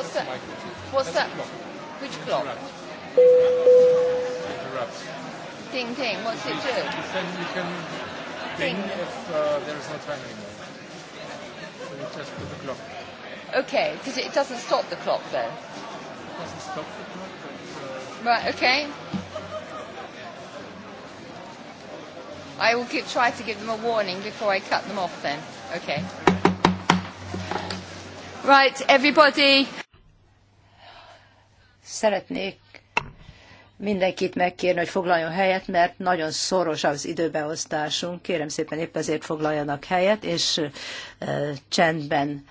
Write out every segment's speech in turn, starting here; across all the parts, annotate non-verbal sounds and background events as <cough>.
What's that? What's that? Which clock? Interrupts. Ding ding. What's it do? you can ding if uh, there is no time anymore. So you just put the clock. Okay, because it doesn't stop the clock then. It doesn't stop the clock, but. Uh... Right. Okay. I will give, try to give them a warning before I cut them off then. Okay. Right, everybody. Szeretnék mindenkit megkérni, hogy foglaljon helyet, mert nagyon szoros az időbeosztásunk. Kérem szépen épp ezért foglaljanak helyet, és csendben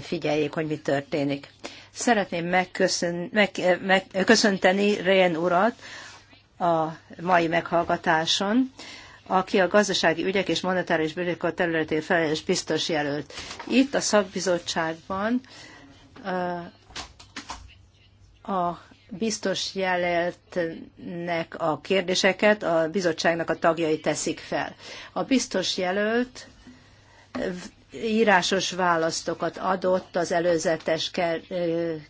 figyeljék, hogy mi történik. Szeretném megköszönteni Rén urat a mai meghallgatáson, aki a gazdasági ügyek és monetáris bűnökkel területén felelős biztos jelölt. Itt a szakbizottságban a biztos jelöltnek a kérdéseket a bizottságnak a tagjai teszik fel. A biztos jelölt írásos választokat adott az előzetes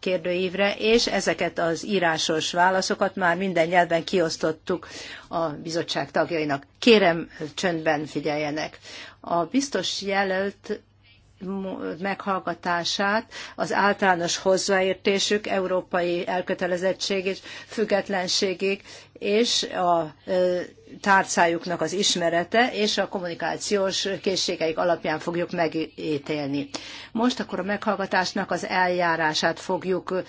kérdőívre, és ezeket az írásos válaszokat már minden nyelven kiosztottuk a bizottság tagjainak. Kérem, csöndben figyeljenek. A biztos jelölt meghallgatását, az általános hozzáértésük, európai elkötelezettségig, függetlenségig és a tárcájuknak az ismerete és a kommunikációs készségeik alapján fogjuk megítélni. Most akkor a meghallgatásnak az eljárását fogjuk,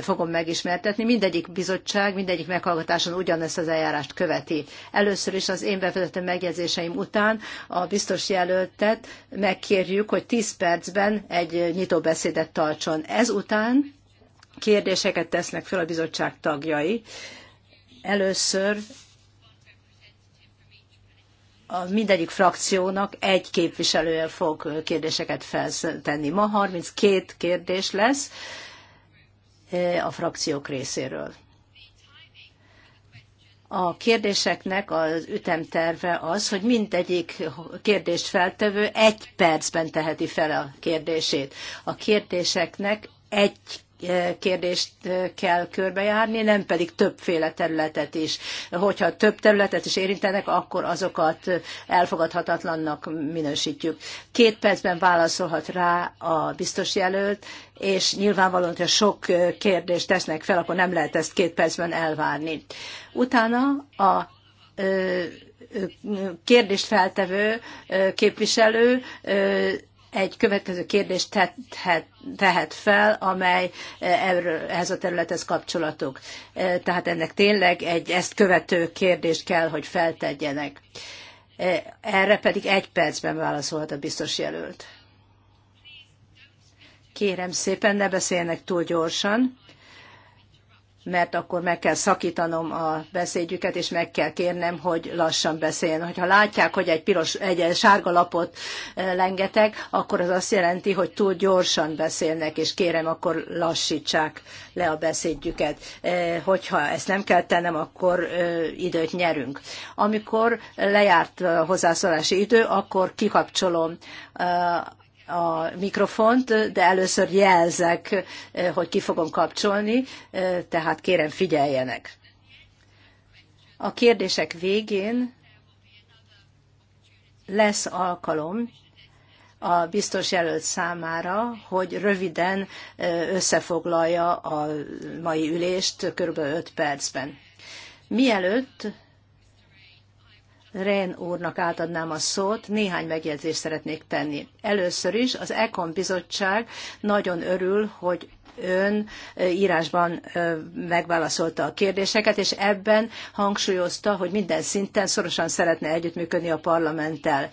fogom megismertetni. Mindegyik bizottság, mindegyik meghallgatáson ugyanezt az eljárást követi. Először is az én bevezető megjegyzéseim után a biztos jelöltet megkérjük, hogy 10 percben egy nyitó beszédet tartson. Ezután kérdéseket tesznek fel a bizottság tagjai. Először a mindegyik frakciónak egy képviselője fog kérdéseket feltenni. Ma 32 kérdés lesz eh, a frakciók részéről. A kérdéseknek az ütemterve az, hogy mindegyik kérdést feltevő egy percben teheti fel a kérdését. A kérdéseknek egy kérdést kell körbejárni, nem pedig többféle területet is. Hogyha több területet is érintenek, akkor azokat elfogadhatatlannak minősítjük. Két percben válaszolhat rá a biztos jelölt, és nyilvánvalóan, hogyha sok kérdést tesznek fel, akkor nem lehet ezt két percben elvárni. Utána a kérdést feltevő képviselő egy következő kérdést tehet, tehet fel, amely eh, erről, ehhez a területhez kapcsolatok. Eh, tehát ennek tényleg egy ezt követő kérdést kell, hogy feltegyenek. Eh, erre pedig egy percben válaszolhat a biztos jelölt. Kérem szépen, ne beszéljenek túl gyorsan, mert akkor meg kell szakítanom a beszédjüket, és meg kell kérnem, hogy lassan beszéljen. Hogyha látják, hogy egy, piros, egy sárga lapot eh, lengetek, akkor az azt jelenti, hogy túl gyorsan beszélnek, és kérem, akkor lassítsák le a beszédjüket. Eh, hogyha ezt nem kell tennem, akkor eh, időt nyerünk. Amikor lejárt a hozzászólási idő, akkor kikapcsolom a mikrofont, de először jelzek, eh, hogy ki fogom kapcsolni, eh, tehát kérem figyeljenek. A kérdések végén lesz alkalom a biztos jelölt számára, hogy röviden eh, összefoglalja a mai ülést, kb. 5 percben. Mielőtt Rén úrnak átadnám a szót, néhány megjegyzést szeretnék tenni. Először is az Ekon bizottság nagyon örül, hogy ön írásban megválaszolta a kérdéseket, és ebben hangsúlyozta, hogy minden szinten szorosan szeretne együttműködni a parlamenttel.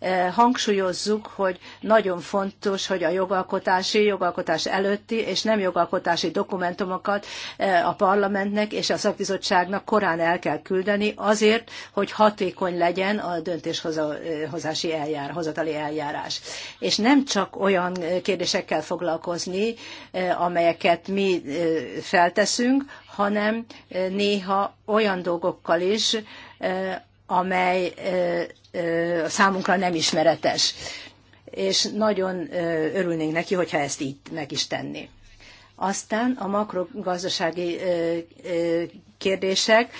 Eh, hangsúlyozzuk, hogy nagyon fontos, hogy a jogalkotási, jogalkotás előtti és nem jogalkotási dokumentumokat eh, a parlamentnek és a szakbizottságnak korán el kell küldeni azért, hogy hatékony legyen a döntéshozási eljár, hozatali eljárás. És nem csak olyan eh, kérdésekkel foglalkozni, amelyeket mi felteszünk, hanem néha olyan dolgokkal is, amely számunkra nem ismeretes. És nagyon örülnénk neki, hogyha ezt így meg is tenni. Aztán a makrogazdasági kérdések,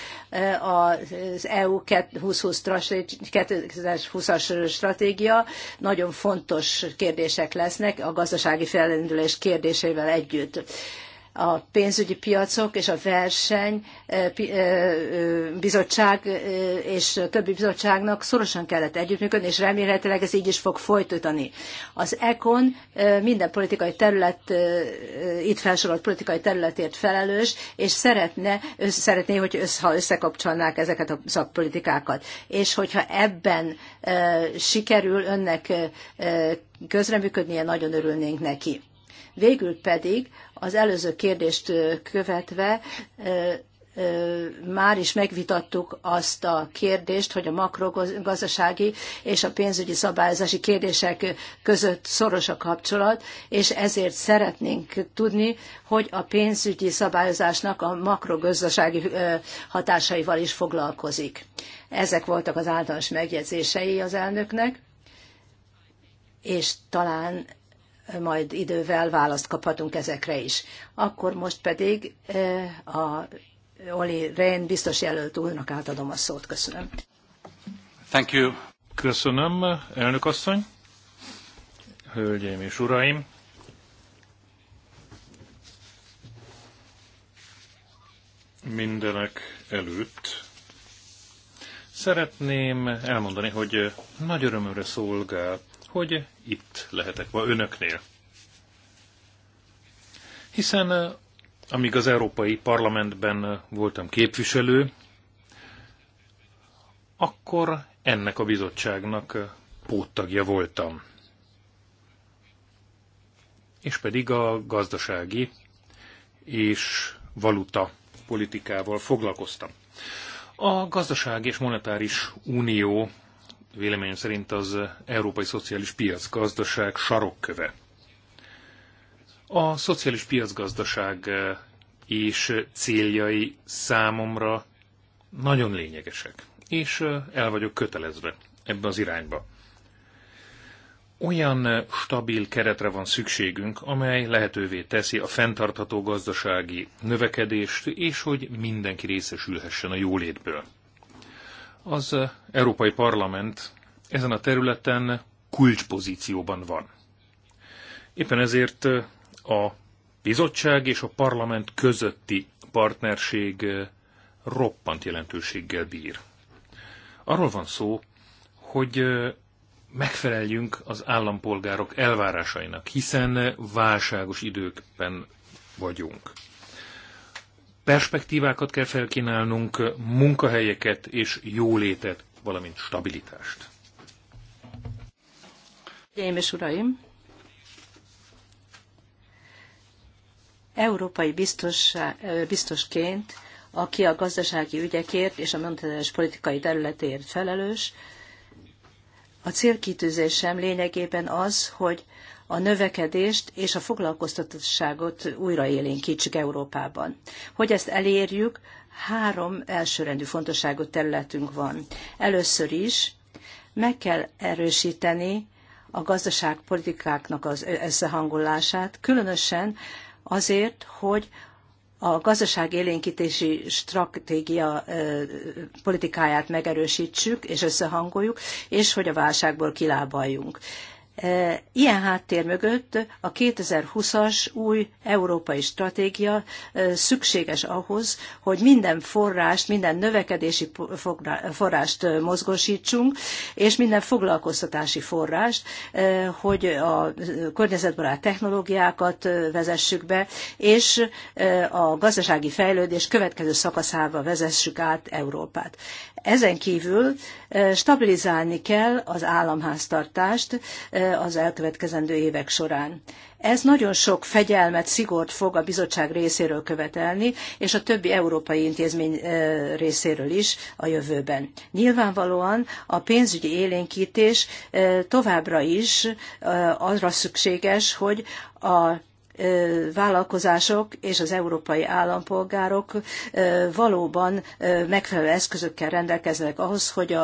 az EU 2020-as stratégia nagyon fontos kérdések lesznek a gazdasági felrendülés kérdésével együtt a pénzügyi piacok és a verseny eh, eh, eh, bizottság és többi bizottságnak szorosan kellett együttműködni, és remélhetőleg ez így is fog folytatni. Az ECON minden politikai terület, itt felsorolt politikai területért felelős, és szeretne, szeretné, hogy össz, ha összekapcsolnák ezeket a szakpolitikákat. És hogyha ebben sikerül önnek közreműködnie, nagyon örülnénk neki. Végül pedig az előző kérdést követve már is megvitattuk azt a kérdést, hogy a makrogazdasági és a pénzügyi szabályozási kérdések között szoros a kapcsolat, és ezért szeretnénk tudni, hogy a pénzügyi szabályozásnak a makrogazdasági hatásaival is foglalkozik. Ezek voltak az általános megjegyzései az elnöknek, és talán majd idővel választ kaphatunk ezekre is. Akkor most pedig eh, a Oli Rehn biztos jelölt úrnak átadom a szót. Köszönöm. Thank you. Köszönöm, elnök asszony. Hölgyeim és uraim. Mindenek előtt szeretném elmondani, hogy nagy örömömre szolgált hogy itt lehetek ma önöknél. Hiszen amíg az Európai Parlamentben voltam képviselő, akkor ennek a bizottságnak póttagja voltam. És pedig a gazdasági és valuta politikával foglalkoztam. A gazdaság és monetáris unió véleményem szerint az európai szociális piacgazdaság sarokköve. A szociális piacgazdaság eh, és céljai számomra nagyon lényegesek, és eh, el vagyok kötelezve ebbe az irányba. Olyan eh, stabil keretre van szükségünk, amely lehetővé teszi a fenntartható gazdasági növekedést, és hogy mindenki részesülhessen a jólétből. Az Európai Parlament ezen a területen kulcspozícióban van. Éppen ezért a bizottság és a parlament közötti partnerség roppant jelentőséggel bír. Arról van szó, hogy megfeleljünk az állampolgárok elvárásainak, hiszen válságos időkben vagyunk perspektívákat kell felkínálnunk, munkahelyeket és jólétet, valamint stabilitást. Hölgyeim és uraim! Európai biztos, biztosként, aki a gazdasági ügyekért és a monetáris politikai területért felelős, a célkitűzésem lényegében az, hogy a növekedést és a foglalkoztatottságot újraélénkítsük Európában. Hogy ezt elérjük, három elsőrendű fontosságú területünk van. Először is meg kell erősíteni a gazdaságpolitikáknak az összehangolását, különösen azért, hogy a gazdaság élénkítési stratégia politikáját megerősítsük és összehangoljuk, és hogy a válságból kilábaljunk. E, ilyen háttér mögött a 2020-as új európai stratégia e, szükséges ahhoz, hogy minden forrást, minden növekedési forrást e, mozgósítsunk, és minden foglalkoztatási forrást, hogy a környezetbarát technológiákat vezessük be, és a gazdasági fejlődés következő szakaszába vezessük át Európát. Ezen kívül stabilizálni kell az államháztartást, az elkövetkezendő évek során. Ez nagyon sok fegyelmet, szigort fog a bizottság részéről követelni, és a többi európai intézmény részéről is a jövőben. Nyilvánvalóan a pénzügyi élénkítés továbbra is arra szükséges, hogy a vállalkozások és az európai állampolgárok valóban megfelelő eszközökkel rendelkeznek ahhoz, hogy a,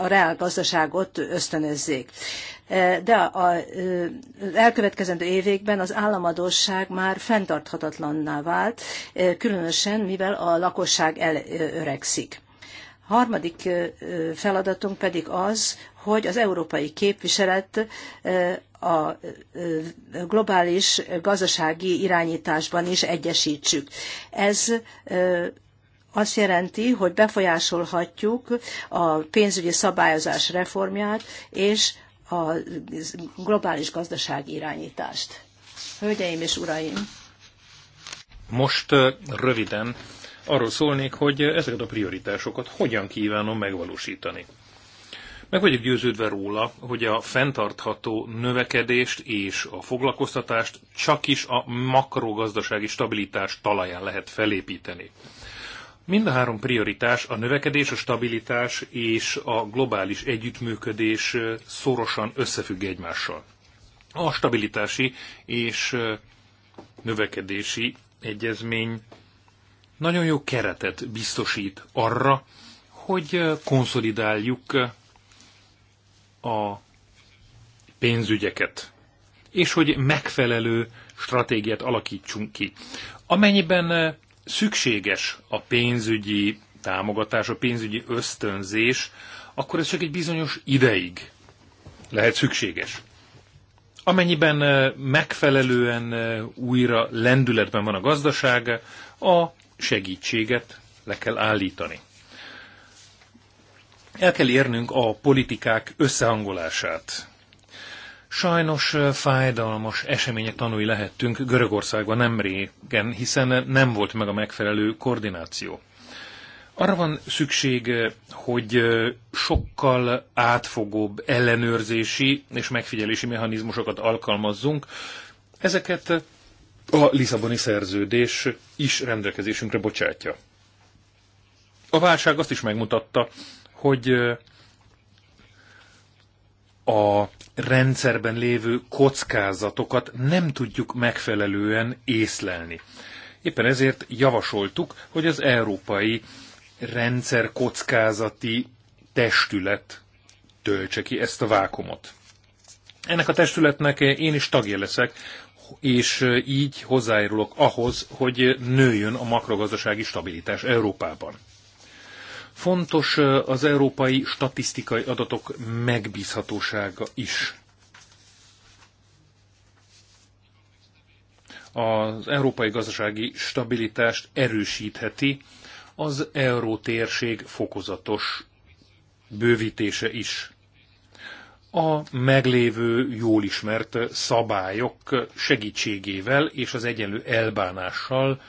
a reálgazdaságot ösztönözzék. De az elkövetkezendő években az államadóság már fenntarthatatlanná vált, különösen mivel a lakosság elöregszik. Harmadik feladatunk pedig az, hogy az európai képviselet a globális gazdasági irányításban is egyesítsük. Ez azt jelenti, hogy befolyásolhatjuk a pénzügyi szabályozás reformját és a globális gazdasági irányítást. Hölgyeim és uraim! Most röviden arról szólnék, hogy ezeket a prioritásokat hogyan kívánom megvalósítani. Meg vagyok győződve róla, hogy a fenntartható növekedést és a foglalkoztatást csak is a makrogazdasági stabilitás talaján lehet felépíteni. Mind a három prioritás, a növekedés, a stabilitás és a globális együttműködés szorosan összefügg egymással. A stabilitási és növekedési egyezmény nagyon jó keretet biztosít arra, hogy konszolidáljuk a pénzügyeket, és hogy megfelelő stratégiát alakítsunk ki. Amennyiben eh, szükséges a pénzügyi támogatás, a pénzügyi ösztönzés, akkor ez csak egy bizonyos ideig lehet szükséges. Amennyiben eh, megfelelően eh, újra lendületben van a gazdaság, a segítséget le kell állítani. El kell érnünk a politikák összehangolását. Sajnos fájdalmas események tanúi lehettünk Görögországban nem régen, hiszen nem volt meg a megfelelő koordináció. Arra van szükség, hogy sokkal átfogóbb ellenőrzési és megfigyelési mechanizmusokat alkalmazzunk. Ezeket a Lisszaboni szerződés is rendelkezésünkre bocsátja. A válság azt is megmutatta, hogy a rendszerben lévő kockázatokat nem tudjuk megfelelően észlelni. Éppen ezért javasoltuk, hogy az Európai Rendszer Kockázati Testület töltse ki ezt a vákumot. Ennek a testületnek én is tagja leszek, és így hozzájárulok ahhoz, hogy nőjön a makrogazdasági stabilitás Európában. Fontos az európai statisztikai adatok megbízhatósága is. Az európai gazdasági stabilitást erősítheti az eurótérség fokozatos bővítése is a meglévő, jól ismert szabályok segítségével és az egyenlő elbánással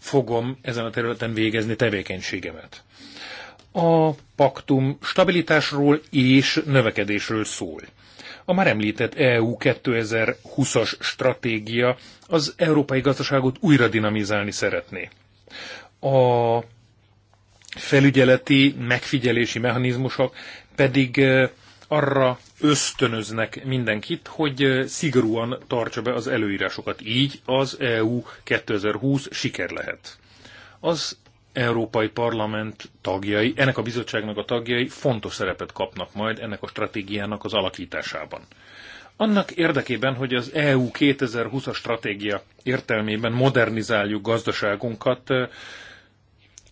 fogom ezen a területen végezni tevékenységemet. A paktum stabilitásról és növekedésről szól. A már említett EU 2020-as stratégia az európai gazdaságot újra dinamizálni szeretné. A felügyeleti, megfigyelési mechanizmusok pedig arra ösztönöznek mindenkit, hogy szigorúan tartsa be az előírásokat. Így az EU 2020 siker lehet. Az Európai Parlament tagjai, ennek a bizottságnak a tagjai fontos szerepet kapnak majd ennek a stratégiának az alakításában. Annak érdekében, hogy az EU 2020-as stratégia értelmében modernizáljuk gazdaságunkat, eh,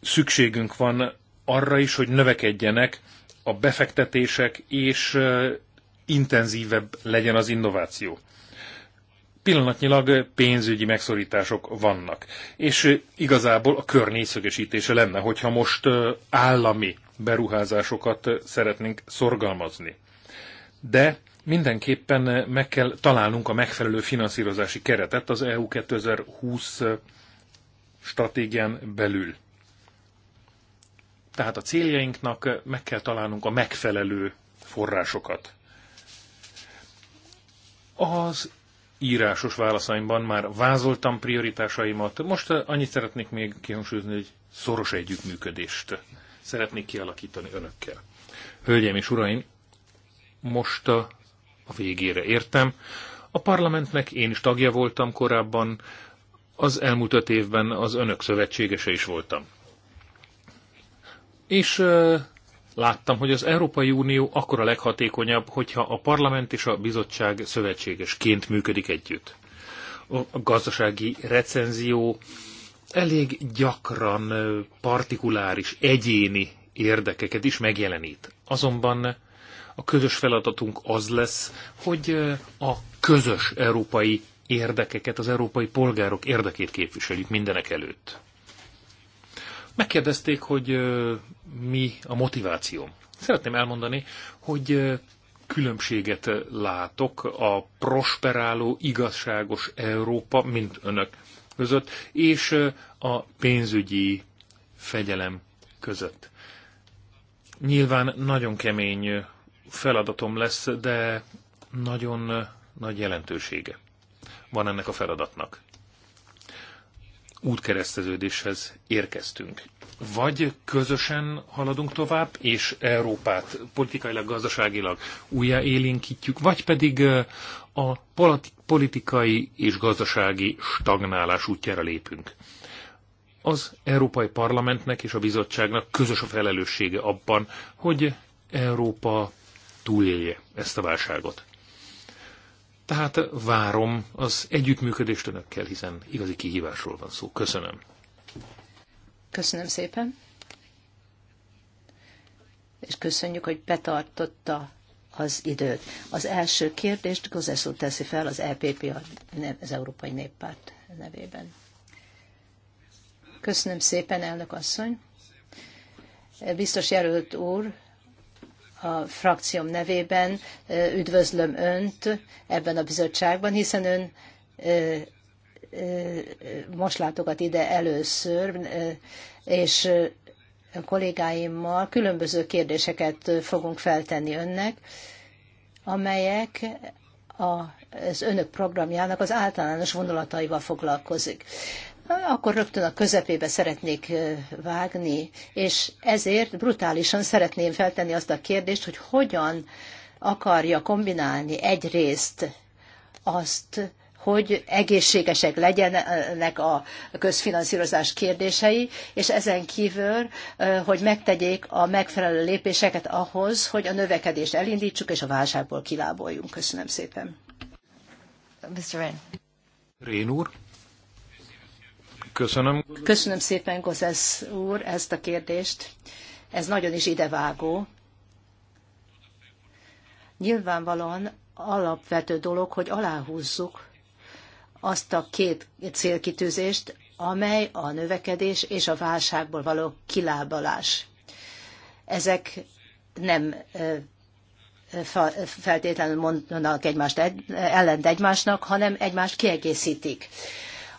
szükségünk van arra is, hogy növekedjenek a befektetések, és eh, intenzívebb legyen az innováció pillanatnyilag pénzügyi megszorítások vannak. És igazából a kör négyszögesítése lenne, hogyha most állami beruházásokat szeretnénk szorgalmazni. De mindenképpen meg kell találnunk a megfelelő finanszírozási keretet az EU 2020 stratégián belül. Tehát a céljainknak meg kell találnunk a megfelelő forrásokat. Az írásos válaszaimban már vázoltam prioritásaimat. Most eh, annyit szeretnék még kihangsúlyozni, hogy szoros együttműködést szeretnék kialakítani önökkel. Hölgyeim és uraim, most a, eh, a végére értem. A parlamentnek én is tagja voltam korábban, az elmúlt öt évben az önök szövetségese is voltam. És eh, láttam, hogy az Európai Unió akkor a leghatékonyabb, hogyha a parlament és a bizottság szövetségesként működik együtt. A gazdasági recenzió elég gyakran partikuláris, egyéni érdekeket is megjelenít. Azonban a közös feladatunk az lesz, hogy a közös európai érdekeket, az európai polgárok érdekét képviseljük mindenek előtt. Megkérdezték, hogy mi a motivációm. Szeretném elmondani, hogy különbséget látok a prosperáló, igazságos Európa, mint önök között, és a pénzügyi fegyelem között. Nyilván nagyon kemény feladatom lesz, de nagyon nagy jelentősége van ennek a feladatnak útkereszteződéshez érkeztünk. Vagy közösen haladunk tovább, és Európát politikailag, gazdaságilag újjáélénkítjük, vagy pedig a politikai és gazdasági stagnálás útjára lépünk. Az Európai Parlamentnek és a bizottságnak közös a felelőssége abban, hogy Európa túlélje ezt a válságot. Tehát várom az együttműködést önökkel, hiszen igazi kihívásról van szó. Köszönöm. Köszönöm szépen. És köszönjük, hogy betartotta az időt. Az első kérdést Gozesz teszi fel az EPP, az Európai Néppárt nevében. Köszönöm szépen, elnök asszony. Biztos jelölt úr, a frakcióm nevében üdvözlöm Önt ebben a bizottságban, hiszen Ön most látogat ide először, és a kollégáimmal különböző kérdéseket fogunk feltenni Önnek, amelyek az önök programjának az általános vonulataival foglalkozik akkor rögtön a közepébe szeretnék vágni, és ezért brutálisan szeretném feltenni azt a kérdést, hogy hogyan akarja kombinálni egyrészt azt, hogy egészségesek legyenek a közfinanszírozás kérdései, és ezen kívül, hogy megtegyék a megfelelő lépéseket ahhoz, hogy a növekedést elindítsuk, és a válságból kiláboljunk. Köszönöm szépen. Mr. Rain. Rain úr. Köszönöm. Köszönöm szépen, Gozesz úr, ezt a kérdést. Ez nagyon is idevágó. Nyilvánvalóan alapvető dolog, hogy aláhúzzuk azt a két célkitűzést, amely a növekedés és a válságból való kilábalás. Ezek nem feltétlenül mondanak egymást ellent egymásnak, hanem egymást kiegészítik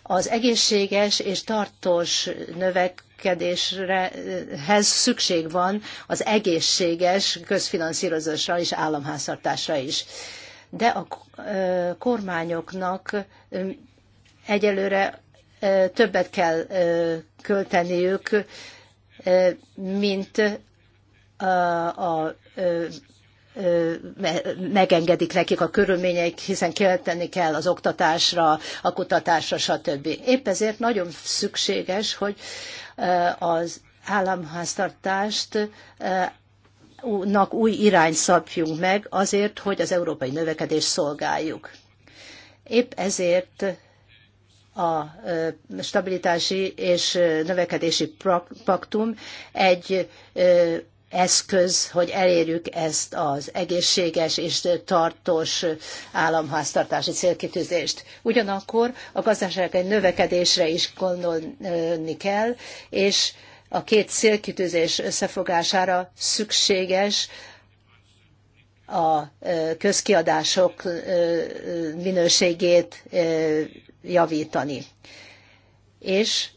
az egészséges és tartós növekedéshez szükség van az egészséges közfinanszírozásra és államháztartásra is. De a kormányoknak egyelőre többet kell költeniük, mint a megengedik nekik a körülményeik, hiszen költeni kell az oktatásra, a kutatásra, stb. Épp ezért nagyon szükséges, hogy az államháztartást új irány szabjunk meg azért, hogy az európai növekedést szolgáljuk. Épp ezért a stabilitási és növekedési paktum egy eszköz, hogy elérjük ezt az egészséges és tartós államháztartási célkitűzést. Ugyanakkor a egy növekedésre is gondolni kell, és a két célkitűzés összefogására szükséges a közkiadások minőségét javítani. És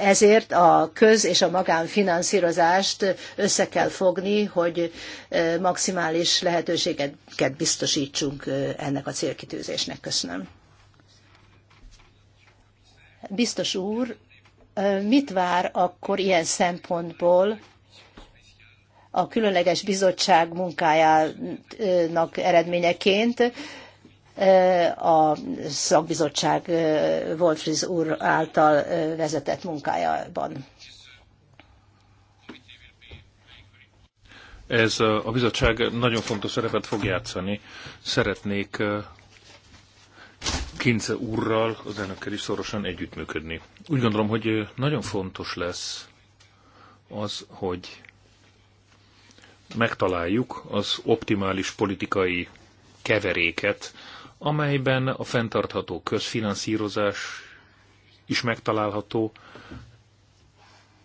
ezért a köz- és a magánfinanszírozást össze kell fogni, hogy maximális lehetőségeket biztosítsunk ennek a célkitűzésnek. Köszönöm. Biztos úr, mit vár akkor ilyen szempontból a különleges bizottság munkájának eredményeként, Eh, a szakbizottság eh, Wolfriz úr által eh, vezetett munkájában. Ez a bizottság nagyon fontos szerepet fog játszani. Szeretnék Kince úrral, az elnökkel is szorosan együttműködni. Úgy gondolom, hogy nagyon fontos lesz az, hogy megtaláljuk az optimális politikai keveréket amelyben a fenntartható közfinanszírozás is megtalálható,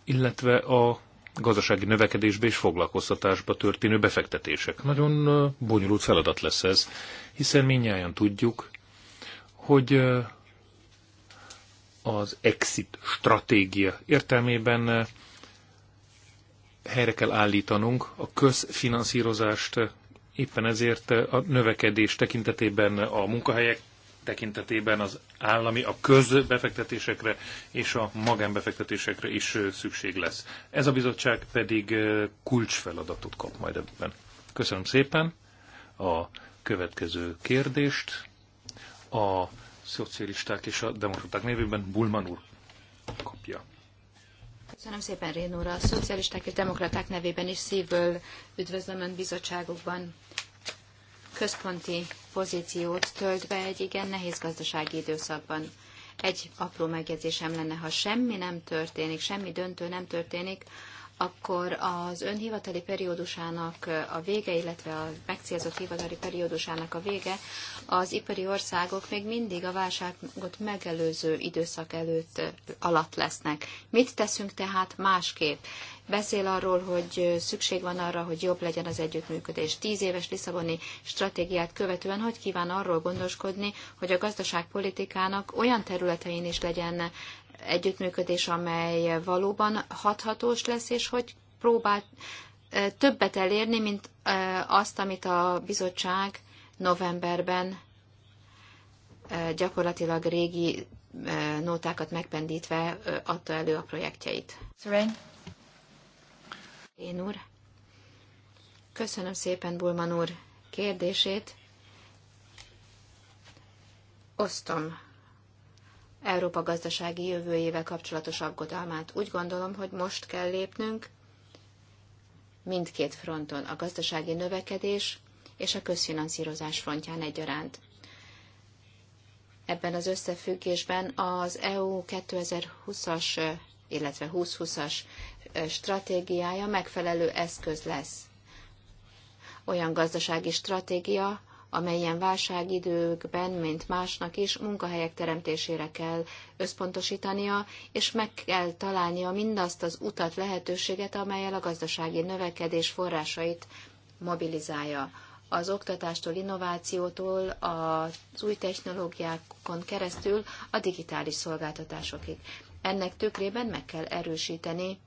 illetve a gazdasági növekedésbe és foglalkoztatásba történő befektetések. Nagyon bonyolult feladat lesz ez, hiszen minnyáján tudjuk, hogy az exit stratégia értelmében helyre kell állítanunk a közfinanszírozást Éppen ezért eh, a növekedés tekintetében, a munkahelyek tekintetében az állami, a közbefektetésekre és a magánbefektetésekre is eh, szükség lesz. Ez a bizottság pedig eh, kulcsfeladatot kap majd ebben. Köszönöm szépen a következő kérdést. A szocialisták és a demokraták névében Bulman úr kapja. Köszönöm szépen, Rén A szocialisták és demokraták nevében is szívből üdvözlöm Ön bizottságukban. Központi pozíciót tölt be egy igen nehéz gazdasági időszakban. Egy apró megjegyzésem lenne, ha semmi nem történik, semmi döntő nem történik, akkor az önhivatali periódusának a vége, illetve a megcélzott hivatali periódusának a vége az ipari országok még mindig a válságot megelőző időszak előtt alatt lesznek. Mit teszünk tehát másképp? Beszél arról, hogy szükség van arra, hogy jobb legyen az együttműködés. Tíz éves Lisszaboni stratégiát követően hogy kíván arról gondoskodni, hogy a gazdaságpolitikának olyan területein is legyen együttműködés, amely valóban hathatós lesz, és hogy próbál többet elérni, mint azt, amit a bizottság novemberben gyakorlatilag régi nótákat megpendítve adta elő a projektjeit. Szerény. Én úr. Köszönöm szépen Bulman úr kérdését. Osztom Európa gazdasági jövőjével kapcsolatos aggodalmát. Úgy gondolom, hogy most kell lépnünk mindkét fronton, a gazdasági növekedés és a közfinanszírozás frontján egyaránt. Ebben az összefüggésben az EU 2020-as, illetve 2020-as stratégiája megfelelő eszköz lesz. Olyan gazdasági stratégia, amelyen válságidőkben, mint másnak is, munkahelyek teremtésére kell összpontosítania, és meg kell találnia mindazt az utat, lehetőséget, amelyel a gazdasági növekedés forrásait mobilizálja. Az oktatástól, innovációtól, az új technológiákon keresztül a digitális szolgáltatásokig. Ennek tükrében meg kell erősíteni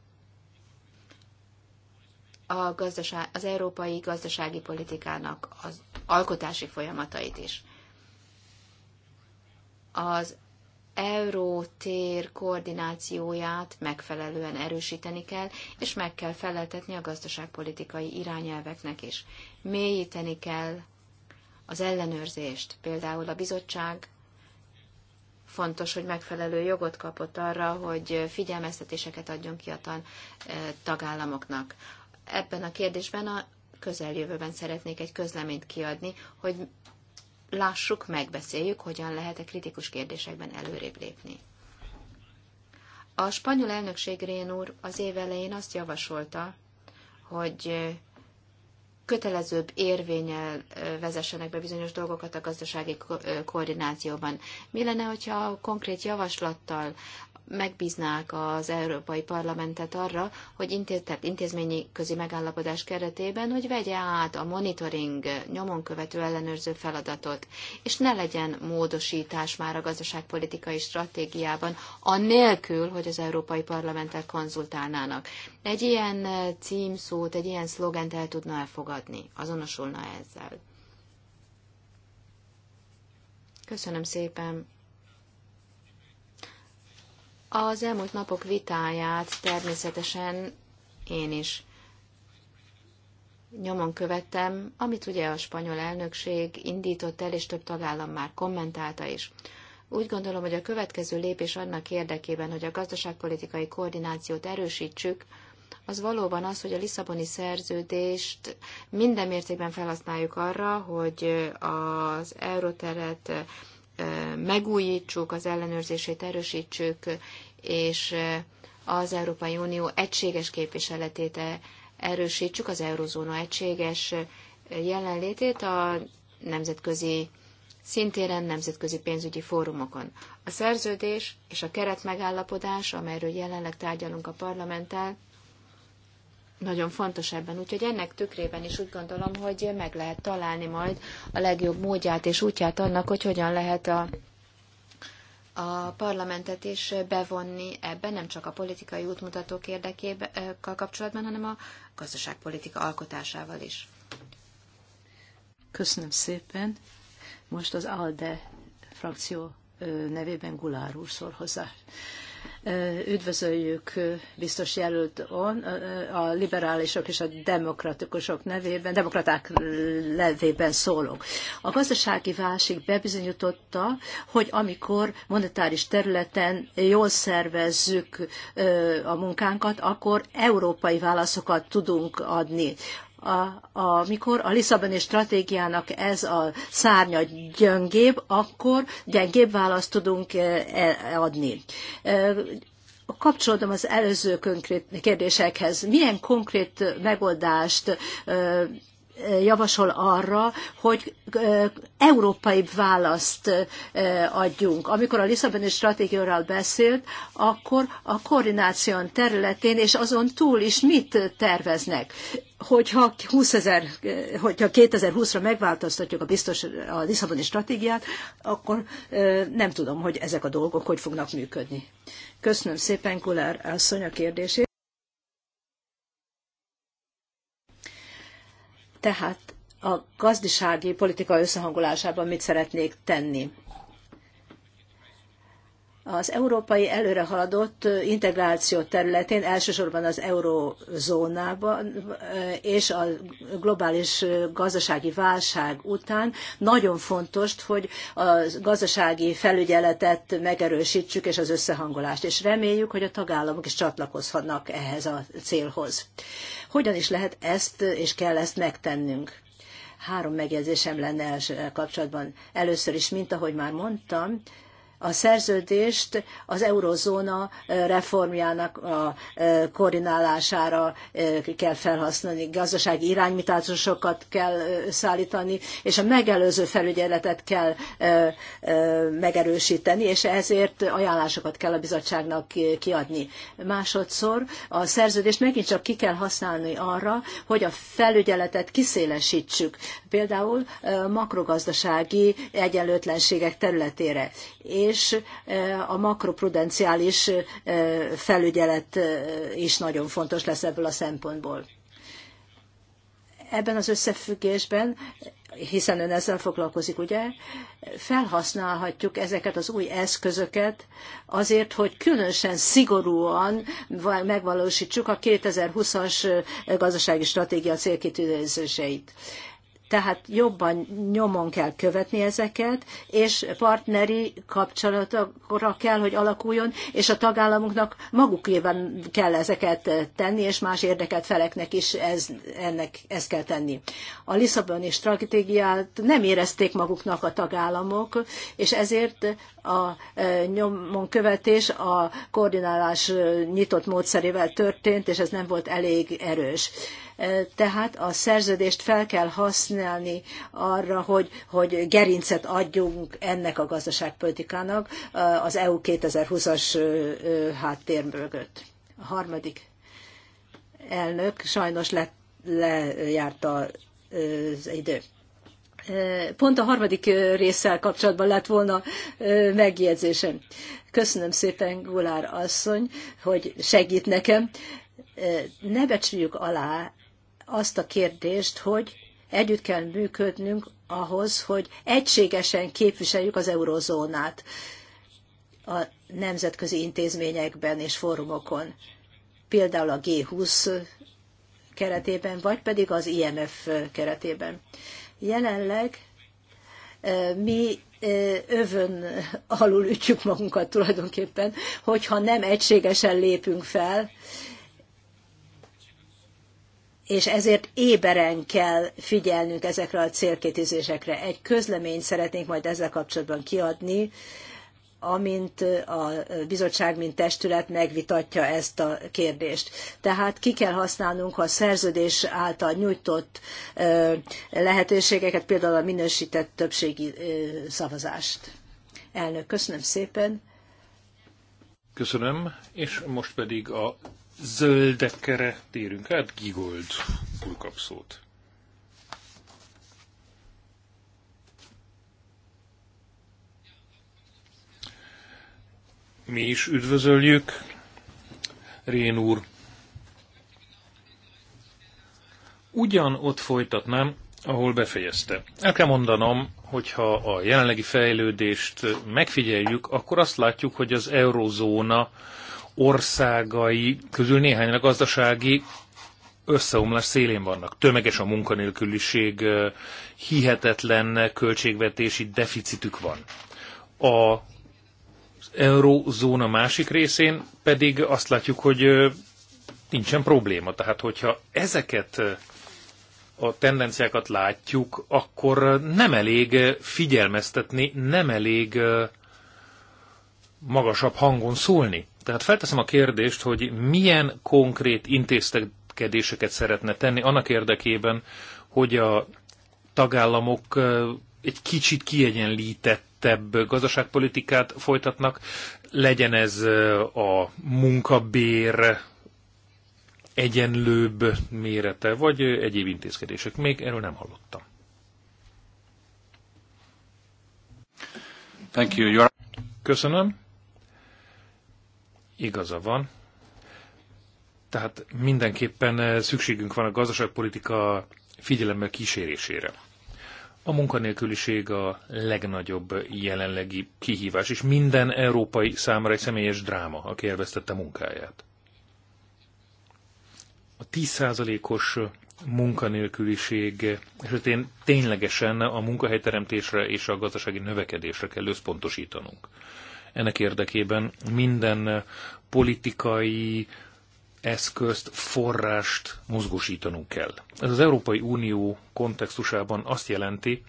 a gazdaság, az európai gazdasági politikának az alkotási folyamatait is. Az eurótér koordinációját megfelelően erősíteni kell, és meg kell feleltetni a gazdaságpolitikai irányelveknek is. Mélyíteni kell az ellenőrzést. Például a bizottság fontos, hogy megfelelő jogot kapott arra, hogy figyelmeztetéseket adjon ki a eh, tagállamoknak ebben a kérdésben a közeljövőben szeretnék egy közleményt kiadni, hogy lássuk, megbeszéljük, hogyan lehet a kritikus kérdésekben előrébb lépni. A spanyol elnökség Rén úr az év elején azt javasolta, hogy kötelezőbb érvényel vezessenek be bizonyos dolgokat a gazdasági ko koordinációban. Mi lenne, hogyha konkrét javaslattal megbíznák az Európai Parlamentet arra, hogy intéz, tehát intézményi közi megállapodás keretében, hogy vegye át a monitoring nyomon követő ellenőrző feladatot, és ne legyen módosítás már a gazdaságpolitikai stratégiában, anélkül, hogy az Európai Parlamenttel konzultálnának. Egy ilyen címszót, egy ilyen szlogent el tudna elfogadni, azonosulna ezzel. Köszönöm szépen. Az elmúlt napok vitáját természetesen én is nyomon követtem, amit ugye a spanyol elnökség indított el, és több tagállam már kommentálta is. Úgy gondolom, hogy a következő lépés annak érdekében, hogy a gazdaságpolitikai koordinációt erősítsük, az valóban az, hogy a Lisszaboni szerződést minden mértékben felhasználjuk arra, hogy az euróteret megújítsuk, az ellenőrzését erősítsük, és az Európai Unió egységes képviseletét erősítsük, az eurozóna egységes jelenlétét a nemzetközi szintéren, nemzetközi pénzügyi fórumokon. A szerződés és a keretmegállapodás, amelyről jelenleg tárgyalunk a parlamenttel, nagyon fontos ebben. Úgyhogy ennek tükrében is úgy gondolom, hogy meg lehet találni majd a legjobb módját és útját annak, hogy hogyan lehet a, a parlamentet is bevonni ebben, nem csak a politikai útmutatók érdekével kapcsolatban, hanem a gazdaságpolitika alkotásával is. Köszönöm szépen. Most az ALDE frakció nevében Gulár úr szól hozzá. Üdvözöljük biztos jelölt on, a liberálisok és a demokratikusok nevében, demokraták nevében szólok. A gazdasági válság bebizonyította, hogy amikor monetáris területen jól szervezzük a munkánkat, akkor európai válaszokat tudunk adni a, amikor a Lisszaboni stratégiának ez a szárnya gyöngébb, akkor gyengébb választ tudunk e, e, adni. E, kapcsolódom az előző konkrét kérdésekhez. Milyen konkrét megoldást javasol arra, hogy európai választ adjunk. Amikor a Lisszaboni stratégiáról beszélt, akkor a koordináción területén és azon túl is mit terveznek? Hogyha, 20 ezer, hogyha 2020-ra megváltoztatjuk a, biztos, a Lisszaboni stratégiát, akkor nem tudom, hogy ezek a dolgok hogy fognak működni. Köszönöm szépen, Kulár asszony a kérdését. Tehát a gazdasági politika összehangolásában mit szeretnék tenni? az európai előrehaladott integráció területén, elsősorban az eurozónában és a globális gazdasági válság után nagyon fontos, hogy a gazdasági felügyeletet megerősítsük és az összehangolást, és reméljük, hogy a tagállamok is csatlakozhatnak ehhez a célhoz. Hogyan is lehet ezt és kell ezt megtennünk? Három megjegyzésem lenne első kapcsolatban. Először is, mint ahogy már mondtam, a szerződést az eurozóna reformjának a koordinálására kell felhasználni, gazdasági iránymutatásokat kell szállítani, és a megelőző felügyeletet kell megerősíteni, és ezért ajánlásokat kell a bizottságnak kiadni. Másodszor a szerződést megint csak ki kell használni arra, hogy a felügyeletet kiszélesítsük, például makrogazdasági egyenlőtlenségek területére. És és a makroprudenciális felügyelet is nagyon fontos lesz ebből a szempontból. Ebben az összefüggésben, hiszen ön ezzel foglalkozik, ugye, felhasználhatjuk ezeket az új eszközöket azért, hogy különösen szigorúan megvalósítsuk a 2020-as gazdasági stratégia célkitűzéseit tehát jobban nyomon kell követni ezeket, és partneri kapcsolatokra kell, hogy alakuljon, és a tagállamoknak magukében kell ezeket tenni, és más érdekelt feleknek is ez, ennek, ezt kell tenni. A Lisszaboni stratégiát nem érezték maguknak a tagállamok, és ezért a e, nyomon követés a koordinálás nyitott módszerével történt, és ez nem volt elég erős. Tehát a szerződést fel kell használni arra, hogy, hogy gerincet adjunk ennek a gazdaságpolitikának az EU 2020-as háttér mögött. A harmadik elnök sajnos le, lejárt az idő. Pont a harmadik résszel kapcsolatban lett volna megjegyzésem. Köszönöm szépen, Gulár asszony, hogy segít nekem. Ne becsüljük alá azt a kérdést, hogy együtt kell működnünk ahhoz, hogy egységesen képviseljük az eurozónát a nemzetközi intézményekben és fórumokon, például a G20 keretében, vagy pedig az IMF keretében. Jelenleg mi övön alul ütjük magunkat tulajdonképpen, hogyha nem egységesen lépünk fel, és ezért éberen kell figyelnünk ezekre a célkétizésekre. Egy közleményt szeretnénk majd ezzel kapcsolatban kiadni, amint a bizottság, mint testület megvitatja ezt a kérdést. Tehát ki kell használnunk a szerződés által nyújtott lehetőségeket, például a minősített többségi szavazást. Elnök, köszönöm szépen. Köszönöm, és most pedig a zöldekre térünk át, Gigold úr Mi is üdvözöljük, Rén úr. Ugyan ott folytatnám, ahol befejezte. El kell mondanom, hogyha a jelenlegi fejlődést megfigyeljük, akkor azt látjuk, hogy az eurozóna országai közül néhány a gazdasági összeomlás szélén vannak. Tömeges a munkanélküliség, hihetetlen költségvetési deficitük van. A eurózóna másik részén pedig azt látjuk, hogy nincsen probléma. Tehát, hogyha ezeket a tendenciákat látjuk, akkor nem elég figyelmeztetni, nem elég magasabb hangon szólni. Tehát felteszem a kérdést, hogy milyen konkrét intézkedéseket szeretne tenni annak érdekében, hogy a tagállamok egy kicsit kiegyenlítettebb gazdaságpolitikát folytatnak, legyen ez a munkabér egyenlőbb mérete, vagy egyéb intézkedések. Még erről nem hallottam. Thank you. Köszönöm igaza van. Tehát mindenképpen eh, szükségünk van a gazdaságpolitika figyelemmel kísérésére. A munkanélküliség a legnagyobb jelenlegi kihívás, és minden európai számára egy személyes dráma, aki elvesztette munkáját. A 10%-os munkanélküliség esetén ténylegesen a munkahelyteremtésre és a gazdasági növekedésre kell összpontosítanunk. Ennek érdekében minden eh, politikai eszközt, forrást mozgósítanunk kell. Ez az Európai Unió kontextusában azt jelenti,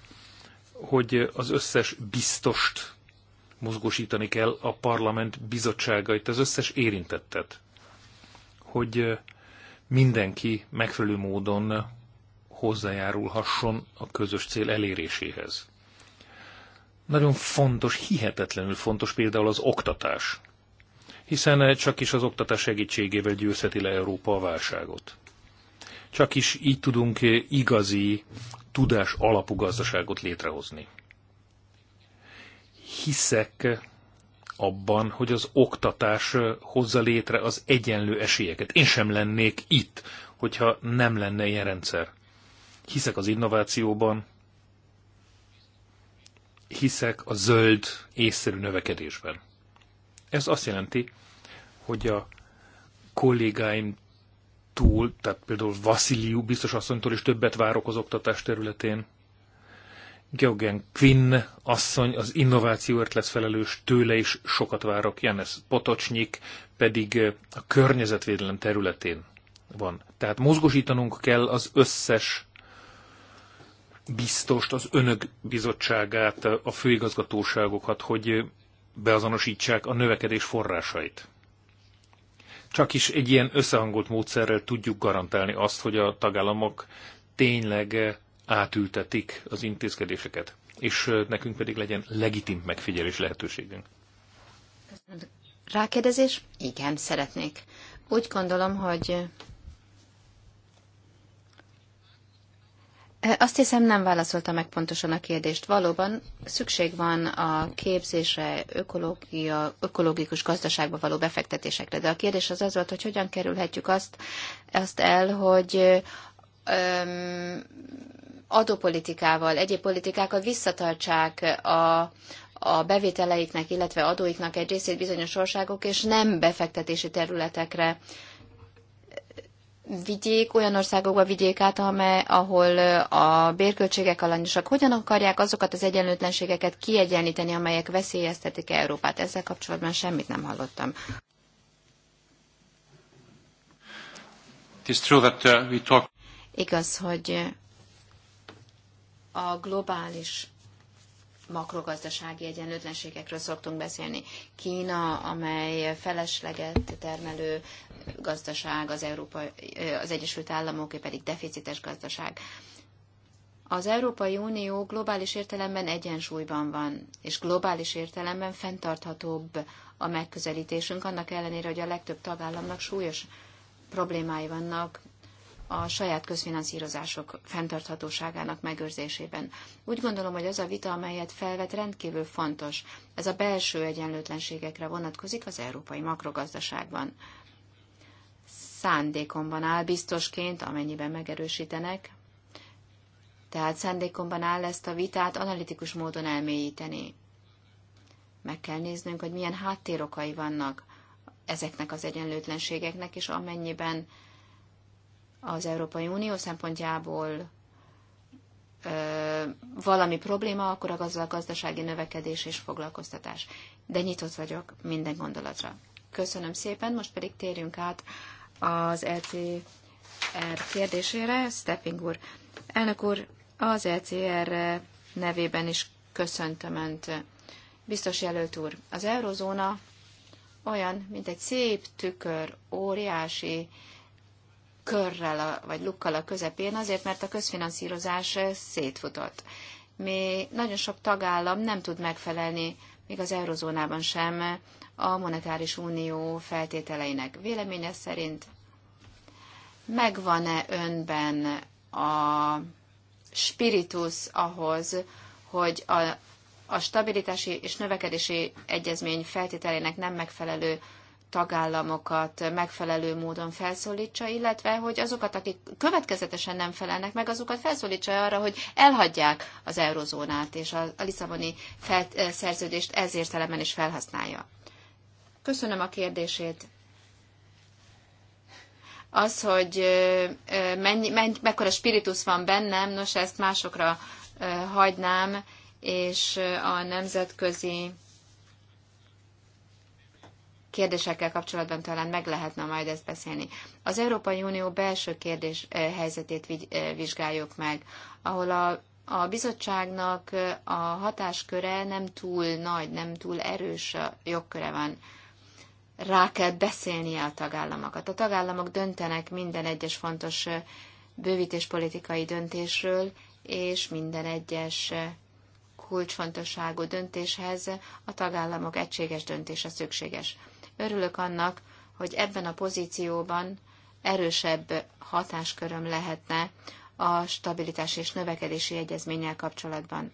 hogy az összes biztost mozgósítani kell a parlament bizottságait, az összes érintettet, hogy eh, mindenki megfelelő módon hozzájárulhasson a közös cél eléréséhez. Nagyon fontos, hihetetlenül fontos például az oktatás. Hiszen csak is az oktatás segítségével győzheti le Európa a válságot. Csak is így tudunk igazi, tudás alapú gazdaságot létrehozni. Hiszek abban, hogy az oktatás hozza létre az egyenlő esélyeket. Én sem lennék itt, hogyha nem lenne ilyen rendszer. Hiszek az innovációban, hiszek a zöld észszerű növekedésben. Ez azt jelenti, hogy a kollégáim túl, tehát például Vasiliu biztos asszonytól is többet várok az oktatás területén, Georgen Quinn asszony az innovációért lesz felelős, tőle is sokat várok, Janes Potocsnyik pedig a környezetvédelem területén van. Tehát mozgosítanunk kell az összes biztost, az önök bizottságát, a főigazgatóságokat, hogy beazonosítsák a növekedés forrásait. Csak is egy ilyen összehangolt módszerrel tudjuk garantálni azt, hogy a tagállamok tényleg átültetik az intézkedéseket, és nekünk pedig legyen legitim megfigyelés lehetőségünk. Rákérdezés? Igen, szeretnék. Úgy gondolom, hogy Azt hiszem nem válaszolta meg pontosan a kérdést. Valóban szükség van a képzésre, ökológia, ökológikus gazdaságba való befektetésekre, de a kérdés az az volt, hogy hogyan kerülhetjük azt, azt el, hogy öm, adópolitikával, egyéb politikákkal visszatartsák a, a bevételeiknek, illetve adóiknak egy részét bizonyos országok, és nem befektetési területekre vigyék olyan országokba vigyék át, amely, ahol a bérköltségek alanyosak. Hogyan akarják azokat az egyenlőtlenségeket kiegyenlíteni, amelyek veszélyeztetik Európát? Ezzel kapcsolatban semmit nem hallottam. Uh, Igaz, hogy a globális makrogazdasági egyenlőtlenségekről szoktunk beszélni. Kína, amely felesleget termelő gazdaság, az, Európa, az Egyesült Államok pedig deficites gazdaság. Az Európai Unió globális értelemben egyensúlyban van, és globális értelemben fenntarthatóbb a megközelítésünk, annak ellenére, hogy a legtöbb tagállamnak súlyos problémái vannak a saját közfinanszírozások fenntarthatóságának megőrzésében. Úgy gondolom, hogy az a vita, amelyet felvet, rendkívül fontos. Ez a belső egyenlőtlenségekre vonatkozik az európai makrogazdaságban. Szándékomban áll biztosként, amennyiben megerősítenek, tehát szándékomban áll ezt a vitát analitikus módon elmélyíteni. Meg kell néznünk, hogy milyen háttérokai vannak ezeknek az egyenlőtlenségeknek, és amennyiben az Európai Unió szempontjából valami probléma, akkor a gazdasági növekedés és foglalkoztatás. De nyitott vagyok minden gondolatra. Köszönöm szépen, most pedig térjünk át az LCR e kérdésére. Stepping úr, elnök úr, az LCR e nevében is köszöntöm Önt. Biztos jelölt úr, az eurozóna olyan, mint egy szép tükör, óriási körrel, a, vagy lukkal a közepén, azért, mert a közfinanszírozás eh, szétfutott. Mi nagyon sok tagállam nem tud megfelelni, még az eurozónában sem, eh, a monetáris unió feltételeinek. Véleménye szerint megvan-e önben a spiritus ahhoz, hogy a, a stabilitási és növekedési egyezmény feltételének nem megfelelő tagállamokat megfelelő módon felszólítsa, illetve hogy azokat, akik következetesen nem felelnek meg, azokat felszólítsa arra, hogy elhagyják az eurozónát, és a Lisszaboni fel- eh, szerződést ez értelemben is felhasználja. Köszönöm a kérdését. Az, hogy eh, eh, mennyi, mennyi, mekkora spiritus van bennem, nos, ezt másokra hagynám, és a nemzetközi kérdésekkel kapcsolatban talán meg lehetne majd ezt beszélni. Az Európai Unió belső kérdés eh, helyzetét eh, vizsgáljuk meg, ahol a a bizottságnak eh, a hatásköre nem túl nagy, nem túl erős a jogköre van. Rá kell beszélnie a tagállamokat. A tagállamok döntenek minden egyes fontos bővítéspolitikai döntésről, és minden egyes kulcsfontosságú döntéshez a tagállamok egységes döntése szükséges. Örülök annak, hogy ebben a pozícióban erősebb hatásköröm lehetne a stabilitás és növekedési egyezménnyel kapcsolatban,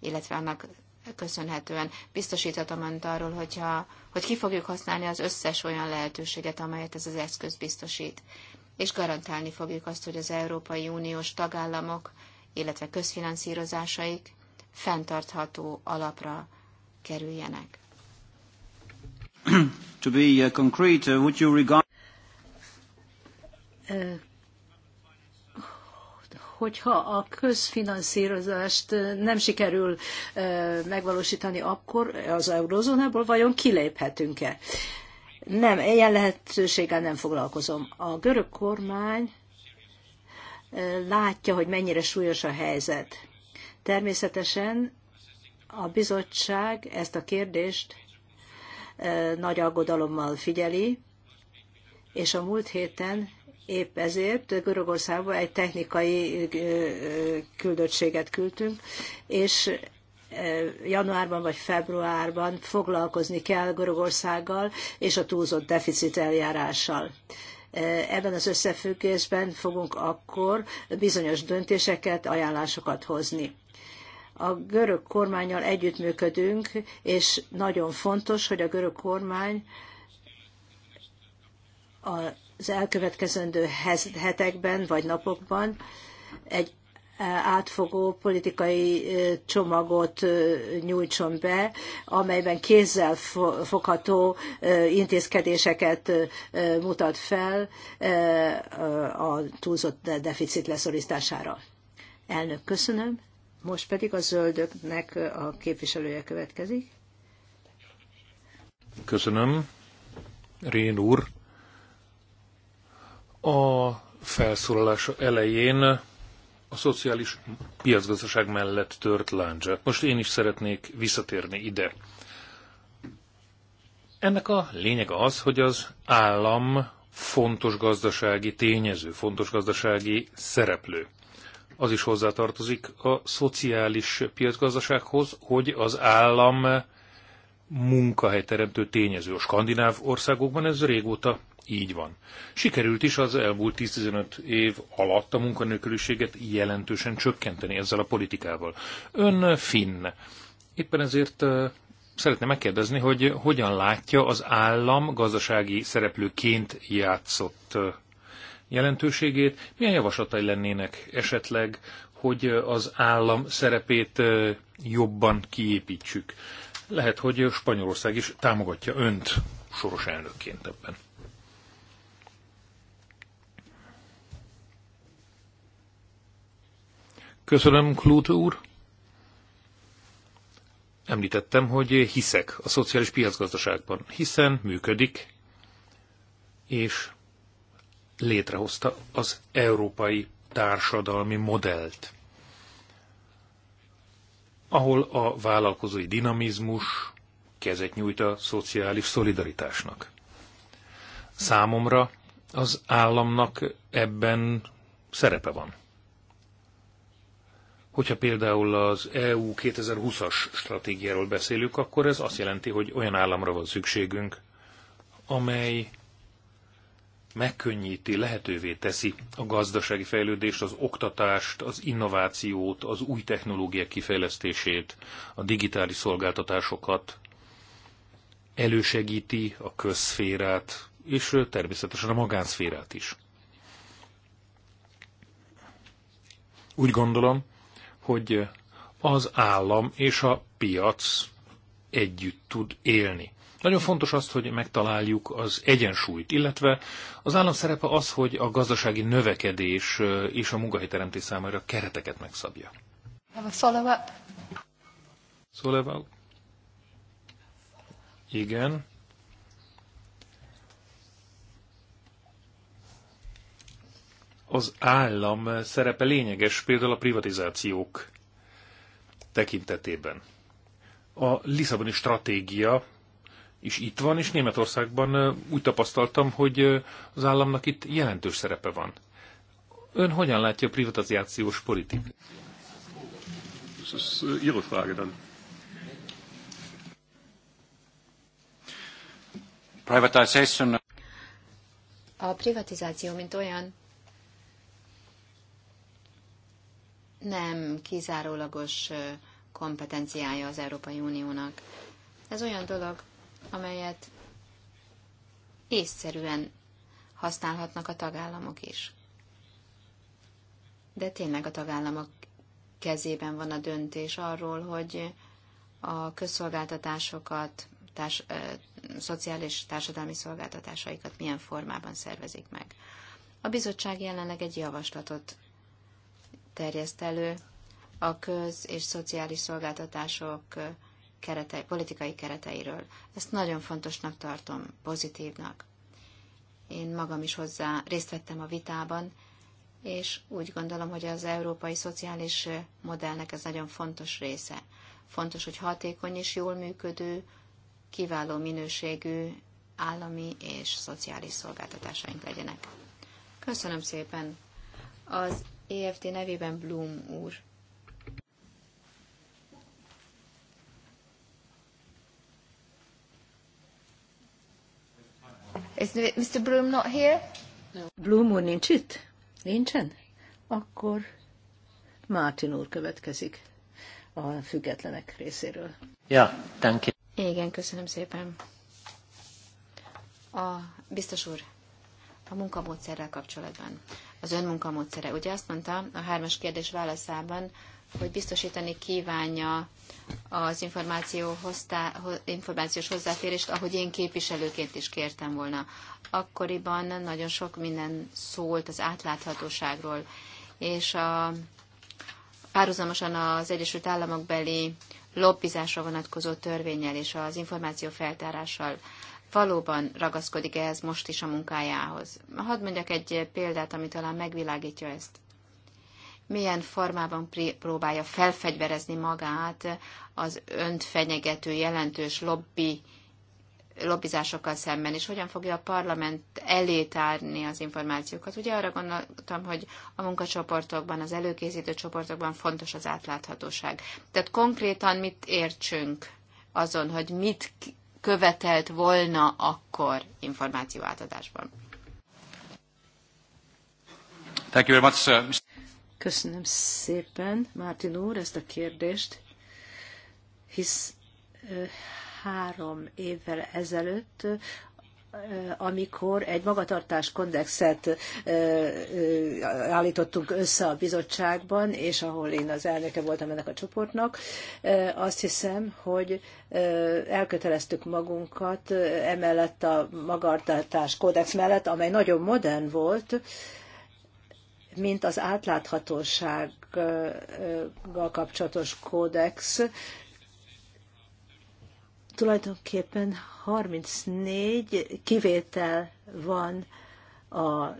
illetve annak köszönhetően biztosíthatom önt arról, hogyha, hogy ki fogjuk használni az összes olyan lehetőséget, amelyet ez az eszköz biztosít, és garantálni fogjuk azt, hogy az Európai Uniós tagállamok, illetve közfinanszírozásaik fenntartható alapra kerüljenek. <clears throat> to be uh, concrete, uh, would you regard... Hogyha a közfinanszírozást nem sikerül megvalósítani, akkor az eurozónából vajon kiléphetünk-e? Nem, ilyen lehetőséggel nem foglalkozom. A görög kormány látja, hogy mennyire súlyos a helyzet. Természetesen a bizottság ezt a kérdést nagy aggodalommal figyeli, és a múlt héten épp ezért Görögországba egy technikai küldöttséget küldtünk, és januárban vagy februárban foglalkozni kell Görögországgal és a túlzott deficit eljárással. Ebben az összefüggésben fogunk akkor bizonyos döntéseket, ajánlásokat hozni. A görög kormányjal együttműködünk, és nagyon fontos, hogy a görög kormány az elkövetkezendő hetekben vagy napokban egy e, átfogó politikai e, csomagot e, nyújtson be, amelyben kézzel fogható intézkedéseket mutat fel a túlzott deficit leszorítására. Elnök, köszönöm. Most pedig a zöldöknek a képviselője következik. Köszönöm, Rén úr. A felszólalása elején a szociális piacgazdaság mellett tört láncsa. Most én is szeretnék visszatérni ide. Ennek a lényeg az, hogy az állam fontos gazdasági tényező, fontos gazdasági szereplő az is hozzátartozik a szociális piacgazdasághoz, hogy az állam munkahelyteremtő tényező. A skandináv országokban ez régóta így van. Sikerült is az elmúlt 10-15 év alatt a munkanélküliséget jelentősen csökkenteni ezzel a politikával. Ön finn. Éppen ezért szeretném megkérdezni, hogy hogyan látja az állam gazdasági szereplőként játszott jelentőségét. Milyen javaslatai lennének esetleg, hogy az állam szerepét jobban kiépítsük? Lehet, hogy Spanyolország is támogatja önt soros elnökként ebben. Köszönöm, Klút úr. Említettem, hogy hiszek a szociális piacgazdaságban, hiszen működik, és létrehozta az európai társadalmi modellt, ahol a vállalkozói dinamizmus kezet nyújt a szociális szolidaritásnak. Számomra az államnak ebben szerepe van. Hogyha például az EU 2020-as stratégiáról beszélünk, akkor ez azt jelenti, hogy olyan államra van szükségünk, amely megkönnyíti, lehetővé teszi a gazdasági fejlődést, az oktatást, az innovációt, az új technológiák kifejlesztését, a digitális szolgáltatásokat, elősegíti a közszférát, és természetesen a magánszférát is. Úgy gondolom, hogy az állam és a piac együtt tud élni nagyon fontos azt, hogy megtaláljuk az egyensúlyt, illetve az állam szerepe az, hogy a gazdasági növekedés és a munkahelyteremtés számára kereteket megszabja. Have a szóval, Igen. Az állam szerepe lényeges például a privatizációk tekintetében. A Lisszaboni stratégia is itt van, és Németországban úgy tapasztaltam, hogy az államnak itt jelentős szerepe van. Ön hogyan látja a privatizációs politikát? Äh, Ez A privatizáció, mint olyan, nem kizárólagos kompetenciája az Európai Uniónak. Ez olyan dolog, amelyet észszerűen használhatnak a tagállamok is. De tényleg a tagállamok kezében van a döntés arról, hogy a közszolgáltatásokat, társ, szociális társadalmi szolgáltatásaikat milyen formában szervezik meg. A bizottság jelenleg egy javaslatot terjeszt elő a köz- és szociális szolgáltatások kerete, politikai kereteiről. Ezt nagyon fontosnak tartom, pozitívnak. Én magam is hozzá részt vettem a vitában, és úgy gondolom, hogy az európai szociális modellnek ez nagyon fontos része. Fontos, hogy hatékony és jól működő, kiváló minőségű állami és szociális szolgáltatásaink legyenek. Köszönöm szépen! Az EFT nevében Bloom úr. Is Mr. Bloom not here? No. Bloom úr nincs itt? Nincsen? Akkor Martin úr következik a függetlenek részéről. Ja, thank you. Igen, köszönöm szépen. A biztos úr, a munkamódszerrel kapcsolatban. Az ön munkamódszere. Ugye azt mondta a hármas kérdés válaszában, hogy biztosítani kívánja az információ hoztá, információs hozzáférést, ahogy én képviselőként is kértem volna. Akkoriban nagyon sok minden szólt az átláthatóságról, és a, párhuzamosan az Egyesült Államok beli lobbizásra vonatkozó törvényel és az információ feltárással valóban ragaszkodik ehhez most is a munkájához. Hadd mondjak egy példát, ami talán megvilágítja ezt milyen formában próbálja felfegyverezni magát az önt fenyegető jelentős lobby lobbizásokkal szemben, és hogyan fogja a parlament elé tárni az információkat. Ugye arra gondoltam, hogy a munkacsoportokban, az előkészítő csoportokban fontos az átláthatóság. Tehát konkrétan mit értsünk azon, hogy mit követelt volna akkor információ átadásban? Thank you very much, sir. Köszönöm szépen, Mártin úr, ezt a kérdést, hisz három évvel ezelőtt amikor egy magatartás kondexet állítottunk össze a bizottságban, és ahol én az elnöke voltam ennek a csoportnak, azt hiszem, hogy elköteleztük magunkat emellett a magatartás kódex mellett, amely nagyon modern volt, mint az átláthatósággal kapcsolatos kódex tulajdonképpen 34 kivétel van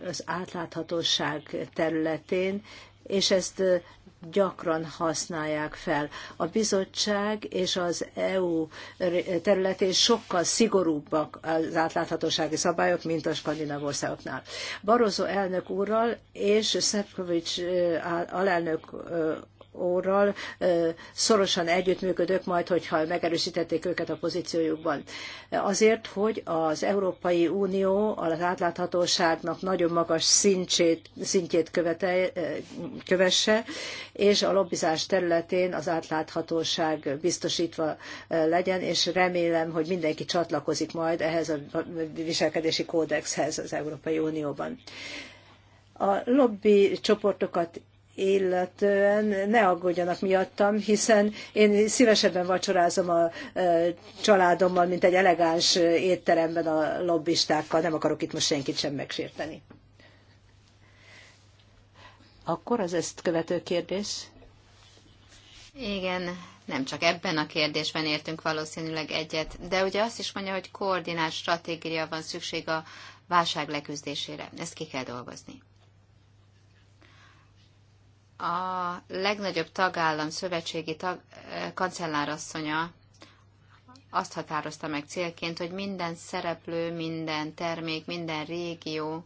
az átláthatóság területén, és ezt gyakran használják fel. A bizottság és az EU területén sokkal szigorúbbak az átláthatósági szabályok, mint a skandináv országoknál. Barozó elnök úrral és Szefkovics alelnök óral szorosan együttműködök majd, hogyha megerősítették őket a pozíciójukban. Azért, hogy az Európai Unió az átláthatóságnak nagyon magas szintjét, szintjét követel, kövesse, és a lobbizás területén az átláthatóság biztosítva legyen, és remélem, hogy mindenki csatlakozik majd ehhez a viselkedési kódexhez az Európai Unióban. A lobby csoportokat illetően ne aggódjanak miattam, hiszen én szívesebben vacsorázom a családommal, mint egy elegáns étteremben a lobbistákkal. Nem akarok itt most senkit sem megsérteni. Akkor az ezt követő kérdés? Igen, nem csak ebben a kérdésben értünk valószínűleg egyet, de ugye azt is mondja, hogy koordinált stratégia van szükség a válság leküzdésére. Ezt ki kell dolgozni a legnagyobb tagállam szövetségi tag, eh, kancellárasszonya azt határozta meg célként, hogy minden szereplő, minden termék, minden régió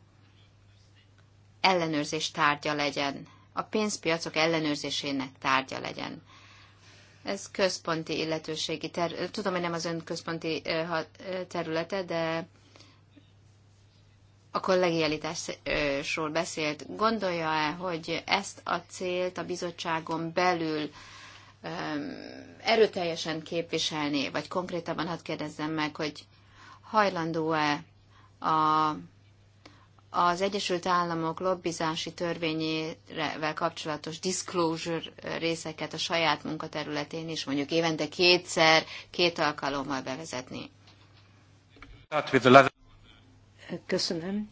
ellenőrzés tárgya legyen. A pénzpiacok ellenőrzésének tárgya legyen. Ez központi illetőségi terület. Tudom, hogy nem az ön központi eh, eh, területe, de a kollegialitásról beszélt. Gondolja-e, hogy ezt a célt a bizottságon belül erőteljesen képviselni, vagy konkrétabban hadd kérdezzem meg, hogy hajlandó-e a, az Egyesült Államok lobbizási törvényével kapcsolatos disclosure részeket a saját munkaterületén is mondjuk évente kétszer, két alkalommal bevezetni? Köszönöm.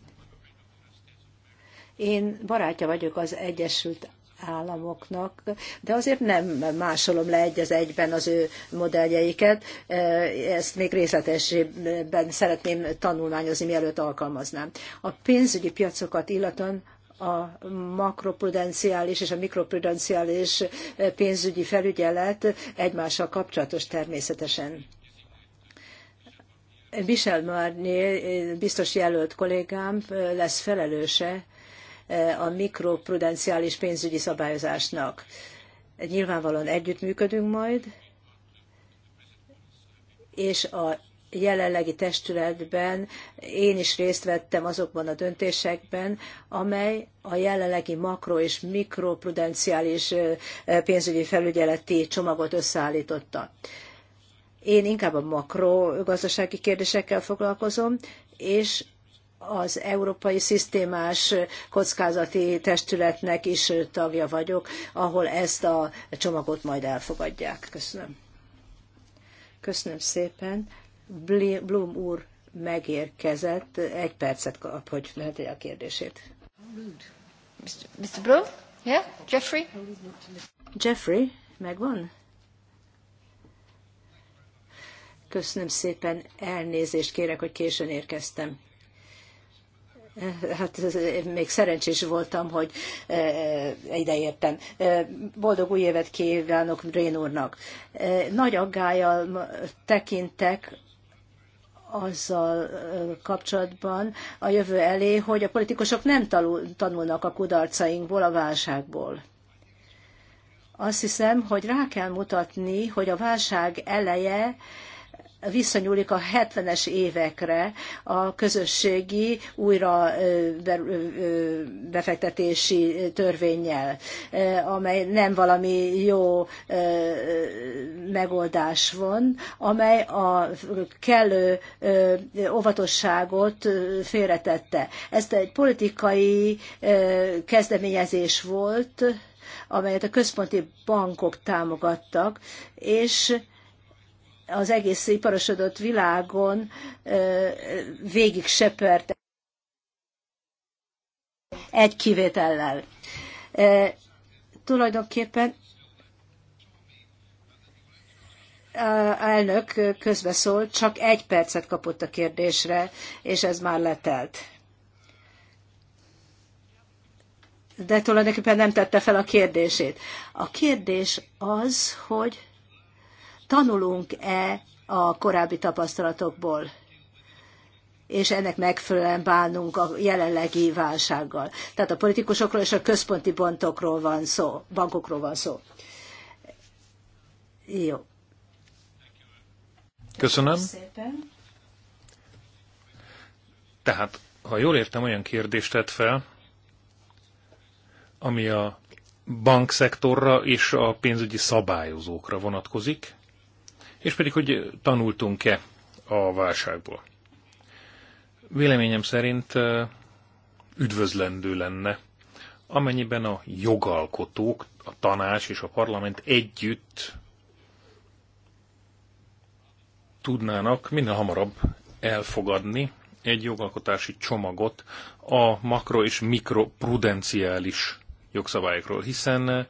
Én barátja vagyok az Egyesült államoknak, de azért nem másolom le egy az egyben az ő modelljeiket. Ezt még részletesében szeretném tanulmányozni, mielőtt alkalmaznám. A pénzügyi piacokat illetően a makroprudenciális és a mikroprudenciális pénzügyi felügyelet egymással kapcsolatos természetesen. Michel Marnier, biztos jelölt kollégám lesz felelőse e, a mikroprudenciális pénzügyi szabályozásnak. Nyilvánvalóan együttműködünk majd, és a jelenlegi testületben én is részt vettem azokban a döntésekben, amely a jelenlegi makro- és mikroprudenciális e, pénzügyi felügyeleti csomagot összeállította. Én inkább a makrogazdasági kérdésekkel foglalkozom, és az Európai Szisztémás Kockázati Testületnek is tagja vagyok, ahol ezt a csomagot majd elfogadják. Köszönöm. Köszönöm szépen. Blum úr megérkezett. Egy percet kap, hogy feltegye a kérdését. Mr. Blum? Yeah? Jeffrey? Jeffrey, megvan? Köszönöm szépen, elnézést kérek, hogy későn érkeztem. Hát még szerencsés voltam, hogy e, ideértem. E, boldog új évet kívánok Rén úrnak. E, nagy aggájjal tekintek azzal kapcsolatban a jövő elé, hogy a politikusok nem tanulnak a kudarcainkból, a válságból. Azt hiszem, hogy rá kell mutatni, hogy a válság eleje visszanyúlik a 70-es évekre a közösségi újra befektetési törvényel, amely nem valami jó megoldás van, amely a kellő óvatosságot félretette. Ez egy politikai kezdeményezés volt, amelyet a központi bankok támogattak, és az egész iparosodott világon végig söpört egy kivétellel. Tulajdonképpen a elnök közbeszólt, csak egy percet kapott a kérdésre, és ez már letelt. De tulajdonképpen nem tette fel a kérdését. A kérdés az, hogy tanulunk-e a korábbi tapasztalatokból, és ennek megfelelően bánunk a jelenlegi válsággal. Tehát a politikusokról és a központi bankokról van szó. Bankokról van szó. Jó. Köszönöm. Szépen. Tehát, ha jól értem, olyan kérdést tett fel, ami a bankszektorra és a pénzügyi szabályozókra vonatkozik és pedig, hogy tanultunk-e a válságból. Véleményem szerint üdvözlendő lenne, amennyiben a jogalkotók, a tanács és a parlament együtt tudnának minél hamarabb elfogadni egy jogalkotási csomagot a makro- és mikroprudenciális jogszabályokról, hiszen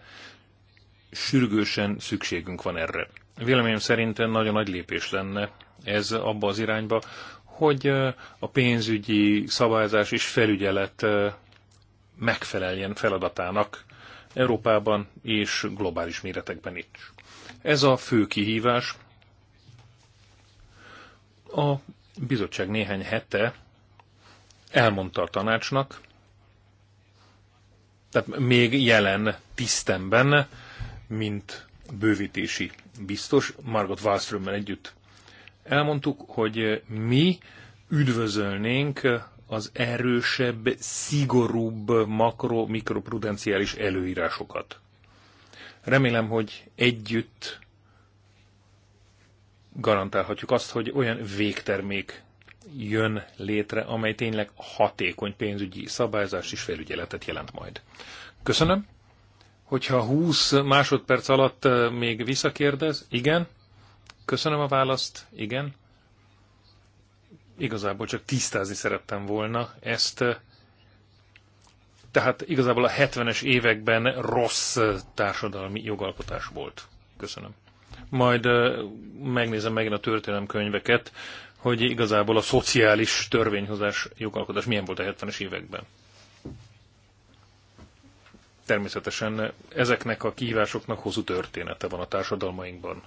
sürgősen szükségünk van erre. Véleményem szerint nagyon nagy lépés lenne ez abba az irányba, hogy a pénzügyi szabályzás és felügyelet megfeleljen feladatának Európában és globális méretekben is. Ez a fő kihívás. A bizottság néhány hete elmondta a tanácsnak, tehát még jelen tisztemben, mint bővítési biztos Margot Wallströmmel együtt elmondtuk, hogy mi üdvözölnénk az erősebb, szigorúbb makro-mikroprudenciális előírásokat. Remélem, hogy együtt garantálhatjuk azt, hogy olyan végtermék jön létre, amely tényleg hatékony pénzügyi szabályzást és felügyeletet jelent majd. Köszönöm. Hogyha 20 másodperc alatt még visszakérdez, igen, köszönöm a választ, igen. Igazából csak tisztázni szerettem volna ezt. Tehát igazából a 70-es években rossz társadalmi jogalkotás volt. Köszönöm. Majd megnézem megint a történelemkönyveket, hogy igazából a szociális törvényhozás jogalkotás milyen volt a 70-es években. Természetesen ezeknek a kihívásoknak hosszú története van a társadalmainkban.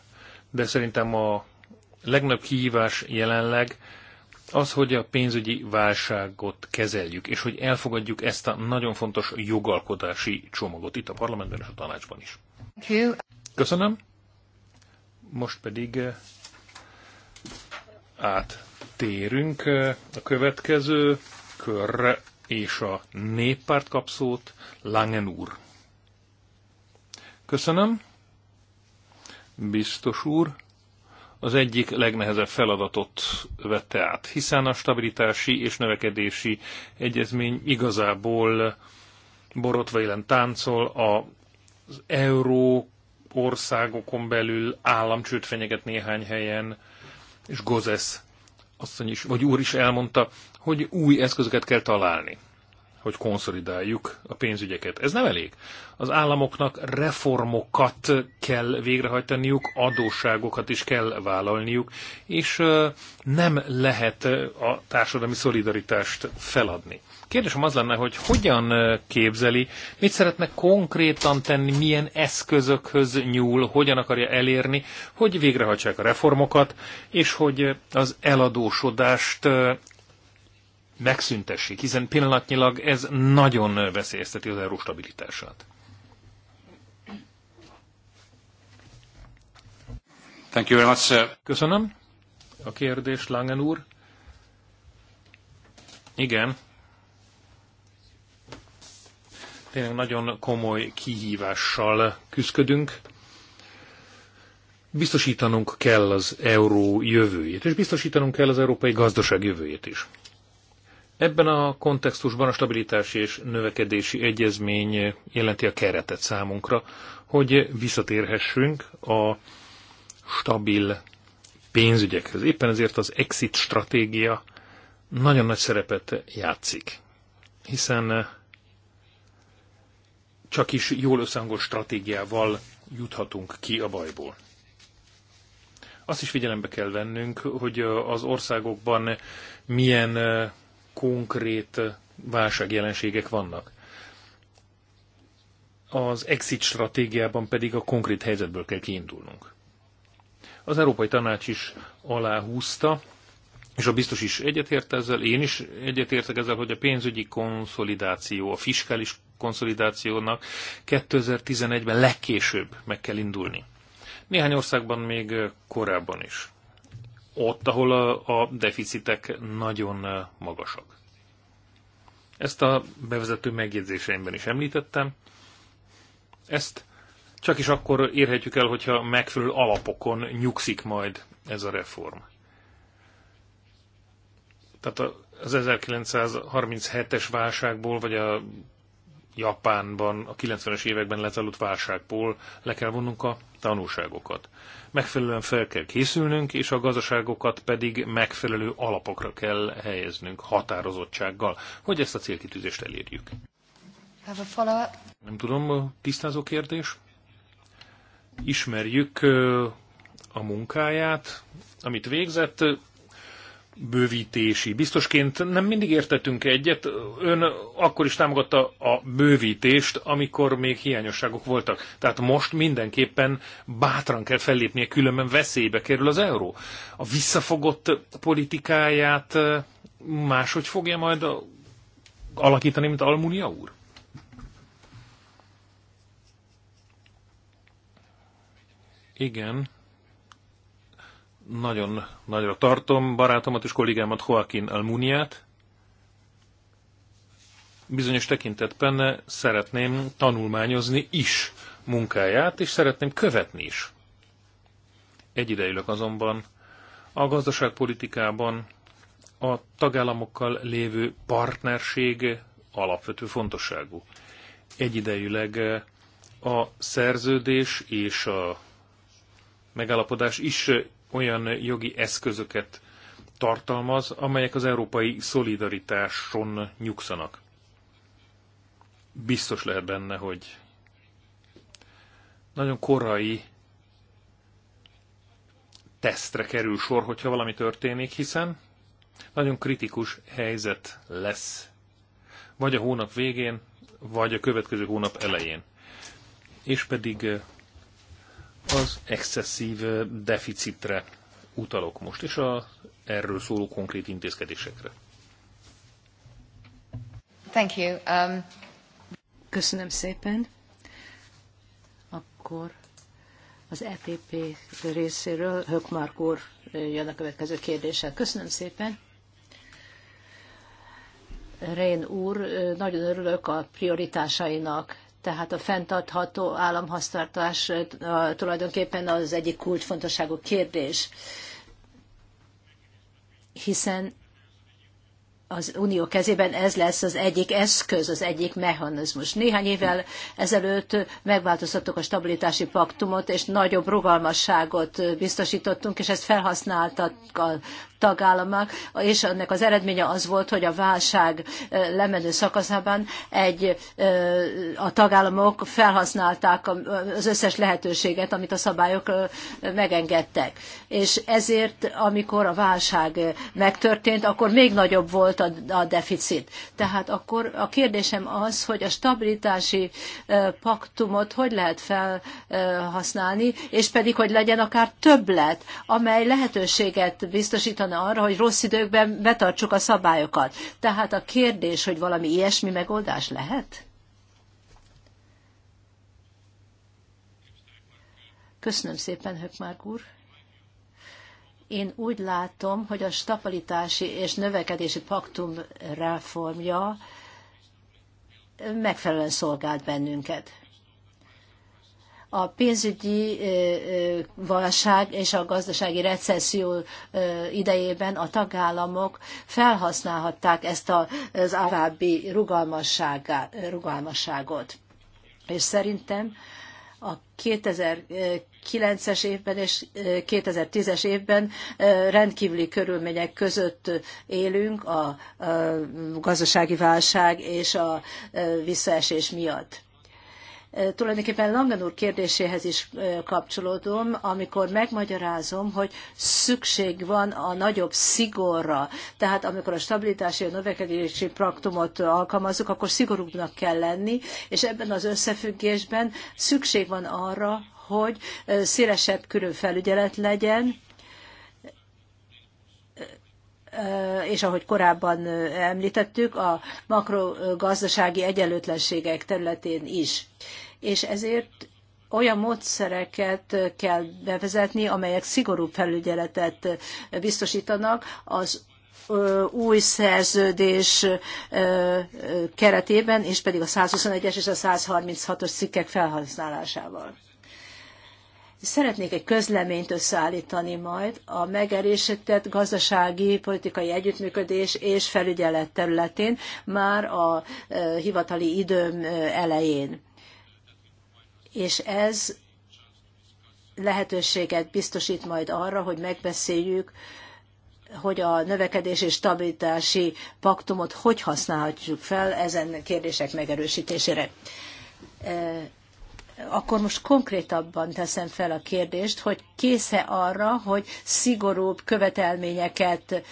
De szerintem a legnagyobb kihívás jelenleg az, hogy a pénzügyi válságot kezeljük, és hogy elfogadjuk ezt a nagyon fontos jogalkotási csomagot itt a parlamentben és a tanácsban is. Köszönöm. Most pedig eh, áttérünk eh, a következő körre, és a néppárt kapszót Langen úr. Köszönöm. Biztos úr, az egyik legnehezebb feladatot vette át, hiszen a stabilitási és növekedési egyezmény igazából borotva táncol az euró országokon belül államcsőt fenyeget néhány helyen, és Gozesz asszony is, vagy úr is elmondta, hogy új eszközöket kell találni, hogy konszolidáljuk a pénzügyeket. Ez nem elég. Az államoknak reformokat kell végrehajtaniuk, adósságokat is kell vállalniuk, és nem lehet a társadalmi szolidaritást feladni. Kérdésem az lenne, hogy hogyan képzeli, mit szeretne konkrétan tenni, milyen eszközökhöz nyúl, hogyan akarja elérni, hogy végrehajtsák a reformokat, és hogy az eladósodást megszüntessék, hiszen pillanatnyilag ez nagyon veszélyezteti az euró stabilitását. Thank you very much, sir. Köszönöm. A kérdés, Langen úr. Igen. Tényleg nagyon komoly kihívással küzdködünk. Biztosítanunk kell az euró jövőjét, és biztosítanunk kell az európai gazdaság jövőjét is. Ebben a kontextusban a stabilitási és növekedési egyezmény jelenti a keretet számunkra, hogy visszatérhessünk a stabil pénzügyekhez. Éppen ezért az exit stratégia nagyon nagy szerepet játszik, hiszen csak is jól összehangolt stratégiával juthatunk ki a bajból. Azt is figyelembe kell vennünk, hogy az országokban milyen konkrét válságjelenségek vannak. Az exit stratégiában pedig a konkrét helyzetből kell kiindulnunk. Az Európai Tanács is aláhúzta, és a biztos is egyetért ezzel, én is egyetértek ezzel, hogy a pénzügyi konszolidáció, a fiskális konszolidációnak 2011-ben legkésőbb meg kell indulni. Néhány országban még korábban is ott, ahol a, a deficitek nagyon magasak. Ezt a bevezető megjegyzéseimben is említettem. Ezt csak is akkor érhetjük el, hogyha megfelelő alapokon nyugszik majd ez a reform. Tehát az 1937-es válságból, vagy a Japánban a 90-es években lezállott válságból le kell vonnunk a tanulságokat. Megfelelően fel kell készülnünk, és a gazdaságokat pedig megfelelő alapokra kell helyeznünk határozottsággal, hogy ezt a célkitűzést elérjük. Nem tudom, tisztázó kérdés? Ismerjük a munkáját, amit végzett, bővítési biztosként nem mindig értettünk egyet. Ön akkor is támogatta a bővítést, amikor még hiányosságok voltak. Tehát most mindenképpen bátran kell fellépnie, különben veszélybe kerül az euró. A visszafogott politikáját eh, máshogy fogja majd alakítani, mint Almunia úr? Igen, nagyon nagyra tartom barátomat és kollégámat Joaquin Almuniát. Bizonyos tekintetben szeretném tanulmányozni is munkáját, és szeretném követni is. Egyidejűleg azonban a gazdaságpolitikában a tagállamokkal lévő partnerség alapvető fontosságú. Egyidejűleg a szerződés és a megállapodás is olyan jogi eszközöket tartalmaz, amelyek az európai szolidaritáson nyugszanak. Biztos lehet benne, hogy nagyon korai tesztre kerül sor, hogyha valami történik, hiszen nagyon kritikus helyzet lesz. Vagy a hónap végén, vagy a következő hónap elején. És pedig eh, az excesszív deficitre utalok most, és a erről szóló konkrét intézkedésekre. Thank you. Um... Köszönöm szépen. Akkor az EPP részéről Hökmark úr jön a következő kérdéssel. Köszönöm szépen. Rén úr, nagyon örülök a prioritásainak, tehát a fenntartható államhasztartás tulajdonképpen az egyik kulcsfontosságú kérdés, hiszen az unió kezében ez lesz az egyik eszköz, az egyik mechanizmus. Néhány évvel ezelőtt megváltoztattuk a stabilitási paktumot, és nagyobb rugalmasságot biztosítottunk, és ezt felhasználtak a tagállamok, és ennek az eredménye az volt, hogy a válság lemenő szakaszában egy, a tagállamok felhasználták az összes lehetőséget, amit a szabályok megengedtek. És ezért, amikor a válság megtörtént, akkor még nagyobb volt a, a deficit. Tehát akkor a kérdésem az, hogy a stabilitási paktumot hogy lehet felhasználni, és pedig, hogy legyen akár többlet, amely lehetőséget biztosítana volna arra, hogy rossz időkben betartsuk a szabályokat. Tehát a kérdés, hogy valami ilyesmi megoldás lehet? Köszönöm szépen, Hökmárk úr. Én úgy látom, hogy a stabilitási és növekedési paktum reformja megfelelően szolgált bennünket a pénzügyi válság és a gazdasági recesszió idejében a tagállamok felhasználhatták ezt az alábbi rugalmasságot. És szerintem a 2009-es évben és 2010-es évben rendkívüli körülmények között élünk a gazdasági válság és a visszaesés miatt Eh, tulajdonképpen Langen úr kérdéséhez is eh, kapcsolódom, amikor megmagyarázom, hogy szükség van a nagyobb szigorra. Tehát amikor a stabilitási, a növekedési praktumot alkalmazzuk, akkor szigorúbbnak kell lenni, és ebben az összefüggésben szükség van arra, hogy eh, szélesebb körű felügyelet legyen, és ahogy korábban említettük, a makrogazdasági egyenlőtlenségek területén is. És ezért olyan módszereket kell bevezetni, amelyek szigorú felügyeletet biztosítanak az új szerződés keretében, és pedig a 121-es és a 136-os cikkek felhasználásával. Szeretnék egy közleményt összeállítani majd a megerősített gazdasági, politikai együttműködés és felügyelet területén már a e, hivatali időm e, elején. És ez lehetőséget biztosít majd arra, hogy megbeszéljük, hogy a növekedés és stabilitási paktumot hogy használhatjuk fel ezen kérdések megerősítésére. E, akkor most konkrétabban teszem fel a kérdést, hogy késze arra, hogy szigorúbb követelményeket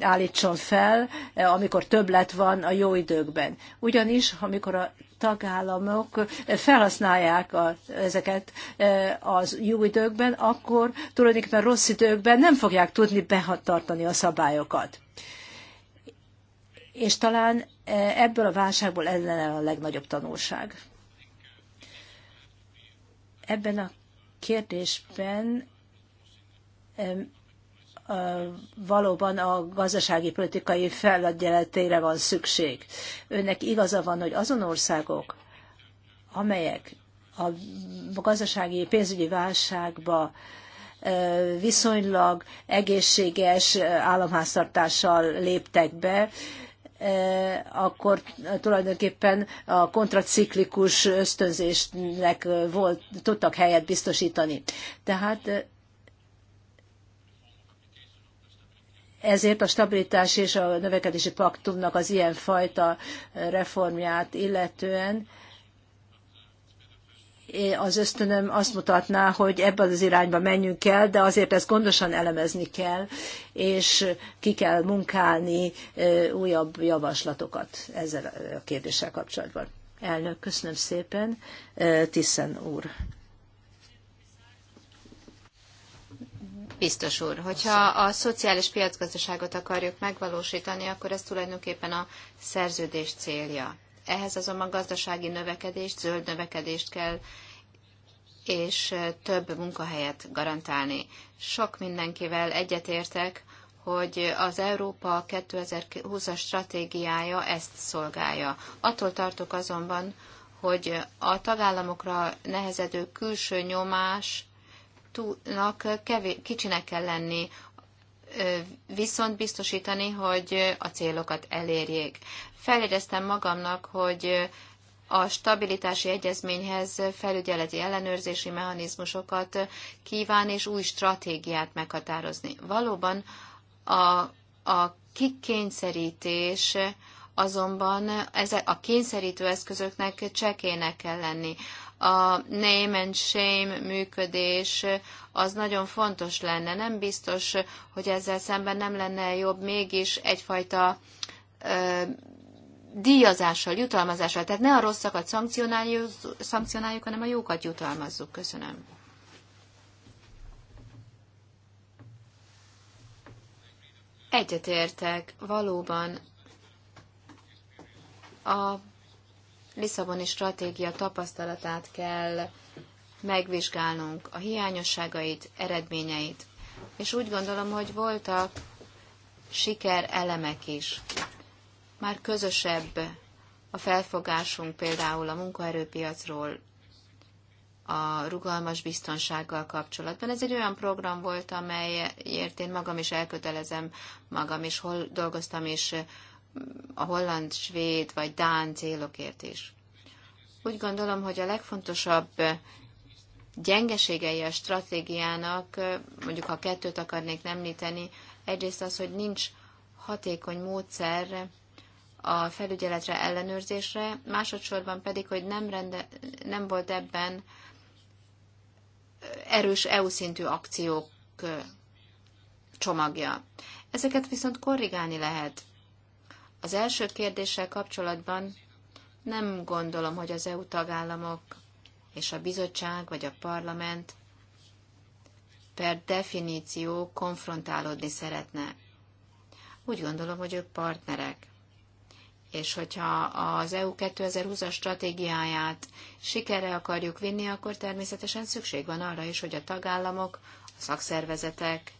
állítson fel, amikor többlet van a jó időkben. Ugyanis, amikor a tagállamok felhasználják a, ezeket az jó időkben, akkor tulajdonképpen rossz időkben nem fogják tudni behatartani a szabályokat. És talán ebből a válságból ez a legnagyobb tanulság. Ebben a kérdésben valóban a gazdasági politikai feladjeletére van szükség. Önnek igaza van, hogy azon országok, amelyek a gazdasági pénzügyi válságba viszonylag egészséges államháztartással léptek be, Eh, akkor tulajdonképpen a kontraciklikus ösztönzésnek volt, tudtak helyet biztosítani. Tehát eh, ezért a stabilitás és a növekedési paktumnak az ilyenfajta reformját illetően az ösztönöm azt mutatná, hogy ebben az irányba menjünk el, de azért ezt gondosan elemezni kell, és ki kell munkálni újabb javaslatokat ezzel a kérdéssel kapcsolatban. Elnök, köszönöm szépen. Tiszen úr. Biztos úr, hogyha a szociális piacgazdaságot akarjuk megvalósítani, akkor ez tulajdonképpen a szerződés célja. Ehhez azonban gazdasági növekedést, zöld növekedést kell és több munkahelyet garantálni. Sok mindenkivel egyetértek, hogy az Európa 2020-as stratégiája ezt szolgálja. Attól tartok azonban, hogy a tagállamokra nehezedő külső nyomásnak kicsinek kell lenni, viszont biztosítani, hogy a célokat elérjék feljegyeztem magamnak, hogy a stabilitási egyezményhez felügyeleti ellenőrzési mechanizmusokat kíván és új stratégiát meghatározni. Valóban a, a kikényszerítés azonban ezek a kényszerítő eszközöknek csekének kell lenni. A name and shame működés az nagyon fontos lenne. Nem biztos, hogy ezzel szemben nem lenne jobb mégis egyfajta díjazással, jutalmazással. Tehát ne a rosszakat szankcionáljuk, szankcionáljuk hanem a jókat jutalmazzuk. Köszönöm. Egyetértek, valóban a Lisszaboni stratégia tapasztalatát kell megvizsgálnunk, a hiányosságait, eredményeit. És úgy gondolom, hogy voltak siker elemek is már közösebb a felfogásunk például a munkaerőpiacról, a rugalmas biztonsággal kapcsolatban. Ez egy olyan program volt, amelyért én magam is elkötelezem magam, és hol dolgoztam is a holland, svéd vagy dán célokért is. Úgy gondolom, hogy a legfontosabb gyengeségei a stratégiának, mondjuk ha kettőt akarnék említeni, egyrészt az, hogy nincs hatékony módszer a felügyeletre, ellenőrzésre, másodszorban pedig, hogy nem, rende, nem volt ebben erős EU szintű akciók csomagja. Ezeket viszont korrigálni lehet. Az első kérdéssel kapcsolatban nem gondolom, hogy az EU tagállamok és a bizottság vagy a parlament per definíció konfrontálódni szeretne. Úgy gondolom, hogy ők partnerek és hogyha az EU 2020-as stratégiáját sikerre akarjuk vinni, akkor természetesen szükség van arra is, hogy a tagállamok, a szakszervezetek,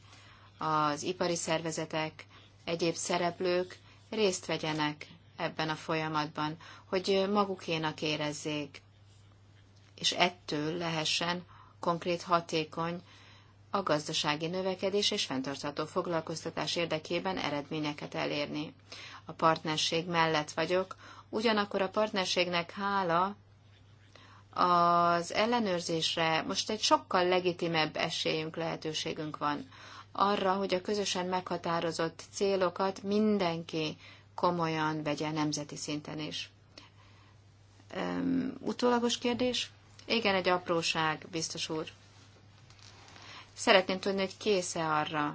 az ipari szervezetek, egyéb szereplők részt vegyenek ebben a folyamatban, hogy magukénak érezzék, és ettől lehessen konkrét hatékony a gazdasági növekedés és fenntartható foglalkoztatás érdekében eredményeket elérni a partnerség mellett vagyok. Ugyanakkor a partnerségnek hála az ellenőrzésre most egy sokkal legitimebb esélyünk, lehetőségünk van arra, hogy a közösen meghatározott célokat mindenki komolyan vegye nemzeti szinten is. Üm, utólagos kérdés? Igen, egy apróság, biztos úr. Szeretném tudni, hogy kész-e arra,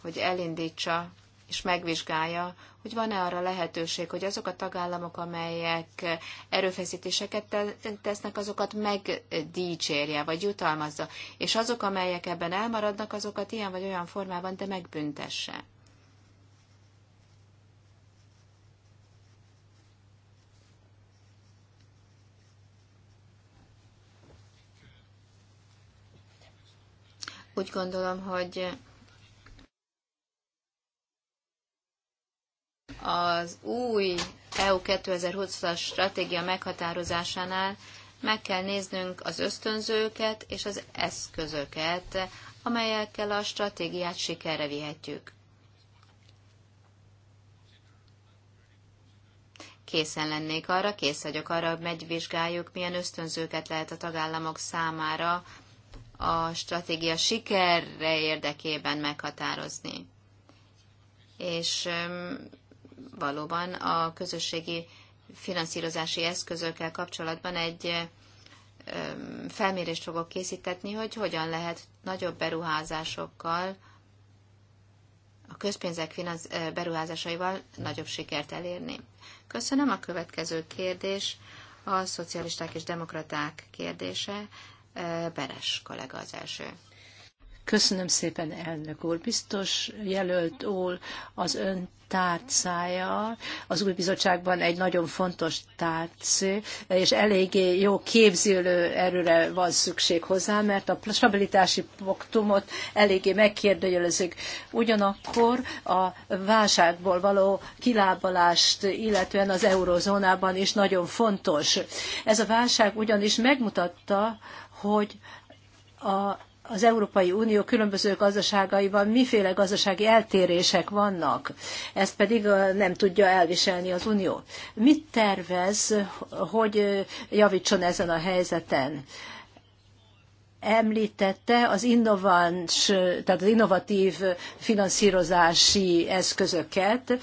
hogy elindítsa és megvizsgálja, hogy van-e arra lehetőség, hogy azok a tagállamok, amelyek erőfeszítéseket tesznek, azokat megdícsérje, vagy jutalmazza, és azok, amelyek ebben elmaradnak, azokat ilyen vagy olyan formában, de megbüntesse. Úgy gondolom, hogy az új EU 2020-as stratégia meghatározásánál meg kell néznünk az ösztönzőket és az eszközöket, amelyekkel a stratégiát sikerre vihetjük. Készen lennék arra, kész vagyok arra, hogy megvizsgáljuk, milyen ösztönzőket lehet a tagállamok számára a stratégia sikerre érdekében meghatározni. És valóban a közösségi finanszírozási eszközökkel kapcsolatban egy felmérést fogok készítetni, hogy hogyan lehet nagyobb beruházásokkal, a közpénzek finansz, beruházásaival nagyobb sikert elérni. Köszönöm. A következő kérdés a szocialisták és demokraták kérdése. Beres kollega az első. Köszönöm szépen, elnök úr. Biztos jelölt úr az ön tárcája, az új bizottságban egy nagyon fontos tárc, és eléggé jó képzőlő erőre van szükség hozzá, mert a stabilitási paktumot eléggé megkérdőjelezik. Ugyanakkor a válságból való kilábalást, illetően az eurozónában is nagyon fontos. Ez a válság ugyanis megmutatta, hogy a az Európai Unió különböző gazdaságaiban miféle gazdasági eltérések vannak, ezt pedig nem tudja elviselni az Unió. Mit tervez, hogy javítson ezen a helyzeten? Említette az innováns, tehát az innovatív finanszírozási eszközöket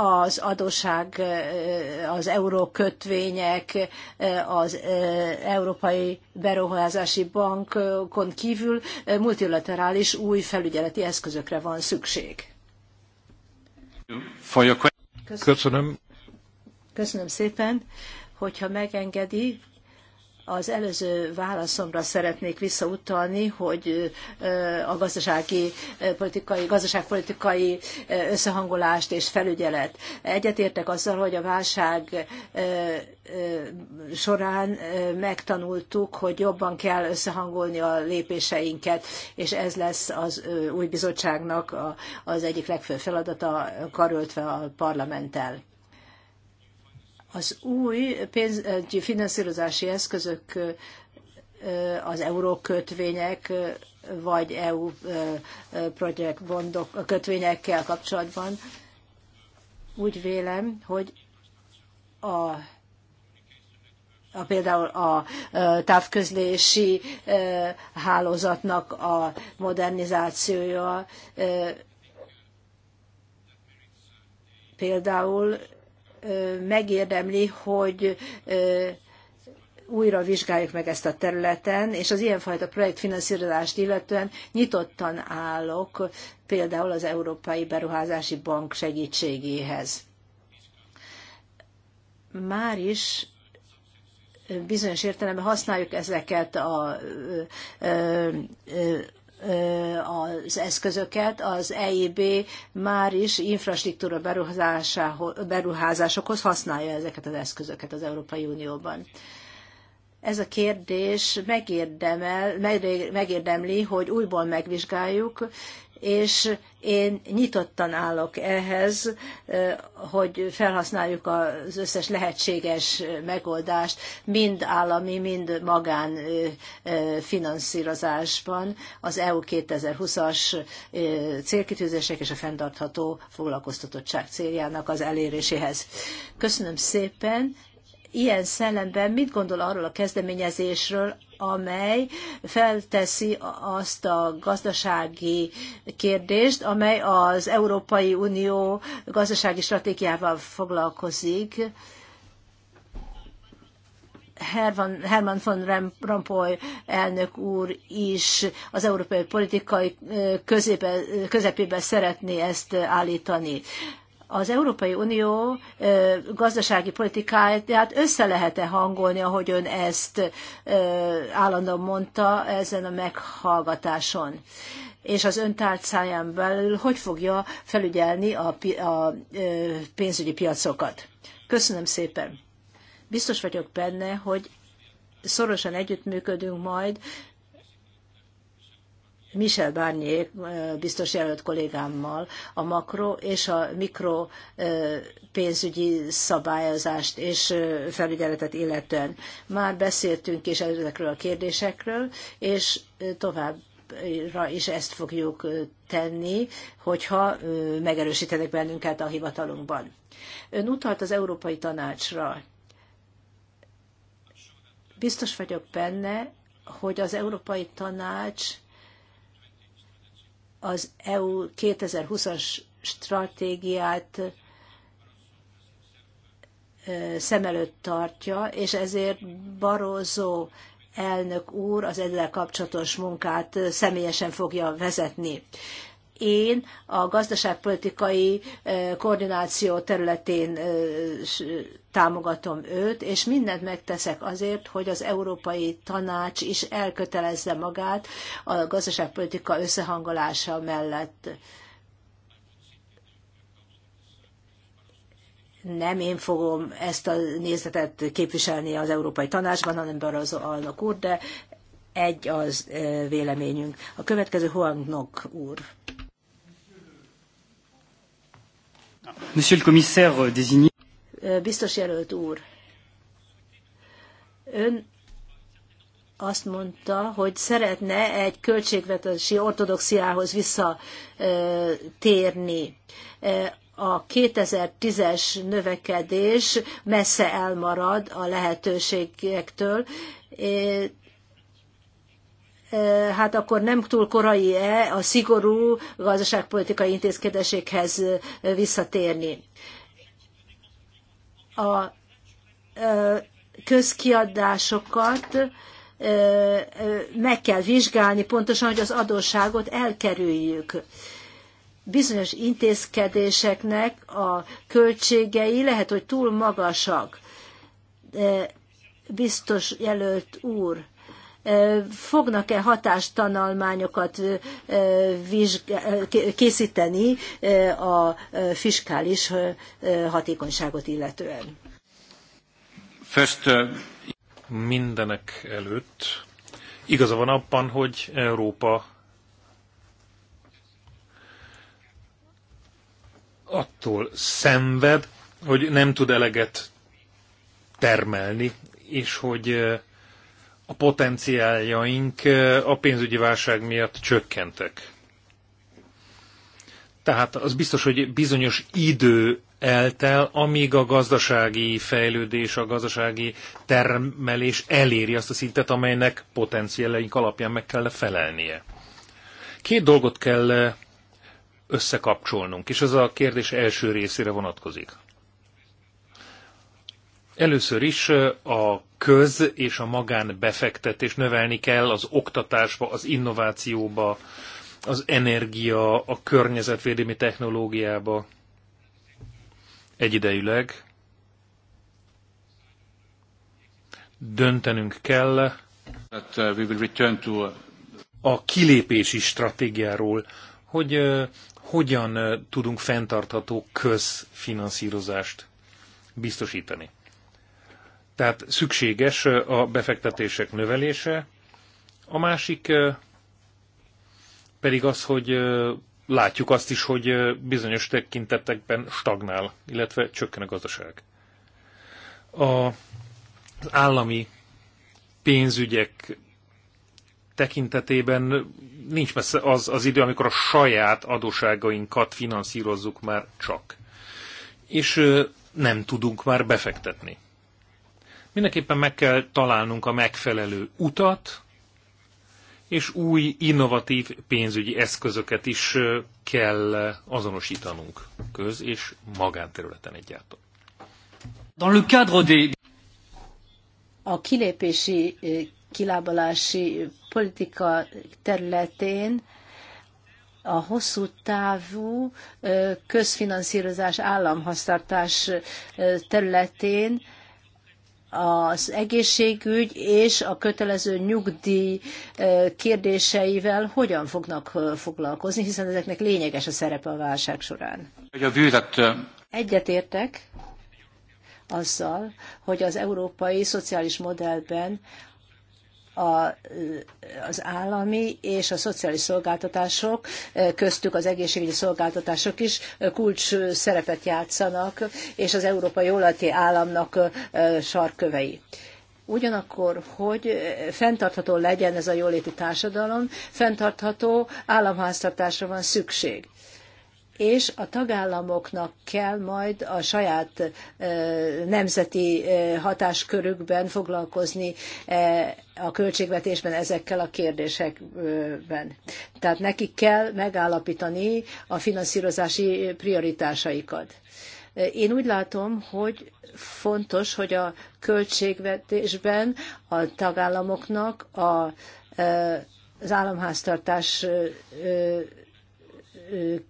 az adóság, eh, az eurókötvények, eh, az eh, Európai Beruházási Bankon kívül multilaterális új felügyeleti eszközökre van szükség. Köszönöm. Köszönöm szépen, hogyha megengedi, az előző válaszomra szeretnék visszautalni, hogy a gazdasági politikai, gazdaságpolitikai összehangolást és felügyelet. Egyetértek azzal, hogy a válság során megtanultuk, hogy jobban kell összehangolni a lépéseinket, és ez lesz az új bizottságnak az egyik legfőbb feladata karöltve a parlamenttel. Az új pénzügyi finanszírozási eszközök, az eurókötvények vagy EU projekt bondok, kötvényekkel kapcsolatban úgy vélem, hogy a a, például a távközlési hálózatnak a modernizációja például megérdemli, hogy újra vizsgáljuk meg ezt a területen, és az ilyenfajta projektfinanszírozást illetően nyitottan állok például az Európai Beruházási Bank segítségéhez. Már is bizonyos értelemben használjuk ezeket a, az eszközöket, az EIB már is infrastruktúra beruházásokhoz használja ezeket az eszközöket az Európai Unióban. Ez a kérdés megérdemel, megérdemli, hogy újból megvizsgáljuk, és én nyitottan állok ehhez, hogy felhasználjuk az összes lehetséges megoldást, mind állami, mind magán finanszírozásban az EU 2020-as célkitűzések és a fenntartható foglalkoztatottság céljának az eléréséhez. Köszönöm szépen, ilyen szellemben mit gondol arról a kezdeményezésről, amely felteszi azt a gazdasági kérdést, amely az Európai Unió gazdasági stratégiával foglalkozik. Herman, von Rompuy elnök úr is az európai politikai közepébe szeretné ezt állítani az Európai Unió gazdasági politikáját hát össze lehet-e hangolni, ahogy ön ezt állandóan mondta ezen a meghallgatáson? És az ön tárcáján belül hogy fogja felügyelni a, a pénzügyi piacokat? Köszönöm szépen. Biztos vagyok benne, hogy szorosan együttműködünk majd Michel Barnier biztos jelölt kollégámmal a makro és a mikro pénzügyi szabályozást és felügyeletet illetően. Már beszéltünk is ezekről a kérdésekről, és tovább is ezt fogjuk tenni, hogyha megerősítenek bennünket a hivatalunkban. Ön utalt az Európai Tanácsra. Biztos vagyok benne, hogy az Európai Tanács az EU 2020-as stratégiát szem előtt tartja, és ezért Barózó elnök úr az ezzel kapcsolatos munkát személyesen fogja vezetni én a gazdaságpolitikai eh, koordináció területén eh, támogatom őt, és mindent megteszek azért, hogy az Európai Tanács is elkötelezze magát a gazdaságpolitika összehangolása mellett. nem én fogom ezt a nézetet képviselni az Európai Tanácsban, hanem Barroso alnok úr, de egy az eh, véleményünk. A következő Huang Nok úr. Monsieur le commissaire euh, désigné. Biztos jelölt úr, ön azt mondta, hogy szeretne egy költségvetési ortodoxiához visszatérni. A 2010-es növekedés messze elmarad a lehetőségektől, hát akkor nem túl korai-e a szigorú gazdaságpolitikai intézkedésekhez visszatérni. A közkiadásokat meg kell vizsgálni pontosan, hogy az adósságot elkerüljük bizonyos intézkedéseknek a költségei lehet, hogy túl magasak. Biztos jelölt úr, fognak-e hatástanalmányokat készíteni a fiskális hatékonyságot illetően? First, mindenek előtt igaza van abban, hogy Európa attól szenved, hogy nem tud eleget termelni, és hogy a potenciáljaink a pénzügyi válság miatt csökkentek. Tehát az biztos, hogy bizonyos idő eltel, amíg a gazdasági fejlődés, a gazdasági termelés eléri azt a szintet, amelynek potenciáleink alapján meg kell felelnie. Két dolgot kell összekapcsolnunk, és ez a kérdés első részére vonatkozik. Először is a köz és a magán befektetés növelni kell az oktatásba, az innovációba, az energia, a környezetvédelmi technológiába egyidejűleg. Döntenünk kell uh, uh, a kilépési stratégiáról, hogy hogyan tudunk fenntartható közfinanszírozást biztosítani. Tehát szükséges a befektetések növelése, a másik pedig az, hogy látjuk azt is, hogy bizonyos tekintetekben stagnál, illetve csökken a gazdaság. A, az állami pénzügyek tekintetében nincs messze az, az idő, amikor a saját adóságainkat finanszírozzuk már csak. És nem tudunk már befektetni. Mindenképpen meg kell találnunk a megfelelő utat, és új innovatív pénzügyi eszközöket is kell azonosítanunk köz- és magánterületen egyáltalán. Dans le cadre des... A kilépési, kilábalási politika területén a hosszú távú közfinanszírozás államhasztartás területén az egészségügy és a kötelező nyugdíj kérdéseivel hogyan fognak foglalkozni, hiszen ezeknek lényeges a szerepe a válság során. Egyetértek azzal, hogy az európai szociális modellben a, az állami és a szociális szolgáltatások, köztük az egészségügyi szolgáltatások is kulcs szerepet játszanak, és az európai jóléti államnak sarkkövei. Ugyanakkor, hogy fenntartható legyen ez a jóléti társadalom, fenntartható államháztartásra van szükség és a tagállamoknak kell majd a saját nemzeti hatáskörükben foglalkozni a költségvetésben ezekkel a kérdésekben. Tehát nekik kell megállapítani a finanszírozási prioritásaikat. Én úgy látom, hogy fontos, hogy a költségvetésben a tagállamoknak a, az államháztartás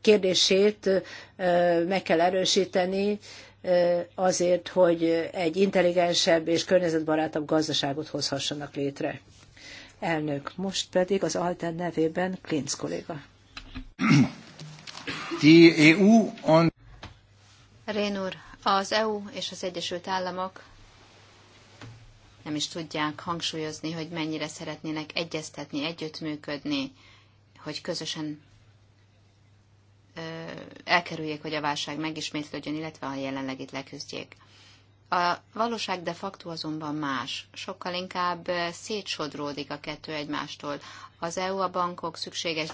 kérdését meg kell erősíteni azért, hogy egy intelligensebb és környezetbarátabb gazdaságot hozhassanak létre. Elnök, most pedig az alten nevében Klinz kolléga. Die EU on... Rén úr, az EU és az Egyesült Államok nem is tudják hangsúlyozni, hogy mennyire szeretnének egyeztetni, együttműködni, hogy közösen elkerüljék, hogy a válság megismétlődjön, illetve a jelenlegit leküzdjék. A valóság de facto azonban más. Sokkal inkább szétsodródik a kettő egymástól. Az EU a bankok szükséges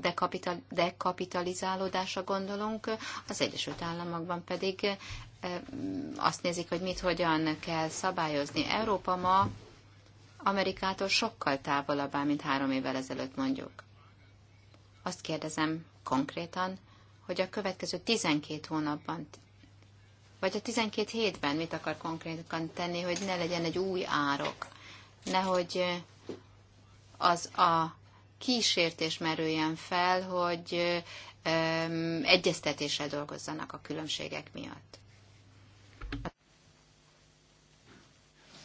dekapital, dekapitalizálódása gondolunk, az Egyesült Államokban pedig azt nézik, hogy mit hogyan kell szabályozni. Európa ma Amerikától sokkal távolabb áll, mint három évvel ezelőtt mondjuk. Azt kérdezem konkrétan, hogy a következő 12 hónapban, vagy a 12 hétben mit akar konkrétan tenni, hogy ne legyen egy új árok, nehogy az a kísértés merüljen fel, hogy um, egyeztetéssel dolgozzanak a különbségek miatt.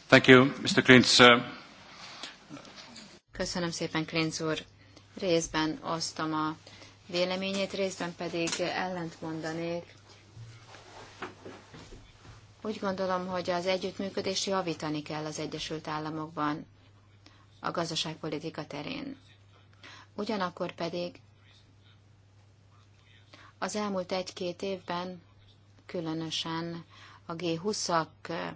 Thank you, Mr. Klintz. Köszönöm szépen, Klintz úr. Részben osztom a véleményét, részben pedig ellent mondanék. Úgy gondolom, hogy az együttműködést javítani kell az Egyesült Államokban a gazdaságpolitika terén. Ugyanakkor pedig az elmúlt egy-két évben, különösen a G20-ak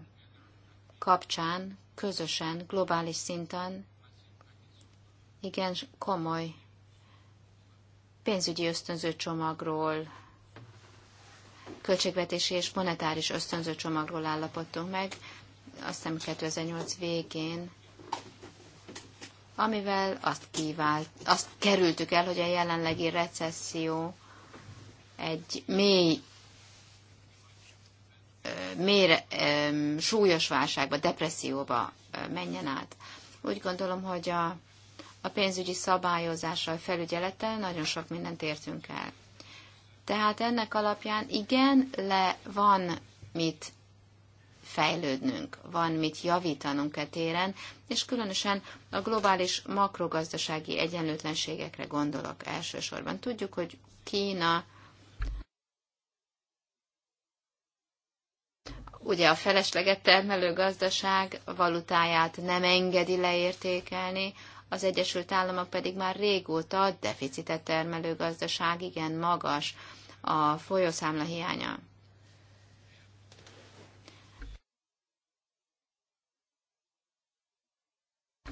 kapcsán közösen, globális szinten igen komoly pénzügyi ösztönző csomagról, költségvetési és monetáris ösztönző csomagról állapodtunk meg, azt hiszem 2008 végén, amivel azt kívált, azt kerültük el, hogy a jelenlegi recesszió egy mély, mély súlyos válságba, depresszióba menjen át. Úgy gondolom, hogy a a pénzügyi szabályozással, felügyelettel nagyon sok mindent értünk el. Tehát ennek alapján igen, le van mit fejlődnünk, van mit javítanunk e téren, és különösen a globális makrogazdasági egyenlőtlenségekre gondolok elsősorban. Tudjuk, hogy Kína ugye a felesleget termelő gazdaság valutáját nem engedi leértékelni, az Egyesült Államok pedig már régóta deficitet termelő gazdaság, igen magas a folyószámla hiánya.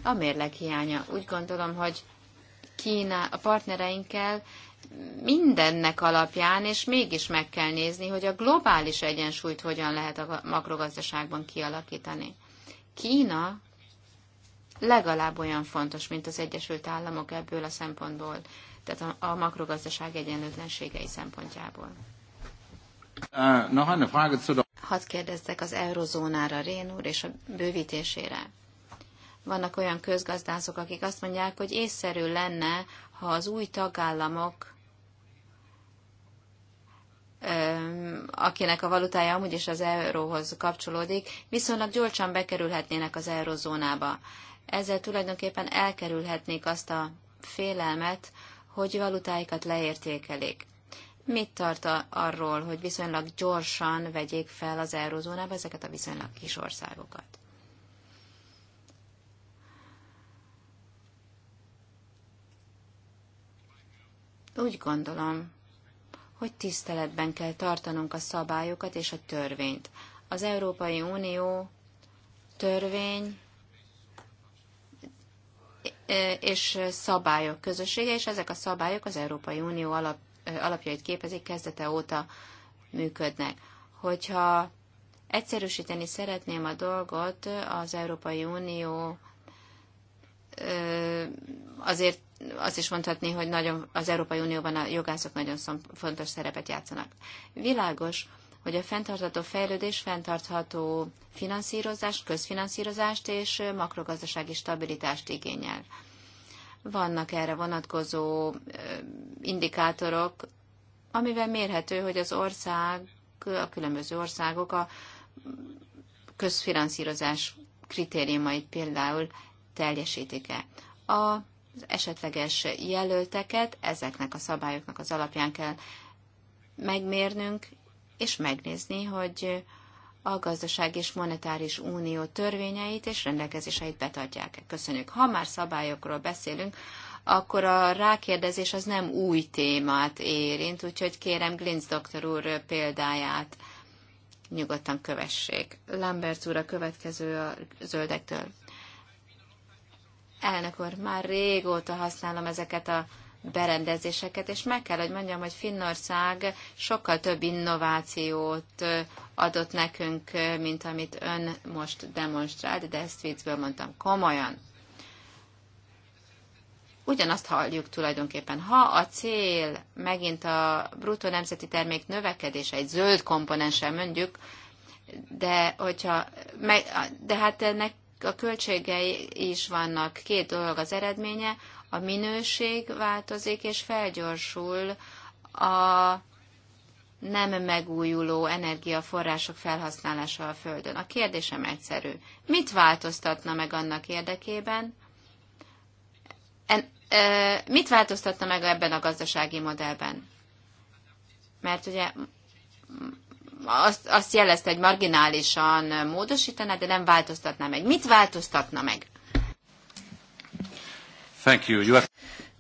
A mérleg hiánya. Úgy gondolom, hogy Kína a partnereinkkel mindennek alapján, és mégis meg kell nézni, hogy a globális egyensúlyt hogyan lehet a makrogazdaságban kialakítani. Kína legalább olyan fontos, mint az Egyesült Államok ebből a szempontból, tehát a, a makrogazdaság egyenlőtlenségei szempontjából. Eh, hát Hadd kérdezzek az eurozónára, Rén úr, és a bővítésére. Vannak olyan közgazdászok, akik azt mondják, hogy észszerű lenne, ha az új tagállamok akinek a valutája amúgy is az euróhoz kapcsolódik, viszonylag gyorsan bekerülhetnének az eurozónába ezzel tulajdonképpen elkerülhetnék azt a félelmet, hogy valutáikat leértékelik. Mit tart a, arról, hogy viszonylag gyorsan vegyék fel az eurozónába ezeket a viszonylag kis országokat? Úgy gondolom, hogy tiszteletben kell tartanunk a szabályokat és a törvényt. Az Európai Unió törvény és szabályok közössége, és ezek a szabályok az Európai Unió alap, alapjait képezik, kezdete óta működnek. Hogyha egyszerűsíteni szeretném a dolgot, az Európai Unió azért azt is mondhatni, hogy nagyon, az Európai Unióban a jogászok nagyon fontos szerepet játszanak. Világos, hogy a fenntartható fejlődés fenntartható finanszírozást, közfinanszírozást és makrogazdasági stabilitást igényel. Vannak erre vonatkozó indikátorok, amivel mérhető, hogy az ország, a különböző országok a közfinanszírozás kritériumait például teljesítik-e. Az esetleges jelölteket ezeknek a szabályoknak az alapján kell megmérnünk, és megnézni, hogy a gazdaság és monetáris unió törvényeit és rendelkezéseit betartják. Köszönjük. Ha már szabályokról beszélünk, akkor a rákérdezés az nem új témát érint, úgyhogy kérem Glintz doktor úr példáját nyugodtan kövessék. Lambert úr a következő a zöldektől. Elnök úr, már régóta használom ezeket a berendezéseket, és meg kell, hogy mondjam, hogy Finnország sokkal több innovációt adott nekünk, mint amit ön most demonstrált, de ezt viccből mondtam komolyan. Ugyanazt halljuk tulajdonképpen. Ha a cél megint a bruttó nemzeti termék növekedése, egy zöld komponenssel mondjuk, de, hogyha, de hát ennek a költségei is vannak, két dolog az eredménye, a minőség változik és felgyorsul a nem megújuló energiaforrások felhasználása a Földön. A kérdésem egyszerű. Mit változtatna meg annak érdekében? En, e, mit változtatna meg ebben a gazdasági modellben? Mert ugye azt, azt jelezte, hogy marginálisan módosítaná, de nem változtatná meg. Mit változtatna meg? Thank you. you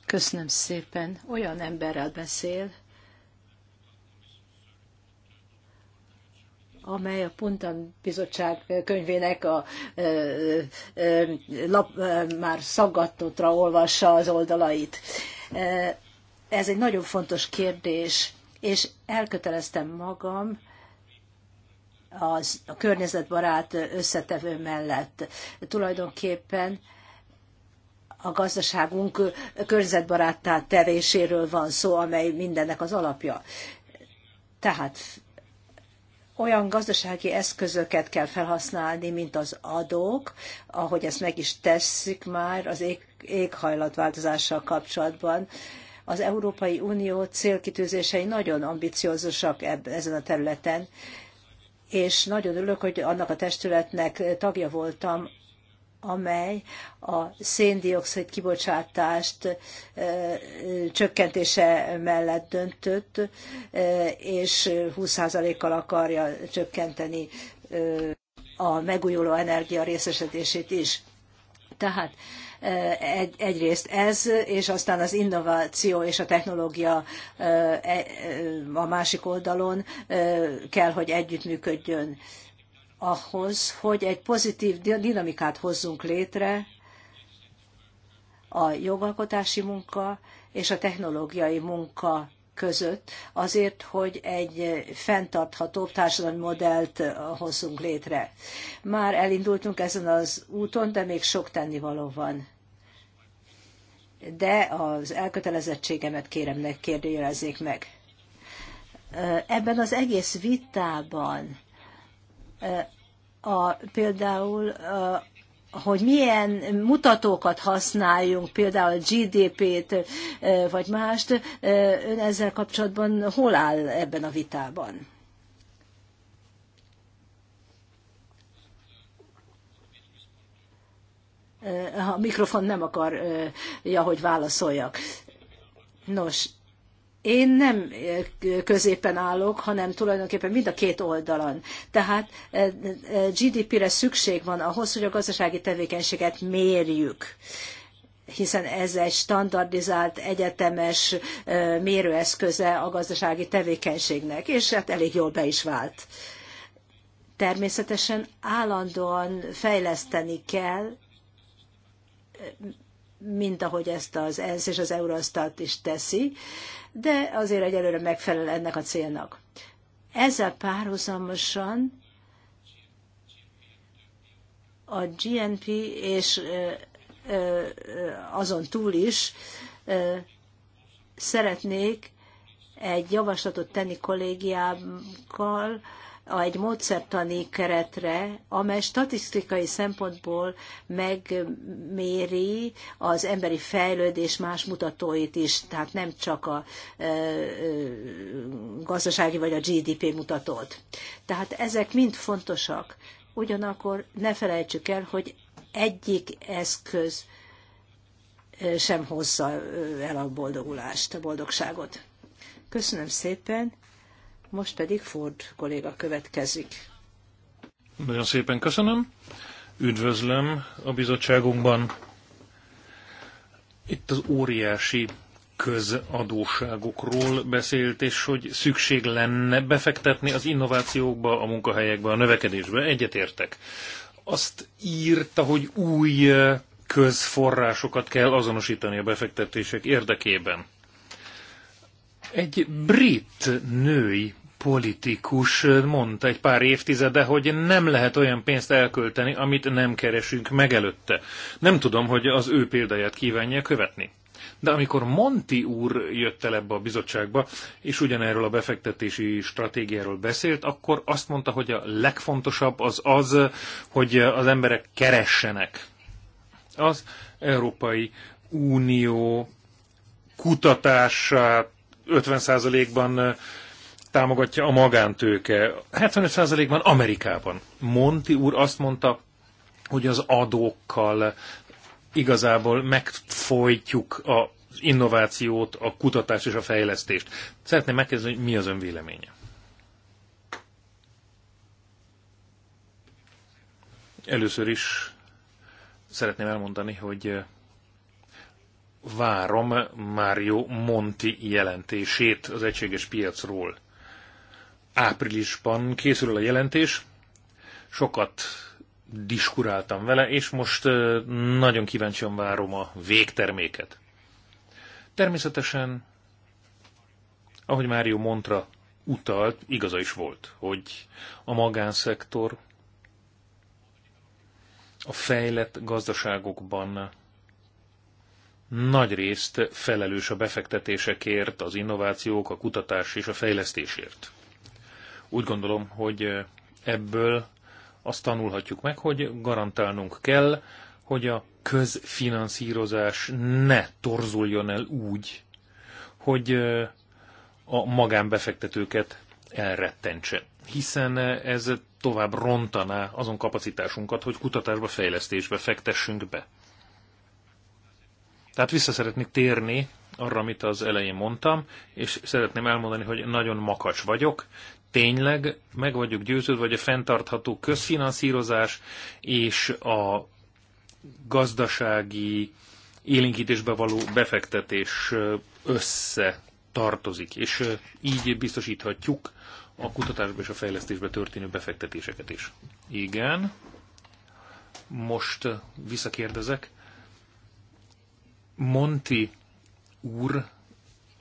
Köszönöm szépen. Olyan emberrel beszél, amely a Puntan Bizottság könyvének a ö, ö, lap, ö, már szaggatottra olvassa az oldalait. Ez egy nagyon fontos kérdés, és elköteleztem magam az, a környezetbarát összetevő mellett. Tulajdonképpen a gazdaságunk környezetbarát tevéséről van szó, amely mindennek az alapja. Tehát olyan gazdasági eszközöket kell felhasználni, mint az adók, ahogy ezt meg is tesszük már az ég, éghajlatváltozással kapcsolatban. Az Európai Unió célkitűzései nagyon ambiciózusak eb- ezen a területen, és nagyon örülök, hogy annak a testületnek tagja voltam, amely a széndiokszid kibocsátást e, csökkentése mellett döntött, e, és 20%-kal akarja csökkenteni e, a megújuló energia részesedését is. Tehát egy, egyrészt ez, és aztán az innováció és a technológia a másik oldalon kell, hogy együttműködjön ahhoz, hogy egy pozitív dinamikát hozzunk létre a jogalkotási munka és a technológiai munka között, azért, hogy egy fenntarthatóbb társadalmi modellt hozzunk létre. Már elindultunk ezen az úton, de még sok tennivaló van. De az elkötelezettségemet kérem, ne kérdőjelezzék meg. Ebben az egész vitában a, például, a, hogy milyen mutatókat használjunk, például GDP-t vagy mást, ön ezzel kapcsolatban hol áll ebben a vitában? A mikrofon nem akarja, hogy válaszoljak. Nos, én nem eh, középen állok, hanem tulajdonképpen mind a két oldalon. Tehát eh, eh, GDP-re szükség van ahhoz, hogy a gazdasági tevékenységet mérjük hiszen ez egy standardizált, egyetemes mérőeszköze a gazdasági tevékenységnek, és hát elég jól be is vált. Természetesen állandóan fejleszteni kell, mint ahogy ezt az ENSZ és az Eurostat is teszi, de azért egyelőre megfelel ennek a célnak. Ezzel párhuzamosan a GNP és azon túl is szeretnék egy javaslatot tenni kollégiákkal egy módszertani keretre, amely statisztikai szempontból megméri az emberi fejlődés más mutatóit is, tehát nem csak a gazdasági vagy a GDP mutatót. Tehát ezek mind fontosak. Ugyanakkor ne felejtsük el, hogy egyik eszköz sem hozza el a boldogulást, a boldogságot. Köszönöm szépen. Most pedig Ford kolléga következik. Nagyon szépen köszönöm. Üdvözlöm a bizottságunkban. Itt az óriási közadóságokról beszélt, és hogy szükség lenne befektetni az innovációkba, a munkahelyekbe, a növekedésbe. Egyetértek. Azt írta, hogy új közforrásokat kell azonosítani a befektetések érdekében. Egy brit női politikus mondta egy pár évtizede, hogy nem lehet olyan pénzt elkölteni, amit nem keresünk meg előtte. Nem tudom, hogy az ő példáját kívánja követni. De amikor Monti úr jött el ebbe a bizottságba, és ugyanerről a befektetési stratégiáról beszélt, akkor azt mondta, hogy a legfontosabb az az, hogy az emberek keressenek. Az Európai Unió kutatását 50%-ban támogatja a magántőke. 75%-ban Amerikában. Monti úr azt mondta, hogy az adókkal igazából megfolytjuk a innovációt, a kutatást és a fejlesztést. Szeretném megkérdezni, hogy mi az ön véleménye? Először is szeretném elmondani, hogy eh, várom Mário Monti jelentését az egységes piacról áprilisban készül a jelentés, sokat diskuráltam vele, és most nagyon kíváncsian várom a végterméket. Természetesen, ahogy Mário Montra utalt, igaza is volt, hogy a magánszektor a fejlett gazdaságokban nagy részt felelős a befektetésekért, az innovációk, a kutatás és a fejlesztésért. Úgy gondolom, hogy eh, ebből azt tanulhatjuk meg, hogy garantálnunk kell, hogy a közfinanszírozás ne torzuljon el úgy, hogy eh, a magánbefektetőket elrettentse, hiszen eh, ez tovább rontaná azon kapacitásunkat, hogy kutatásba, fejlesztésbe fektessünk be. Tehát vissza szeretnék térni arra, amit az elején mondtam, és szeretném elmondani, hogy nagyon makacs vagyok, tényleg meg vagyok győződve, hogy a fenntartható közfinanszírozás és a gazdasági élénkítésbe való befektetés össze tartozik, és így biztosíthatjuk a kutatásba és a fejlesztésbe történő befektetéseket is. Igen. Most visszakérdezek. Monti úr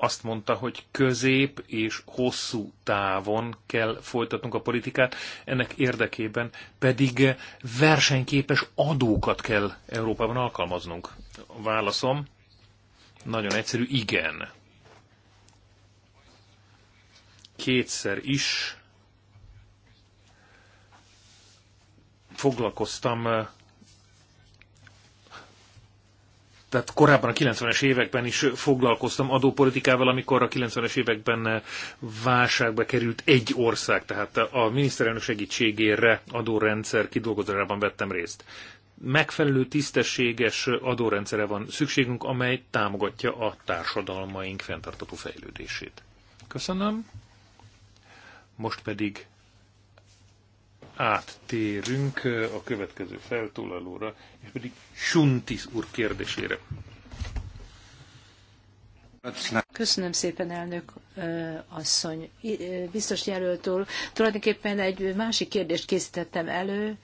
azt mondta, hogy közép és hosszú távon kell folytatnunk a politikát, ennek érdekében pedig versenyképes adókat kell Európában alkalmaznunk. A válaszom nagyon egyszerű, igen. Kétszer is foglalkoztam tehát korábban a 90-es években is foglalkoztam adópolitikával, amikor a 90-es években válságba került egy ország, tehát a miniszterelnök segítségére adórendszer kidolgozásában vettem részt. Megfelelő tisztességes adórendszere van szükségünk, amely támogatja a társadalmaink fenntartató fejlődését. Köszönöm. Most pedig áttérünk a következő feltólalóra, és pedig Suntis úr kérdésére. Köszönöm szépen, elnök asszony. Biztos jelöltől tulajdonképpen egy másik kérdést készítettem elő,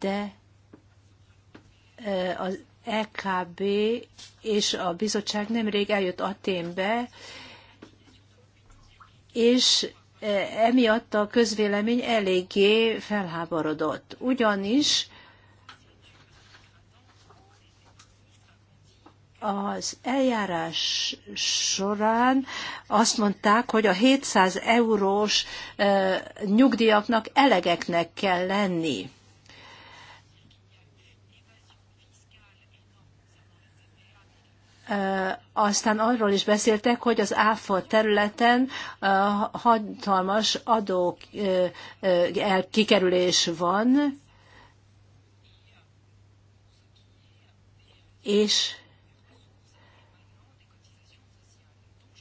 de az EKB és a bizottság nemrég eljött Aténbe, és E, emiatt a közvélemény eléggé felháborodott. Ugyanis az eljárás során azt mondták, hogy a 700 eurós e, nyugdíjaknak elegeknek kell lenni. aztán arról is beszéltek, hogy az ÁFA területen hatalmas adó kikerülés van, és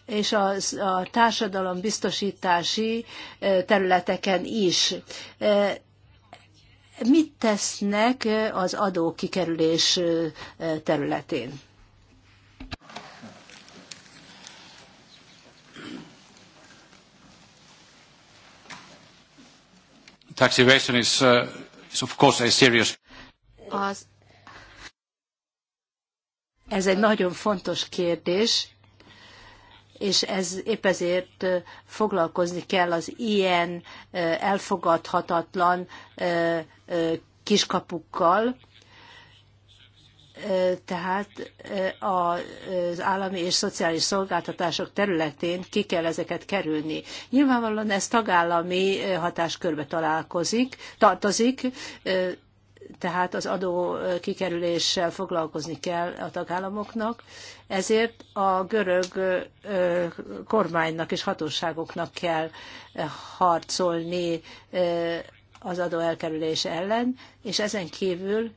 és a, a társadalom biztosítási területeken is. Mit tesznek az adó kikerülés területén? tax evasion is, uh, is of course a serious... Az, ez egy nagyon fontos kérdés, és ez épp ezért uh, foglalkozni kell az ilyen uh, elfogadhatatlan uh, kiskapukkal, tehát az állami és szociális szolgáltatások területén ki kell ezeket kerülni. Nyilvánvalóan ez tagállami hatáskörbe találkozik, tartozik, tehát az adó kikerüléssel foglalkozni kell a tagállamoknak, ezért a görög kormánynak és hatóságoknak kell harcolni az adó elkerülése ellen, és ezen kívül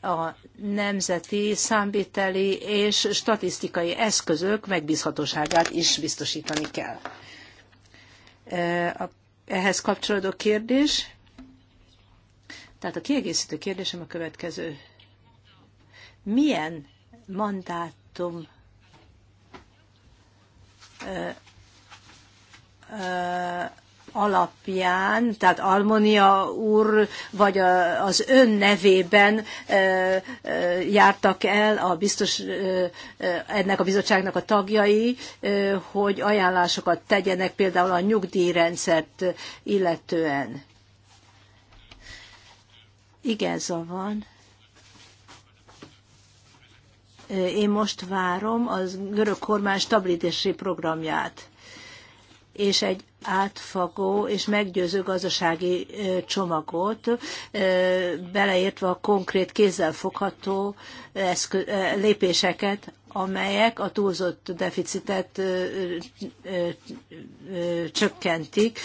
a nemzeti számviteli és statisztikai eszközök megbízhatóságát is biztosítani kell. E, ehhez kapcsolódó kérdés, tehát a kiegészítő kérdésem a következő. Milyen mandátum e, e, alapján, tehát Almonia úr, vagy a, az ön nevében e, e, jártak el a biztos, e, ennek a bizottságnak a tagjai, e, hogy ajánlásokat tegyenek például a nyugdíjrendszert illetően. Igaza szóval van. Én most várom az görög kormány stabilitási programját és egy átfogó és meggyőző gazdasági csomagot, beleértve a konkrét kézzelfogható lépéseket, amelyek a túlzott deficitet csökkentik,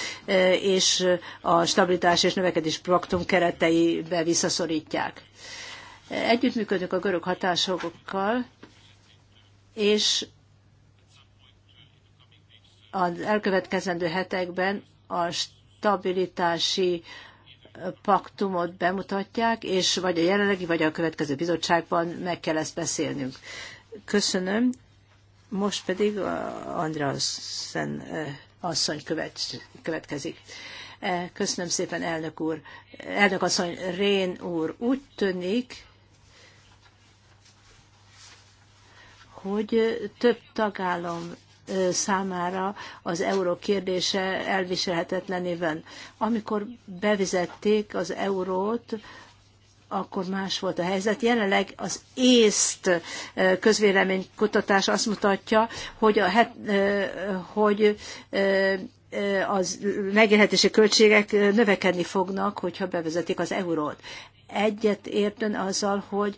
és a stabilitás és növekedés praktum kereteibe visszaszorítják. Együttműködünk a görög hatásokkal, és az elkövetkezendő hetekben a stabilitási paktumot bemutatják, és vagy a jelenlegi, vagy a következő bizottságban meg kell ezt beszélnünk. Köszönöm. Most pedig Andrásen eh, asszony követ, következik. Eh, köszönöm szépen, elnök úr. Elnök asszony, Rén úr, úgy tűnik, hogy több tagállam számára az euró kérdése elviselhetetlené van. Amikor bevezették az eurót, akkor más volt a helyzet. Jelenleg az észt közvéleménykutatás azt mutatja, hogy, a hogy az megélhetési költségek növekedni fognak, hogyha bevezetik az eurót. Egyet értön azzal, hogy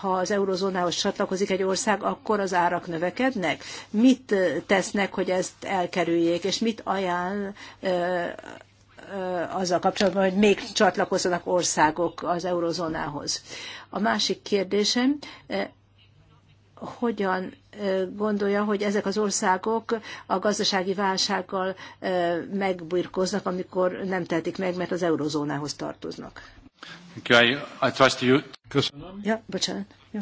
ha az eurozónához csatlakozik egy ország, akkor az árak növekednek. Mit tesznek, hogy ezt elkerüljék, és mit ajánl azzal kapcsolatban, hogy még csatlakozzanak országok az eurozónához. A másik kérdésem, hogyan gondolja, hogy ezek az országok a gazdasági válsággal megbirkoznak, amikor nem tehetik meg, mert az eurozónához tartoznak. Köszönöm. Ja, bocsánat. Ja.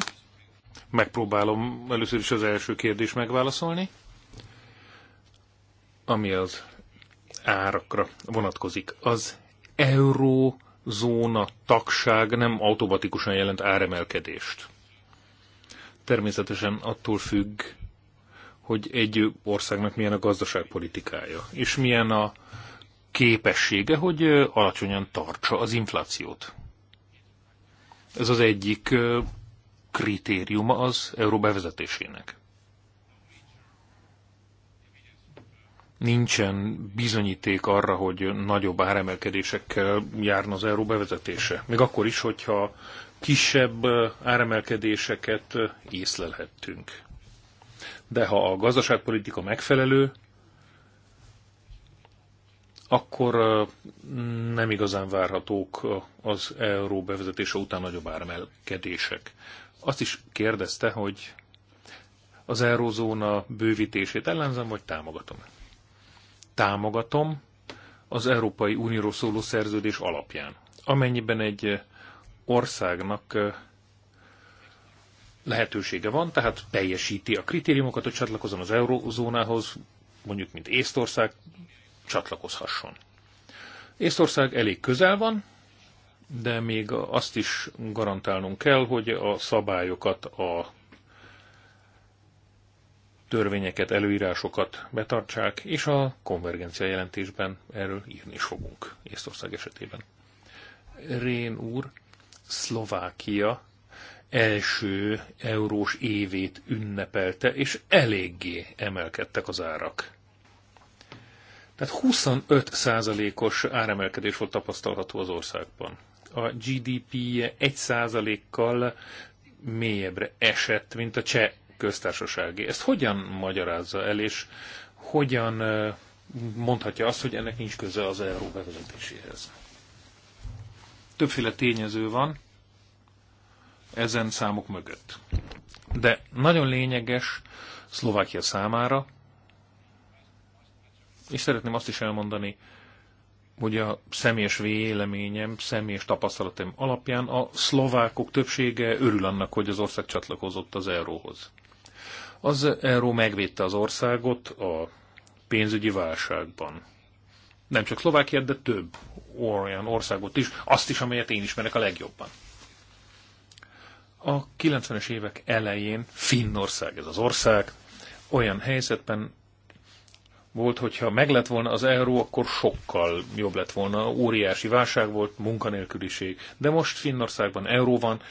Megpróbálom először is az első kérdés megválaszolni, ami az árakra vonatkozik. Az euró tagság nem automatikusan jelent áremelkedést természetesen attól függ, hogy egy országnak milyen a gazdaságpolitikája, és milyen a képessége, hogy alacsonyan tartsa az inflációt. Ez az egyik kritériuma az euró bevezetésének. Nincsen bizonyíték arra, hogy nagyobb áremelkedésekkel járna az euró bevezetése. Még akkor is, hogyha kisebb áremelkedéseket észlelhettünk. De ha a gazdaságpolitika megfelelő, akkor nem igazán várhatók az euró bevezetése után nagyobb áremelkedések. Azt is kérdezte, hogy az eurózóna bővítését ellenzem, vagy támogatom? Támogatom az Európai Unióról szóló szerződés alapján. Amennyiben egy országnak lehetősége van, tehát teljesíti a kritériumokat, hogy csatlakozzon az eurozónához, mondjuk mint Észtország csatlakozhasson. Észtország elég közel van, de még azt is garantálnunk kell, hogy a szabályokat, a törvényeket, előírásokat betartsák, és a konvergencia jelentésben erről írni is fogunk Észtország esetében. Rén úr Szlovákia első eurós évét ünnepelte, és eléggé emelkedtek az árak. Tehát 25%-os áremelkedés volt tapasztalható az országban. A GDP 1%-kal mélyebbre esett, mint a cseh köztársasági. Ezt hogyan magyarázza el, és hogyan eh, mondhatja azt, hogy ennek nincs köze az euró bevezetéséhez? Többféle tényező van ezen számok mögött. De nagyon lényeges Szlovákia számára, és szeretném azt is elmondani, hogy a személyes véleményem, személyes tapasztalatom alapján a szlovákok többsége örül annak, hogy az ország csatlakozott az euróhoz. Az euró megvédte az országot a pénzügyi válságban. Nem csak Szlovákiát, de több olyan országot is, azt is, amelyet én ismerek a legjobban. A 90-es évek elején Finnország, ez az ország, olyan helyzetben volt, hogyha meg lett volna az euró, akkor sokkal jobb lett volna. Óriási válság volt, munkanélküliség. De most Finnországban euró van,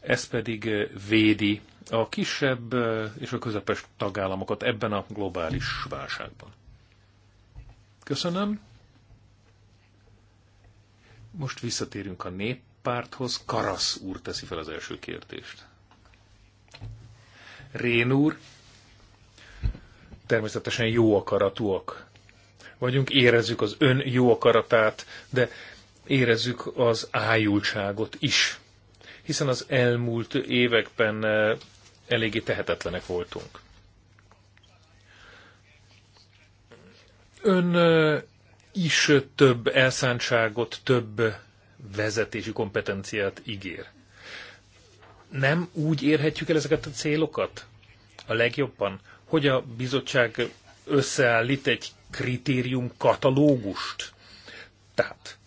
ez pedig eh, védi a kisebb eh, és a közepes tagállamokat ebben a globális válságban. Köszönöm. Most visszatérünk a néppárthoz. Karasz úr teszi fel az első kérdést. Rén úr, természetesen jó akaratúak vagyunk, érezzük az ön jó akaratát, de érezzük az ájultságot is. Hiszen az elmúlt években eh, eléggé tehetetlenek voltunk. Ön eh, is több elszántságot, több vezetési kompetenciát ígér. Nem úgy érhetjük el ezeket a célokat a legjobban, hogy a bizottság összeállít egy kritérium katalógust. Tehát,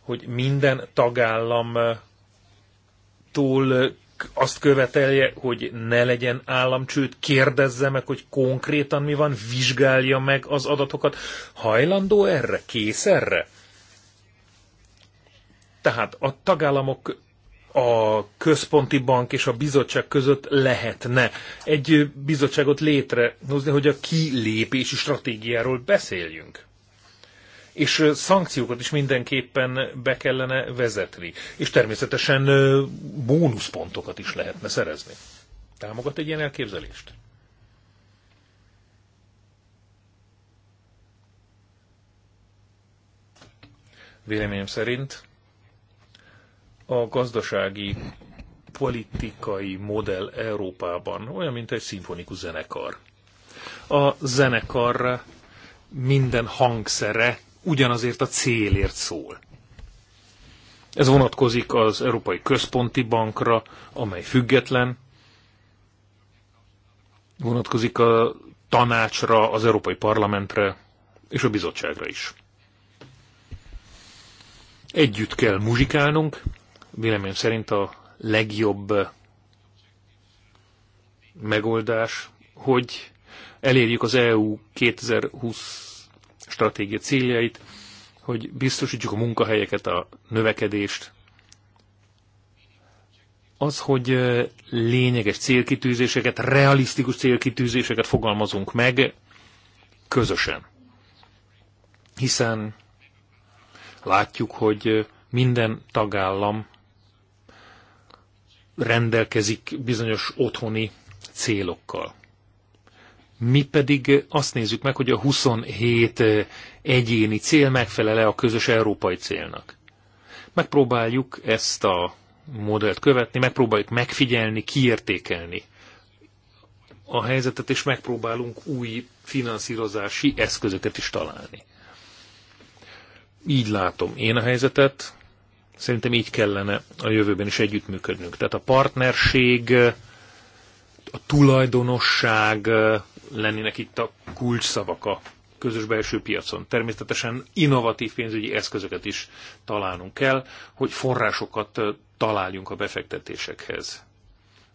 hogy minden tagállamtól azt követelje, hogy ne legyen államcsőd, kérdezze meg, hogy konkrétan mi van, vizsgálja meg az adatokat. Hajlandó erre? Kész erre? Tehát a tagállamok a központi bank és a bizottság között lehetne egy bizottságot létrehozni, hogy a kilépési stratégiáról beszéljünk és szankciókat is mindenképpen be kellene vezetni. És természetesen bónuszpontokat is lehetne szerezni. Támogat egy ilyen elképzelést? Véleményem szerint a gazdasági politikai modell Európában olyan, mint egy szimfonikus zenekar. A zenekar minden hangszere ugyanazért a célért szól. Ez vonatkozik az Európai Központi Bankra, amely független, vonatkozik a tanácsra, az Európai Parlamentre és a bizottságra is. Együtt kell muzsikálnunk, véleményem szerint a legjobb megoldás, hogy elérjük az EU 2020 stratégia céljait, hogy biztosítsuk a munkahelyeket, a növekedést. Az, hogy lényeges célkitűzéseket, realisztikus célkitűzéseket fogalmazunk meg közösen. Hiszen látjuk, hogy minden tagállam rendelkezik bizonyos otthoni célokkal. Mi pedig azt nézzük meg, hogy a 27 egyéni cél megfelele a közös európai célnak. Megpróbáljuk ezt a modellt követni, megpróbáljuk megfigyelni, kiértékelni a helyzetet, és megpróbálunk új finanszírozási eszközöket is találni. Így látom én a helyzetet, szerintem így kellene a jövőben is együttműködnünk. Tehát a partnerség, a tulajdonosság, lennének itt a kulcsszavak a közös belső piacon. Természetesen innovatív pénzügyi eszközöket is találnunk kell, hogy forrásokat találjunk a befektetésekhez,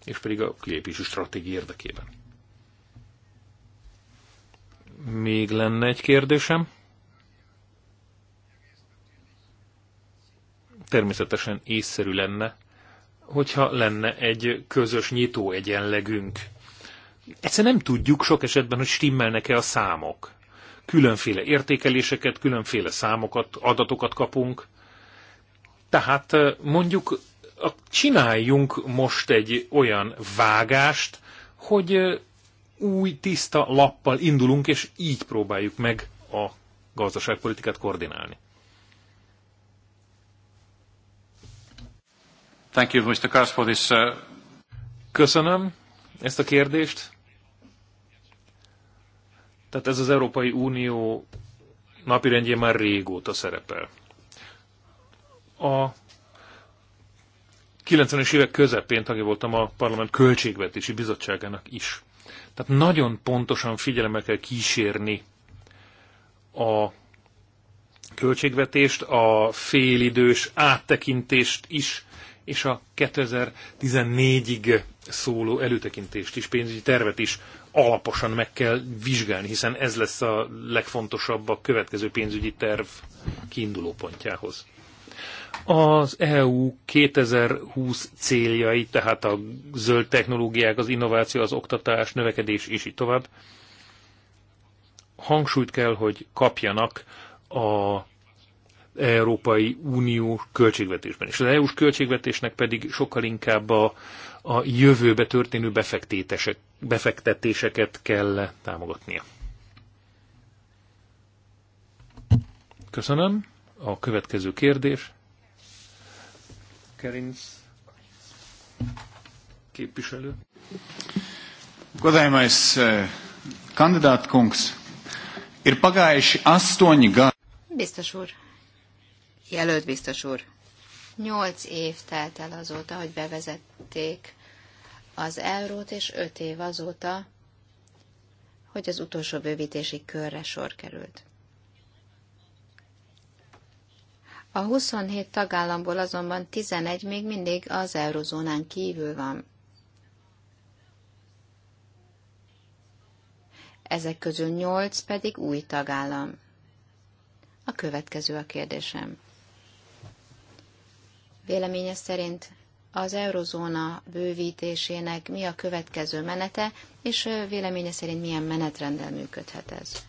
és pedig a kilépési stratégia érdekében. Még lenne egy kérdésem? Természetesen észszerű lenne, hogyha lenne egy közös nyitó egyenlegünk egyszerűen nem tudjuk sok esetben, hogy stimmelnek-e a számok. Különféle értékeléseket, különféle számokat, adatokat kapunk. Tehát mondjuk csináljunk most egy olyan vágást, hogy új, tiszta lappal indulunk, és így próbáljuk meg a gazdaságpolitikát koordinálni. Thank you, Mr. Kars, for this, uh... Köszönöm ezt a kérdést. Tehát ez az Európai Unió napirendjén már régóta szerepel. A 90-es évek közepén tagja voltam a Parlament Költségvetési Bizottságának is. Tehát nagyon pontosan figyelemmel kell kísérni a költségvetést, a félidős áttekintést is és a 2014-ig szóló előtekintést is, pénzügyi tervet is alaposan meg kell vizsgálni, hiszen ez lesz a legfontosabb a következő pénzügyi terv kiinduló pontjához. Az EU 2020 céljai, tehát a zöld technológiák, az innováció, az oktatás, növekedés és így tovább, hangsúlyt kell, hogy kapjanak a Európai Unió költségvetésben. És az EU-s költségvetésnek pedig sokkal inkább a, a jövőbe történő befektetéseket kell támogatnia. Köszönöm. A következő kérdés. Kerinc képviselő. kandidát eh, kandidátkungs, ir pagājuši astoņi gadi. Biztos úr. Jelölt biztos úr. Nyolc év telt el azóta, hogy bevezették az eurót, és öt év azóta, hogy az utolsó bővítési körre sor került. A 27 tagállamból azonban 11 még mindig az eurozónán kívül van. Ezek közül 8 pedig új tagállam. A következő a kérdésem. Véleménye szerint az eurozóna bővítésének mi a következő menete, és véleménye szerint milyen menetrendel működhet ez?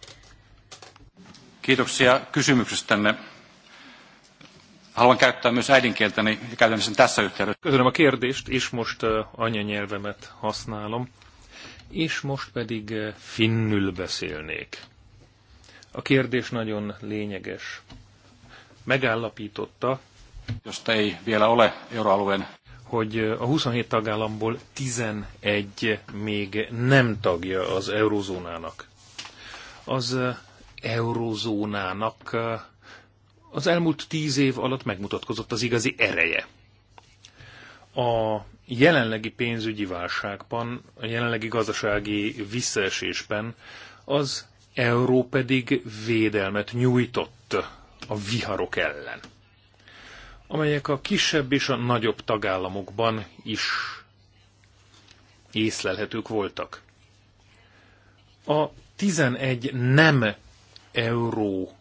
Kiitoksia kysymyksestänne. Haluan käyttää myös äidinkieltäni ja käytän sen tässä yhteydessä. Köszönöm a kérdést, és most anyanyelvemet használom. És most pedig finnül beszélnék. A kérdés nagyon lényeges. Megállapította, Jos ei vielä ole euroalueen hogy a 27 tagállamból 11 még nem tagja az eurózónának. Az eurózónának az elmúlt tíz év alatt megmutatkozott az igazi ereje. A jelenlegi pénzügyi válságban, a jelenlegi gazdasági visszaesésben az euró pedig védelmet nyújtott a viharok ellen amelyek a kisebb és a nagyobb tagállamokban is észlelhetők voltak. A 11 nem euró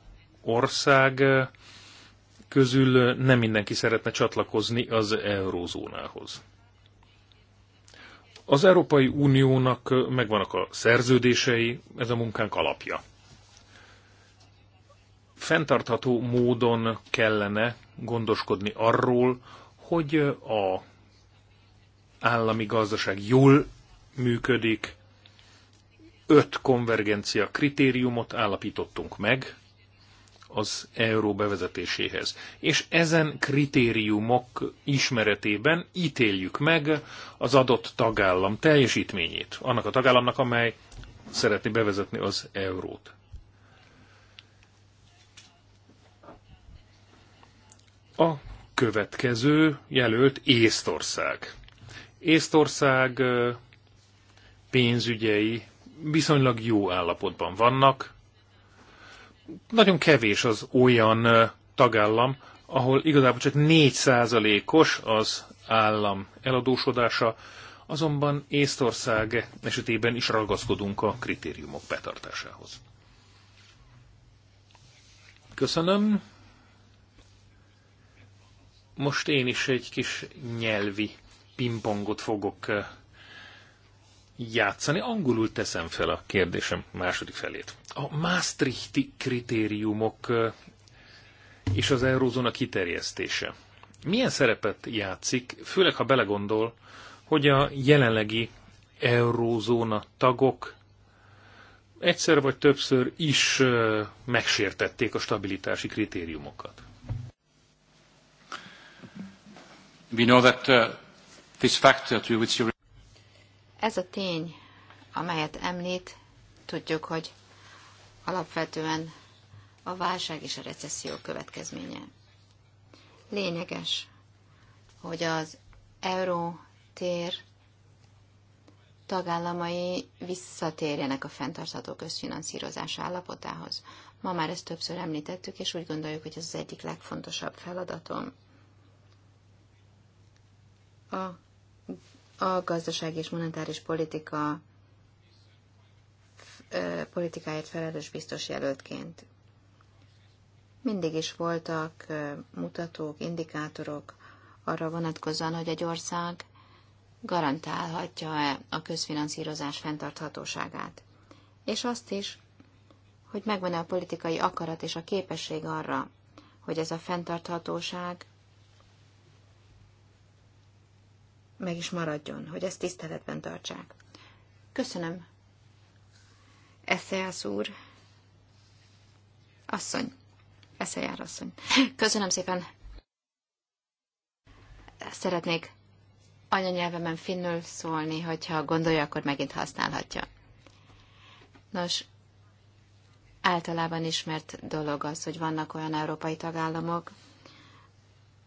ország közül nem mindenki szeretne csatlakozni az eurózónához. Az Európai Uniónak megvannak a szerződései, ez a munkánk alapja fenntartható módon kellene gondoskodni arról, hogy a állami gazdaság jól működik. Öt konvergencia kritériumot állapítottunk meg az euró bevezetéséhez. És ezen kritériumok ismeretében ítéljük meg az adott tagállam teljesítményét, annak a tagállamnak, amely szeretné bevezetni az eurót. A következő jelölt Észtország. Észtország pénzügyei viszonylag jó állapotban vannak. Nagyon kevés az olyan tagállam, ahol igazából csak 4%-os az állam eladósodása, azonban Észtország esetében is ragaszkodunk a kritériumok betartásához. Köszönöm. Most én is egy kis nyelvi pingpongot fogok eh, játszani. Angolul teszem fel a kérdésem második felét. A Maastrichti kritériumok eh, és az eurózóna kiterjesztése. Milyen szerepet játszik, főleg ha belegondol, hogy a jelenlegi eurózóna tagok egyszer vagy többször is eh, megsértették a stabilitási kritériumokat? We know that uh, this which you... Ez a tény, amelyet említ, tudjuk, hogy alapvetően a válság és a recesszió következménye. Lényeges, hogy az euró tér tagállamai visszatérjenek a fenntartható közfinanszírozás állapotához. Ma már ezt többször említettük, és úgy gondoljuk, hogy ez az egyik legfontosabb feladatom a, a gazdaság és monetáris politika politikáért felelős biztos jelöltként. Mindig is voltak mutatók, indikátorok arra vonatkozóan, hogy egy ország garantálhatja-e a közfinanszírozás fenntarthatóságát. És azt is, hogy megvan-e a politikai akarat és a képesség arra, hogy ez a fenntarthatóság meg is maradjon, hogy ezt tiszteletben tartsák. Köszönöm. Eszeász úr. Asszony. Eszejár asszony. Köszönöm szépen. Szeretnék anyanyelvemen finnül szólni, hogyha gondolja, akkor megint használhatja. Nos, általában ismert dolog az, hogy vannak olyan európai tagállamok,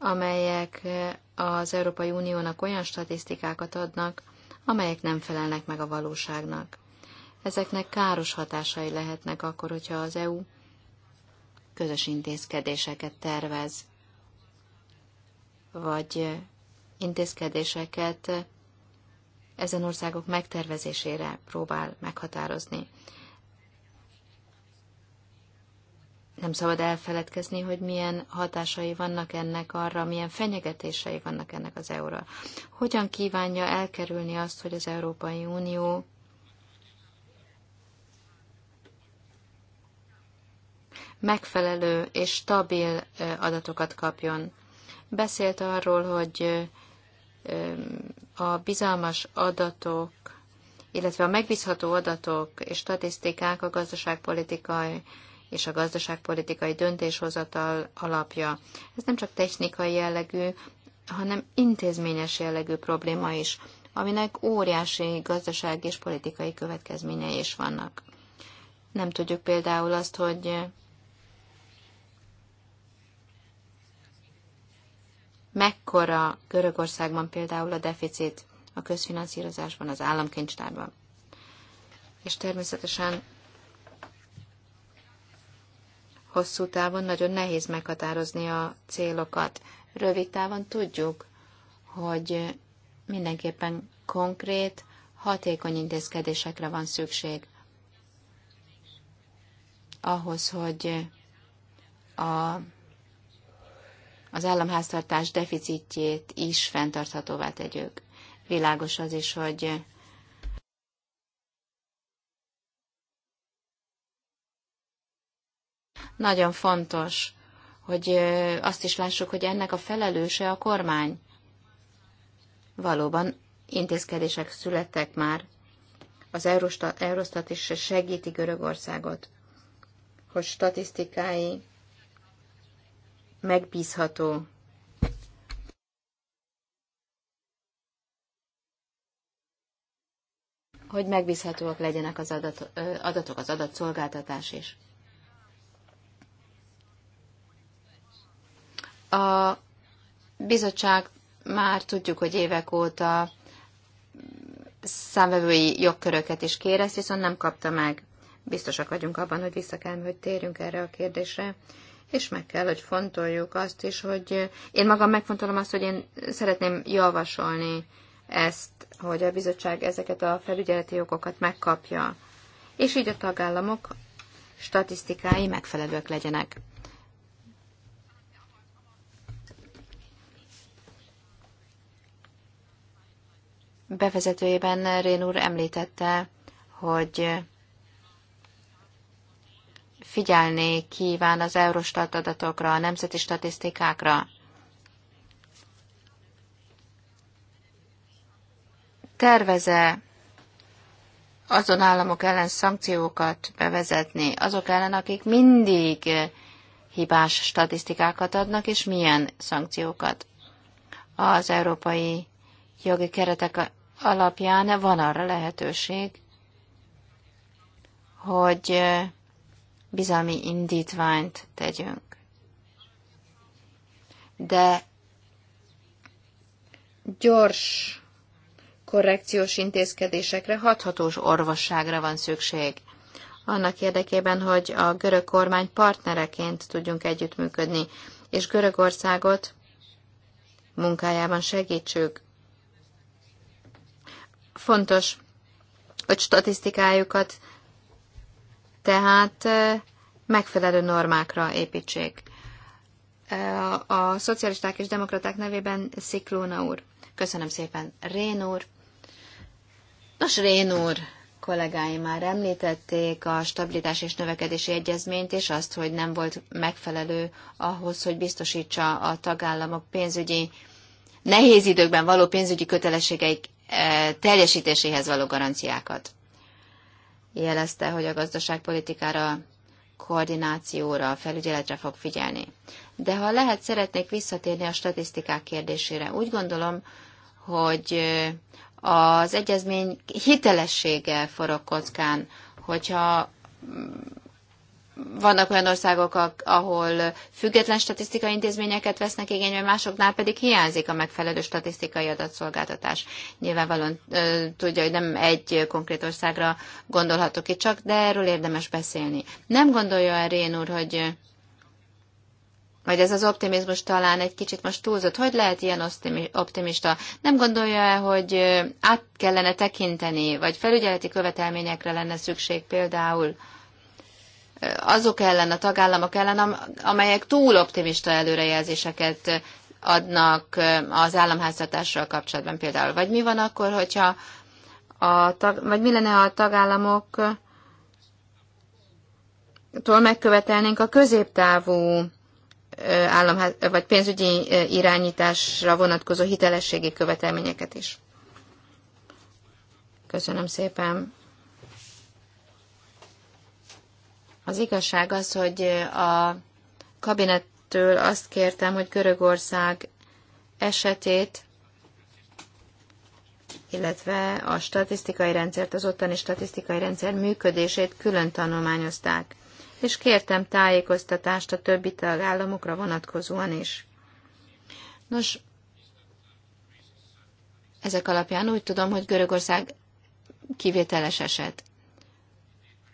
amelyek eh, az Európai Uniónak olyan statisztikákat adnak, amelyek nem felelnek meg a valóságnak. Ezeknek káros hatásai lehetnek akkor, hogyha az EU közös intézkedéseket tervez, vagy eh, intézkedéseket eh, ezen országok megtervezésére próbál meghatározni. nem szabad elfeledkezni, hogy milyen hatásai vannak ennek arra, milyen fenyegetései vannak ennek az euróra. Hogyan kívánja elkerülni azt, hogy az Európai Unió megfelelő és stabil adatokat kapjon. Beszélt arról, hogy a bizalmas adatok, illetve a megbízható adatok és statisztikák a gazdaságpolitikai és a gazdaságpolitikai döntéshozatal alapja. Ez nem csak technikai jellegű, hanem intézményes jellegű probléma is, aminek óriási gazdaság és politikai következményei is vannak. Nem tudjuk például azt, hogy mekkora Görögországban például a deficit a közfinanszírozásban, az államkincstárban. És természetesen hosszú távon nagyon nehéz meghatározni a célokat. Rövid távon tudjuk, hogy mindenképpen konkrét, hatékony intézkedésekre van szükség ahhoz, hogy a, az államháztartás deficitjét is fenntarthatóvá tegyük. Világos az is, hogy Nagyon fontos, hogy azt is lássuk, hogy ennek a felelőse a kormány. Valóban intézkedések születtek már. Az Eurostat, Eurostat is segíti Görögországot, hogy statisztikái megbízható hogy megbízhatóak legyenek az adatok, az adatszolgáltatás is. A bizottság már tudjuk, hogy évek óta számvevői jogköröket is kér, viszont nem kapta meg. Biztosak vagyunk abban, hogy vissza kell, hogy térjünk erre a kérdésre, és meg kell, hogy fontoljuk azt is, hogy én magam megfontolom azt, hogy én szeretném javasolni ezt, hogy a bizottság ezeket a felügyeleti jogokat megkapja, és így a tagállamok statisztikái megfelelőek legyenek. bevezetőjében Rén úr említette, hogy figyelni kíván az Eurostat adatokra, a nemzeti statisztikákra. Terveze azon államok ellen szankciókat bevezetni, azok ellen, akik mindig hibás statisztikákat adnak, és milyen szankciókat? Az európai jogi keretek alapján van arra lehetőség, hogy bizalmi indítványt tegyünk. De gyors korrekciós intézkedésekre, hathatós orvosságra van szükség. Annak érdekében, hogy a görög kormány partnereként tudjunk együttműködni, és Görögországot munkájában segítsük. Fontos, hogy statisztikájukat tehát megfelelő normákra építsék. A szocialisták és demokraták nevében Sziklóna úr. Köszönöm szépen, Rén úr. Nos, Rén úr, kollégáim már említették a stabilitás és növekedési egyezményt, és azt, hogy nem volt megfelelő ahhoz, hogy biztosítsa a tagállamok pénzügyi nehéz időkben való pénzügyi kötelességeik teljesítéséhez való garanciákat. Jelezte, hogy a gazdaságpolitikára, koordinációra, a felügyeletre fog figyelni. De ha lehet, szeretnék visszatérni a statisztikák kérdésére. Úgy gondolom, hogy az egyezmény hitelessége forog kockán, hogyha vannak olyan országok, ahol független statisztikai intézményeket vesznek igénybe, másoknál pedig hiányzik a megfelelő statisztikai adatszolgáltatás. Nyilvánvalóan tudja, hogy nem egy konkrét országra gondolhatok itt csak, de erről érdemes beszélni. Nem gondolja el Rén úr, hogy vagy ez az optimizmus talán egy kicsit most túlzott. Hogy lehet ilyen optimista? Nem gondolja el, hogy át kellene tekinteni, vagy felügyeleti követelményekre lenne szükség például? azok ellen, a tagállamok ellen, amelyek túl optimista előrejelzéseket adnak az államháztartással kapcsolatban például. Vagy mi van akkor, hogyha a tag, vagy mi lenne, ha a tagállamok tól megkövetelnénk a középtávú államház, vagy pénzügyi irányításra vonatkozó hitelességi követelményeket is. Köszönöm szépen. Az igazság az, hogy a kabinettől azt kértem, hogy Görögország esetét, illetve a statisztikai rendszert, az ottani statisztikai rendszer működését külön tanulmányozták, és kértem tájékoztatást a többi tagállamokra vonatkozóan is. Nos, ezek alapján úgy tudom, hogy Görögország kivételes eset.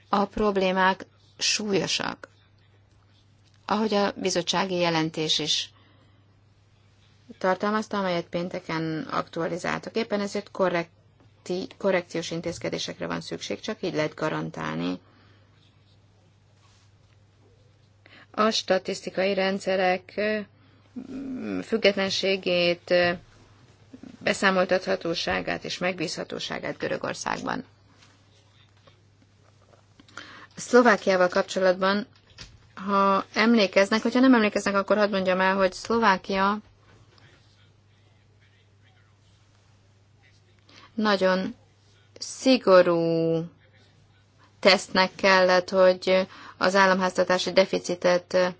A problémák súlyosak, ahogy a bizottsági jelentés is tartalmazta, amelyet pénteken aktualizáltak. Éppen ezért korrekti, korrekciós intézkedésekre van szükség, csak így lehet garantálni a statisztikai rendszerek mm, függetlenségét, beszámoltathatóságát és megbízhatóságát Görögországban. Szlovákiával kapcsolatban, ha emlékeznek, hogyha nem emlékeznek, akkor hadd mondjam el, hogy Szlovákia nagyon szigorú tesznek kellett, hogy az államháztartási deficitet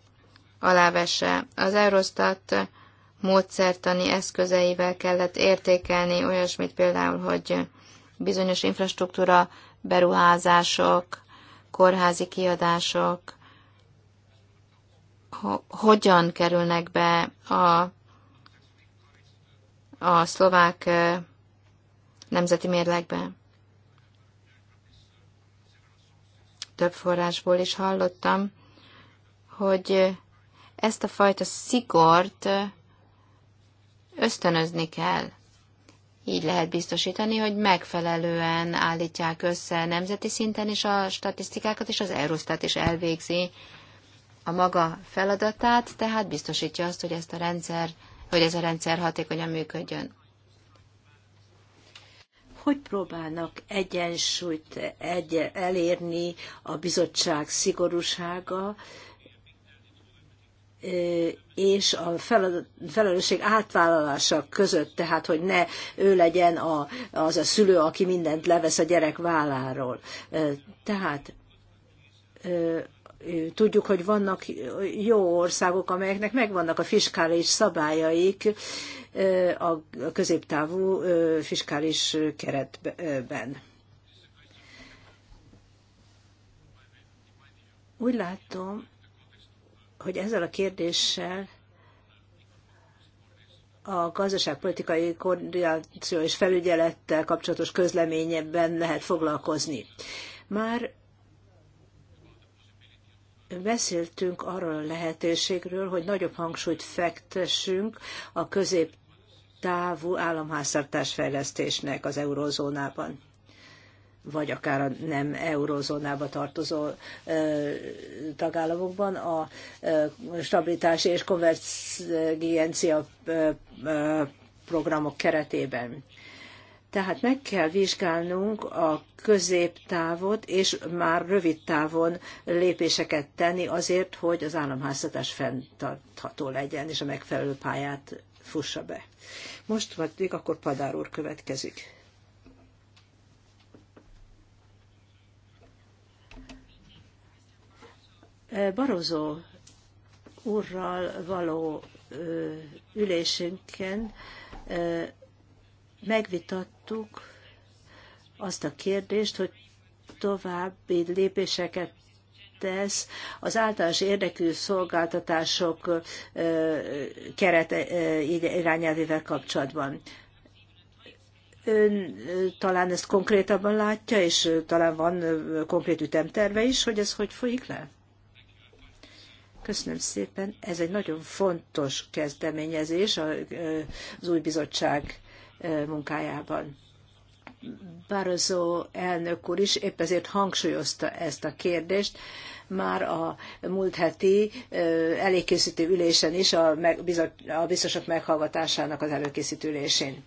alávesse. Az Eurostat módszertani eszközeivel kellett értékelni olyasmit például, hogy bizonyos infrastruktúra beruházások, kórházi kiadások hogyan kerülnek be a, a szlovák nemzeti mérlegbe. Több forrásból is hallottam, hogy ezt a fajta szigort ösztönözni kell. Így lehet biztosítani, hogy megfelelően állítják össze nemzeti szinten is a statisztikákat, és az Eurostat is elvégzi a maga feladatát, tehát biztosítja azt, hogy, ezt a rendszer, hogy ez a rendszer hatékonyan működjön hogy próbálnak egyensúlyt egy, elérni a bizottság szigorúsága és a felelősség átvállalása között, tehát hogy ne ő legyen a, az a szülő, aki mindent levesz a gyerek válláról. Tehát tudjuk, hogy vannak jó országok, amelyeknek megvannak a fiskális szabályaik a középtávú fiskális keretben. Úgy látom, hogy ezzel a kérdéssel a gazdaságpolitikai koordináció és felügyelettel kapcsolatos közleményben lehet foglalkozni. Már beszéltünk arról a lehetőségről, hogy nagyobb hangsúlyt fektessünk a középtávú államháztartás fejlesztésnek az eurozónában vagy akár a nem eurozónába tartozó tagállamokban a stabilitási és konvergencia programok keretében. Tehát meg kell vizsgálnunk a középtávot, és már rövid távon lépéseket tenni azért, hogy az államháztatás fenntartható legyen, és a megfelelő pályát fussa be. Most vagy akkor Padár úr következik. Barozó úrral való ülésünkön megvitattuk azt a kérdést, hogy további lépéseket tesz az általános érdekű szolgáltatások keret irányelvével kapcsolatban. Ön talán ezt konkrétabban látja, és talán van konkrét ütemterve is, hogy ez hogy folyik le? Köszönöm szépen. Ez egy nagyon fontos kezdeményezés az új bizottság munkájában. Barozó elnök úr is épp ezért hangsúlyozta ezt a kérdést, már a múlt heti előkészítő ülésen is, a, a biztosok meghallgatásának az előkészítő ülésén.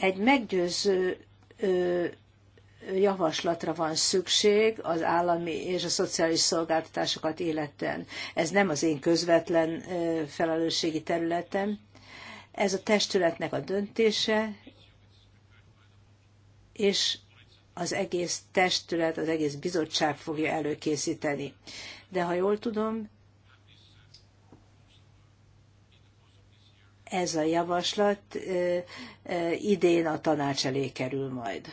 Egy meggyőző javaslatra van szükség az állami és a szociális szolgáltatásokat illetően. Ez nem az én közvetlen felelősségi területem. Ez a testületnek a döntése, és az egész testület, az egész bizottság fogja előkészíteni. De ha jól tudom, ez a javaslat idén a tanács elé kerül majd.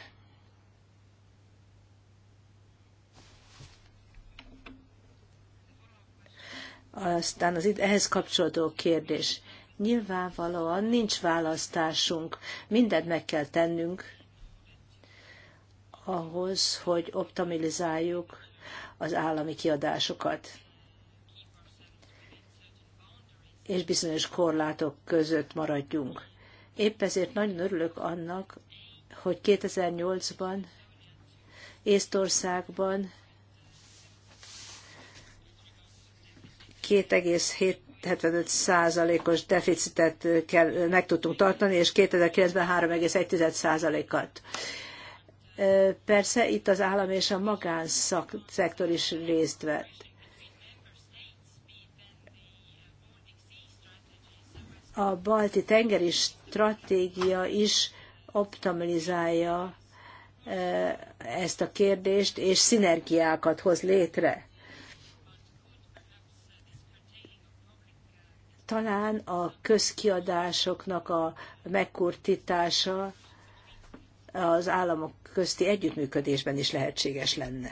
Aztán az ehhez kapcsolódó kérdés. Nyilvánvalóan nincs választásunk, mindent meg kell tennünk ahhoz, hogy optimalizáljuk az állami kiadásokat. És bizonyos korlátok között maradjunk. Épp ezért nagyon örülök annak, hogy 2008-ban Észtországban 2,75%-os deficitet kell, meg tudtunk tartani, és 2009-ben 3,1%-at. Persze itt az állam és a magánszektor is részt vett. A balti tengeri stratégia is optimalizálja ezt a kérdést, és szinergiákat hoz létre. Talán a közkiadásoknak a megkurtítása az államok közti együttműködésben is lehetséges lenne.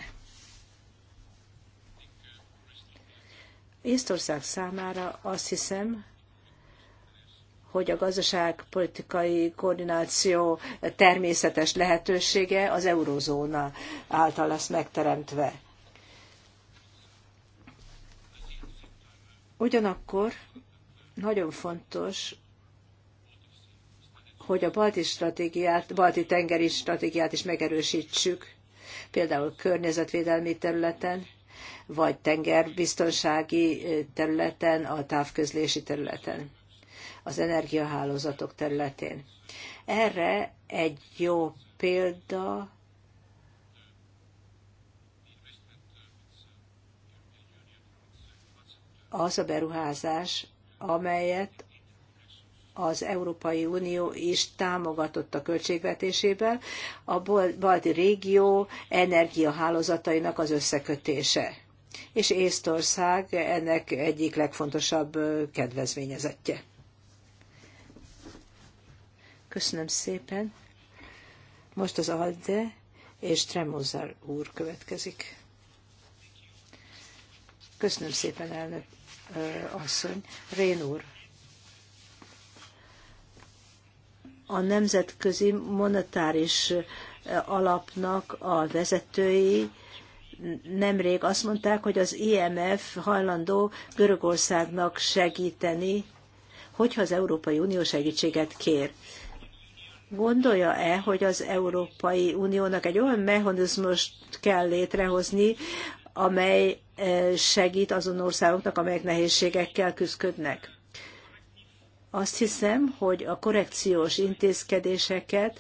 Észtország számára azt hiszem, hogy a gazdaságpolitikai koordináció természetes lehetősége az eurozóna által lesz megteremtve. Ugyanakkor nagyon fontos, hogy a balti stratégiát, balti tengeri stratégiát is megerősítsük, például környezetvédelmi területen, vagy tengerbiztonsági területen, a távközlési területen, az energiahálózatok területén. Erre egy jó példa az a beruházás, amelyet az Európai Unió is támogatott a költségvetésében, a balti régió energiahálózatainak az összekötése. És Észtország ennek egyik legfontosabb kedvezményezettje. Köszönöm szépen. Most az Alde és Tremozar úr következik. Köszönöm szépen, elnök asszony. Rén úr. A nemzetközi monetáris alapnak a vezetői nemrég azt mondták, hogy az IMF hajlandó Görögországnak segíteni, hogyha az Európai Unió segítséget kér. Gondolja-e, hogy az Európai Uniónak egy olyan mechanizmust kell létrehozni, amely eh, segít azon országoknak, amelyek nehézségekkel küzdködnek. Azt hiszem, hogy a korrekciós intézkedéseket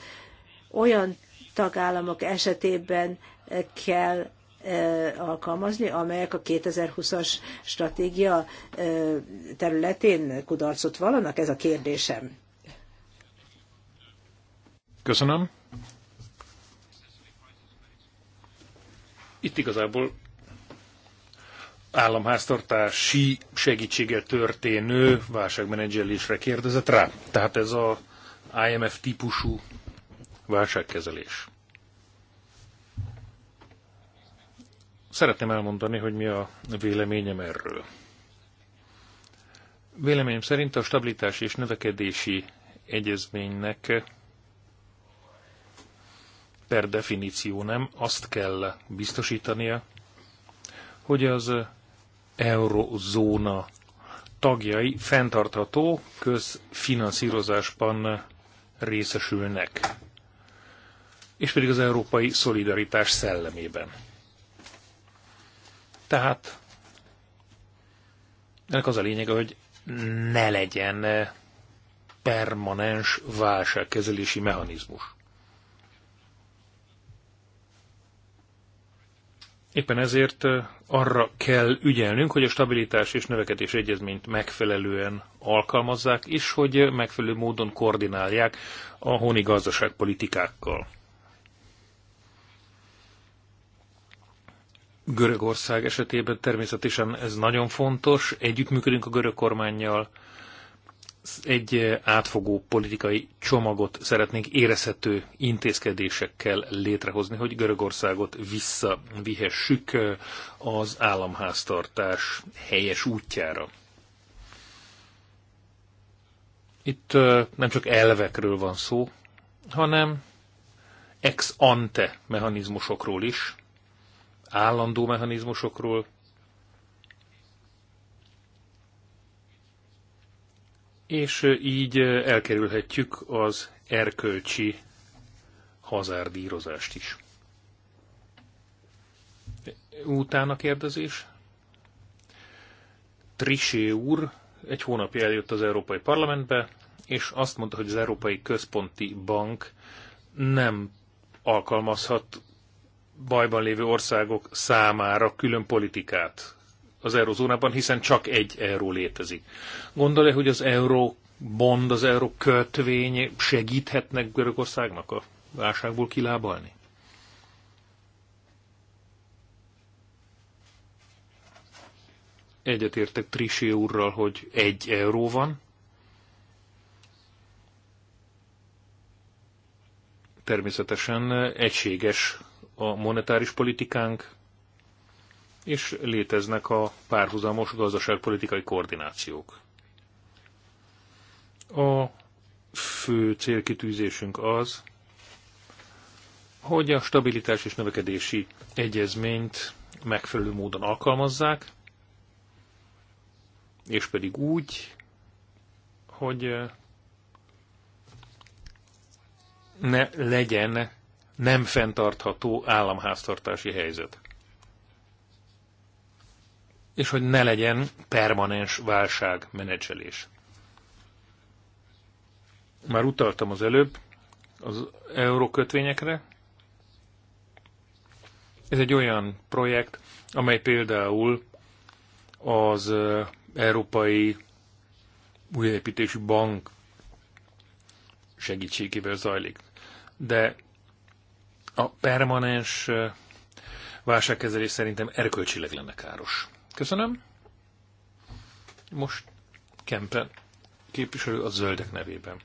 olyan tagállamok esetében eh, kell eh, alkalmazni, amelyek a 2020-as stratégia területén kudarcot vallanak? Ez a kérdésem. Köszönöm. Itt igazából államháztartási segítséggel történő válságmenedzselésre kérdezett rá. Tehát ez a IMF típusú válságkezelés. Szeretném elmondani, hogy mi a véleményem erről. Véleményem szerint a stabilitási és növekedési egyezménynek per definíció nem azt kell biztosítania, hogy az eurozóna tagjai fenntartható közfinanszírozásban részesülnek, és pedig az európai szolidaritás szellemében. Tehát ennek az a lényege, hogy ne legyen permanens válságkezelési mechanizmus. Éppen ezért arra kell ügyelnünk, hogy a stabilitás és növekedés egyezményt megfelelően alkalmazzák, és hogy megfelelő módon koordinálják a honi gazdaságpolitikákkal. Görögország esetében természetesen ez nagyon fontos, együttműködünk a görög kormányjal, egy átfogó politikai csomagot szeretnénk érezhető intézkedésekkel létrehozni, hogy Görögországot visszavihessük eh, az államháztartás helyes útjára. Itt eh, nem csak elvekről van szó, hanem ex ante mechanizmusokról is, állandó mechanizmusokról, és így elkerülhetjük az erkölcsi hazárdírozást is. Utána kérdezés. Trisé úr egy hónapja eljött az Európai Parlamentbe, és azt mondta, hogy az Európai Központi Bank nem alkalmazhat bajban lévő országok számára külön politikát az eurozónában, hiszen csak egy euró létezik. Gondolja, hogy az euró bond, az euró kötvény segíthetnek Görögországnak a válságból kilábalni? Egyetértek Trisi úrral, hogy egy euró van. Természetesen egységes a monetáris politikánk, és léteznek a párhuzamos gazdaságpolitikai koordinációk. A fő célkitűzésünk az, hogy a stabilitás és növekedési egyezményt megfelelő módon alkalmazzák, és pedig úgy, hogy eh, ne legyen nem fenntartható államháztartási helyzet és hogy ne legyen permanens válság menedzselés. Már utaltam az előbb az eurókötvényekre. Ez egy olyan projekt, amely például az Európai Újépítési Bank segítségével zajlik. De a permanens válságkezelés szerintem erkölcsileg lenne káros. Köszönöm. Most Kempen képviselő a zöldek nevében.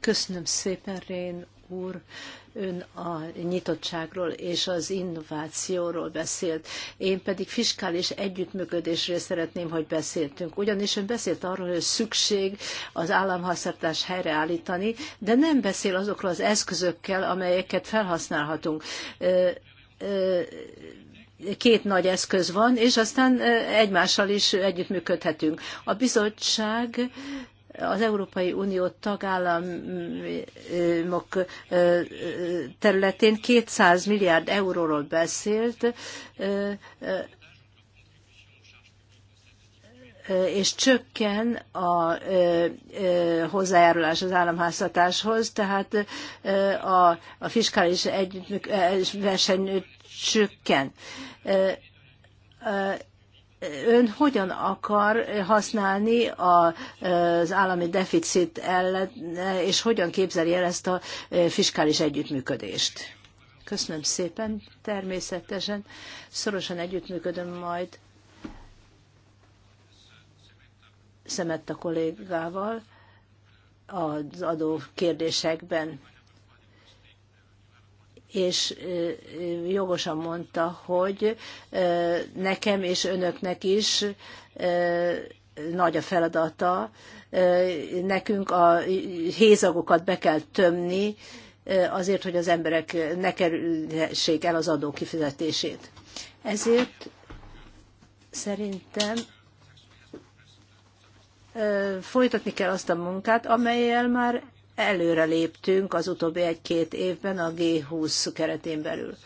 Köszönöm szépen, Rén úr. Ön a nyitottságról és az innovációról beszélt. Én pedig fiskális együttműködésről szeretném, hogy beszéltünk. Ugyanis ön beszélt arról, hogy szükség az államháztartást helyreállítani, de nem beszél azokról az eszközökkel, amelyeket felhasználhatunk két nagy eszköz van, és aztán egymással is együttműködhetünk. A bizottság az Európai Unió tagállamok területén 200 milliárd euróról beszélt, és csökken a hozzájárulás az államháztatáshoz, tehát a, a fiskális együttműk, verseny csökken. Ön hogyan akar használni az állami deficit ellen, és hogyan képzeli el ezt a fiskális együttműködést? Köszönöm szépen, természetesen. Szorosan együttműködöm majd Szemett a kollégával az adó kérdésekben és jogosan mondta, hogy nekem és önöknek is nagy a feladata, nekünk a hézagokat be kell tömni, azért, hogy az emberek ne kerülhessék el az adó kifizetését. Ezért szerintem folytatni kell azt a munkát, amelyel már előre léptünk az utóbbi egy-két évben a G20 keretén belül.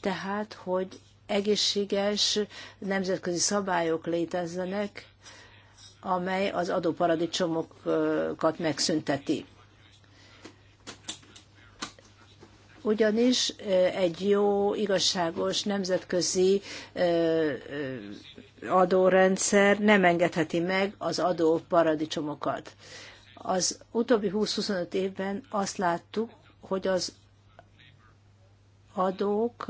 Tehát, hogy egészséges nemzetközi szabályok létezzenek, amely az adóparadicsomokat megszünteti. Ugyanis egy jó, igazságos nemzetközi adórendszer nem engedheti meg az adóparadicsomokat. Az utóbbi 20-25 évben azt láttuk, hogy az adók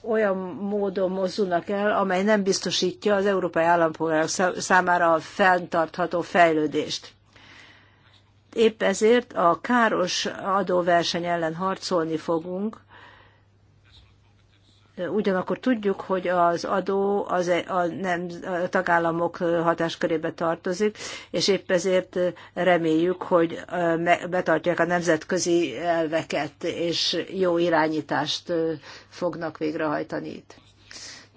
olyan módon mozdulnak el, amely nem biztosítja az európai állampolgárok számára a fenntartható fejlődést. Épp ezért a káros adóverseny ellen harcolni fogunk, Ugyanakkor tudjuk, hogy az adó az e- a, nem, a tagállamok hatáskörébe tartozik, és épp ezért reméljük, hogy betartják a nemzetközi elveket, és jó irányítást fognak végrehajtani itt.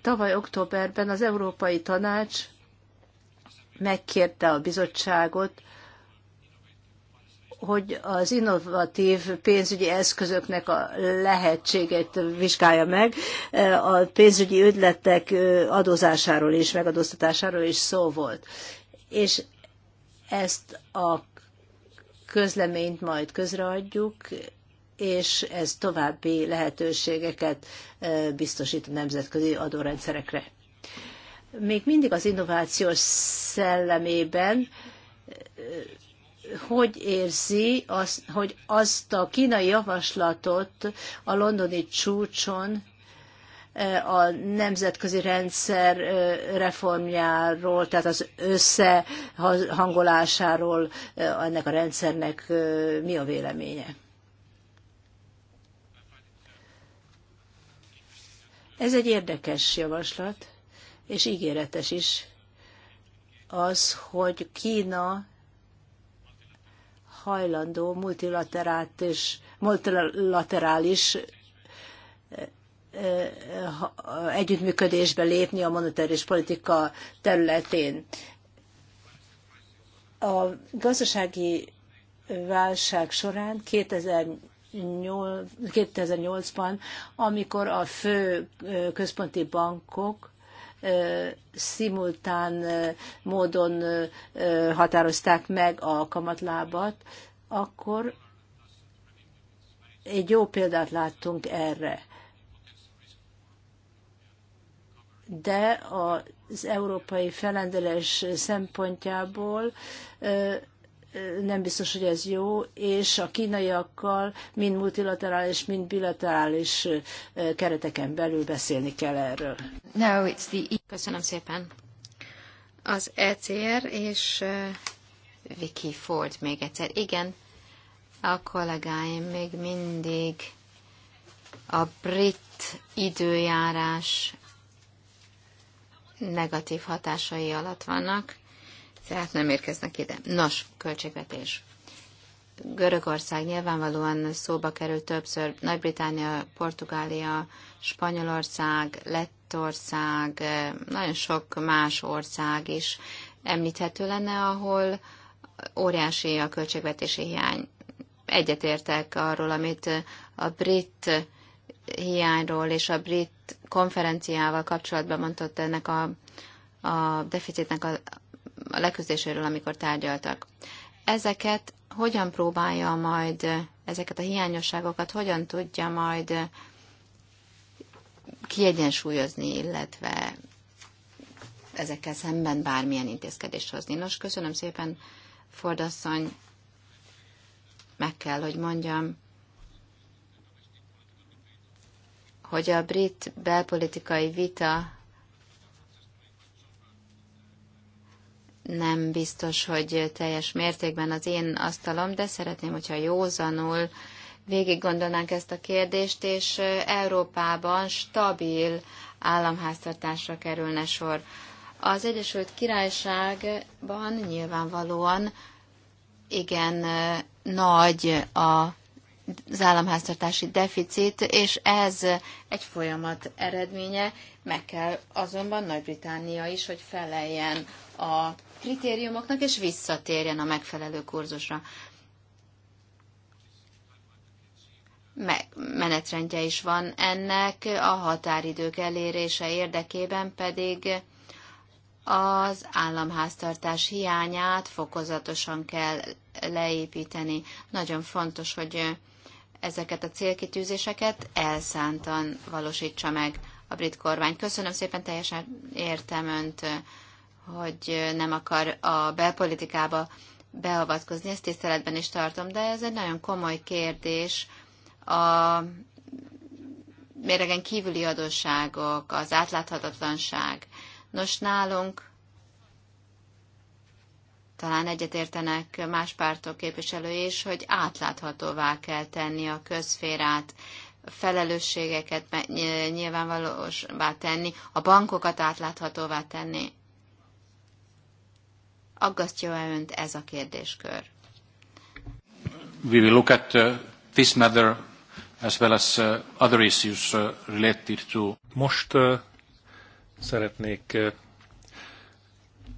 Tavaly októberben az Európai Tanács megkérte a bizottságot, hogy az innovatív pénzügyi eszközöknek a lehetséget vizsgálja meg. A pénzügyi ötletek adózásáról és megadóztatásáról is szó volt. És ezt a közleményt majd közreadjuk, és ez további lehetőségeket biztosít a nemzetközi adórendszerekre. Még mindig az innovációs szellemében hogy érzi, az, hogy azt a kínai javaslatot a londoni csúcson eh, a nemzetközi rendszer eh, reformjáról, tehát az összehangolásáról eh, ennek a rendszernek mi a véleménye? Ez egy érdekes javaslat, és ígéretes is az, hogy Kína hajlandó multilaterális, multilaterális eh, eh, együttműködésbe lépni a monetáris politika területén. A gazdasági válság során 2008-ban, amikor a fő eh, központi bankok szimultán módon határozták meg a kamatlábat, akkor egy jó példát láttunk erre. De az európai felendeles szempontjából nem biztos, hogy ez jó, és a kínaiakkal mind multilaterális, mind bilaterális kereteken belül beszélni kell erről. Now it's the... E- Köszönöm szépen. Az ECR és Vicky Ford még egyszer. Igen, a kollégáim még mindig a brit időjárás negatív hatásai alatt vannak tehát nem érkeznek ide. Nos, költségvetés. Görögország nyilvánvalóan szóba kerül többször, Nagy-Británia, Portugália, Spanyolország, Lettország, eh, nagyon sok más ország is említhető lenne, ahol óriási a költségvetési hiány. Egyetértek arról, amit a brit hiányról és a brit konferenciával kapcsolatban mondott ennek a, a deficitnek a, a leküzdéséről, amikor tárgyaltak. Ezeket hogyan próbálja majd, ezeket a hiányosságokat hogyan tudja majd kiegyensúlyozni, illetve ezekkel szemben bármilyen intézkedést hozni. Nos, köszönöm szépen, Fordasszony, meg kell, hogy mondjam, hogy a brit belpolitikai vita nem biztos, hogy teljes mértékben az én asztalom, de szeretném, hogyha józanul végig gondolnánk ezt a kérdést, és Európában stabil államháztartásra kerülne sor. Az Egyesült Királyságban nyilvánvalóan igen nagy a az államháztartási deficit, és ez egy folyamat eredménye, meg kell azonban nagy británia is, hogy feleljen a kritériumoknak, és visszatérjen a megfelelő kurzusra. menetrendje is van ennek, a határidők elérése érdekében pedig az államháztartás hiányát fokozatosan kell leépíteni. Nagyon fontos, hogy ezeket a célkitűzéseket elszántan valósítsa meg a brit kormány. Köszönöm szépen, teljesen értem önt, hogy nem akar a belpolitikába beavatkozni, ezt tiszteletben is tartom, de ez egy nagyon komoly kérdés. A méregen kívüli adósságok, az átláthatatlanság. Nos, nálunk talán egyetértenek más pártok képviselői is, hogy átláthatóvá kell tenni a közférát, felelősségeket nyilvánvalósvá tenni, a bankokat átláthatóvá tenni. Aggasztja-e önt ez a kérdéskör? We will look at uh, this matter as well as uh, other issues uh, related to... Most uh, szeretnék uh,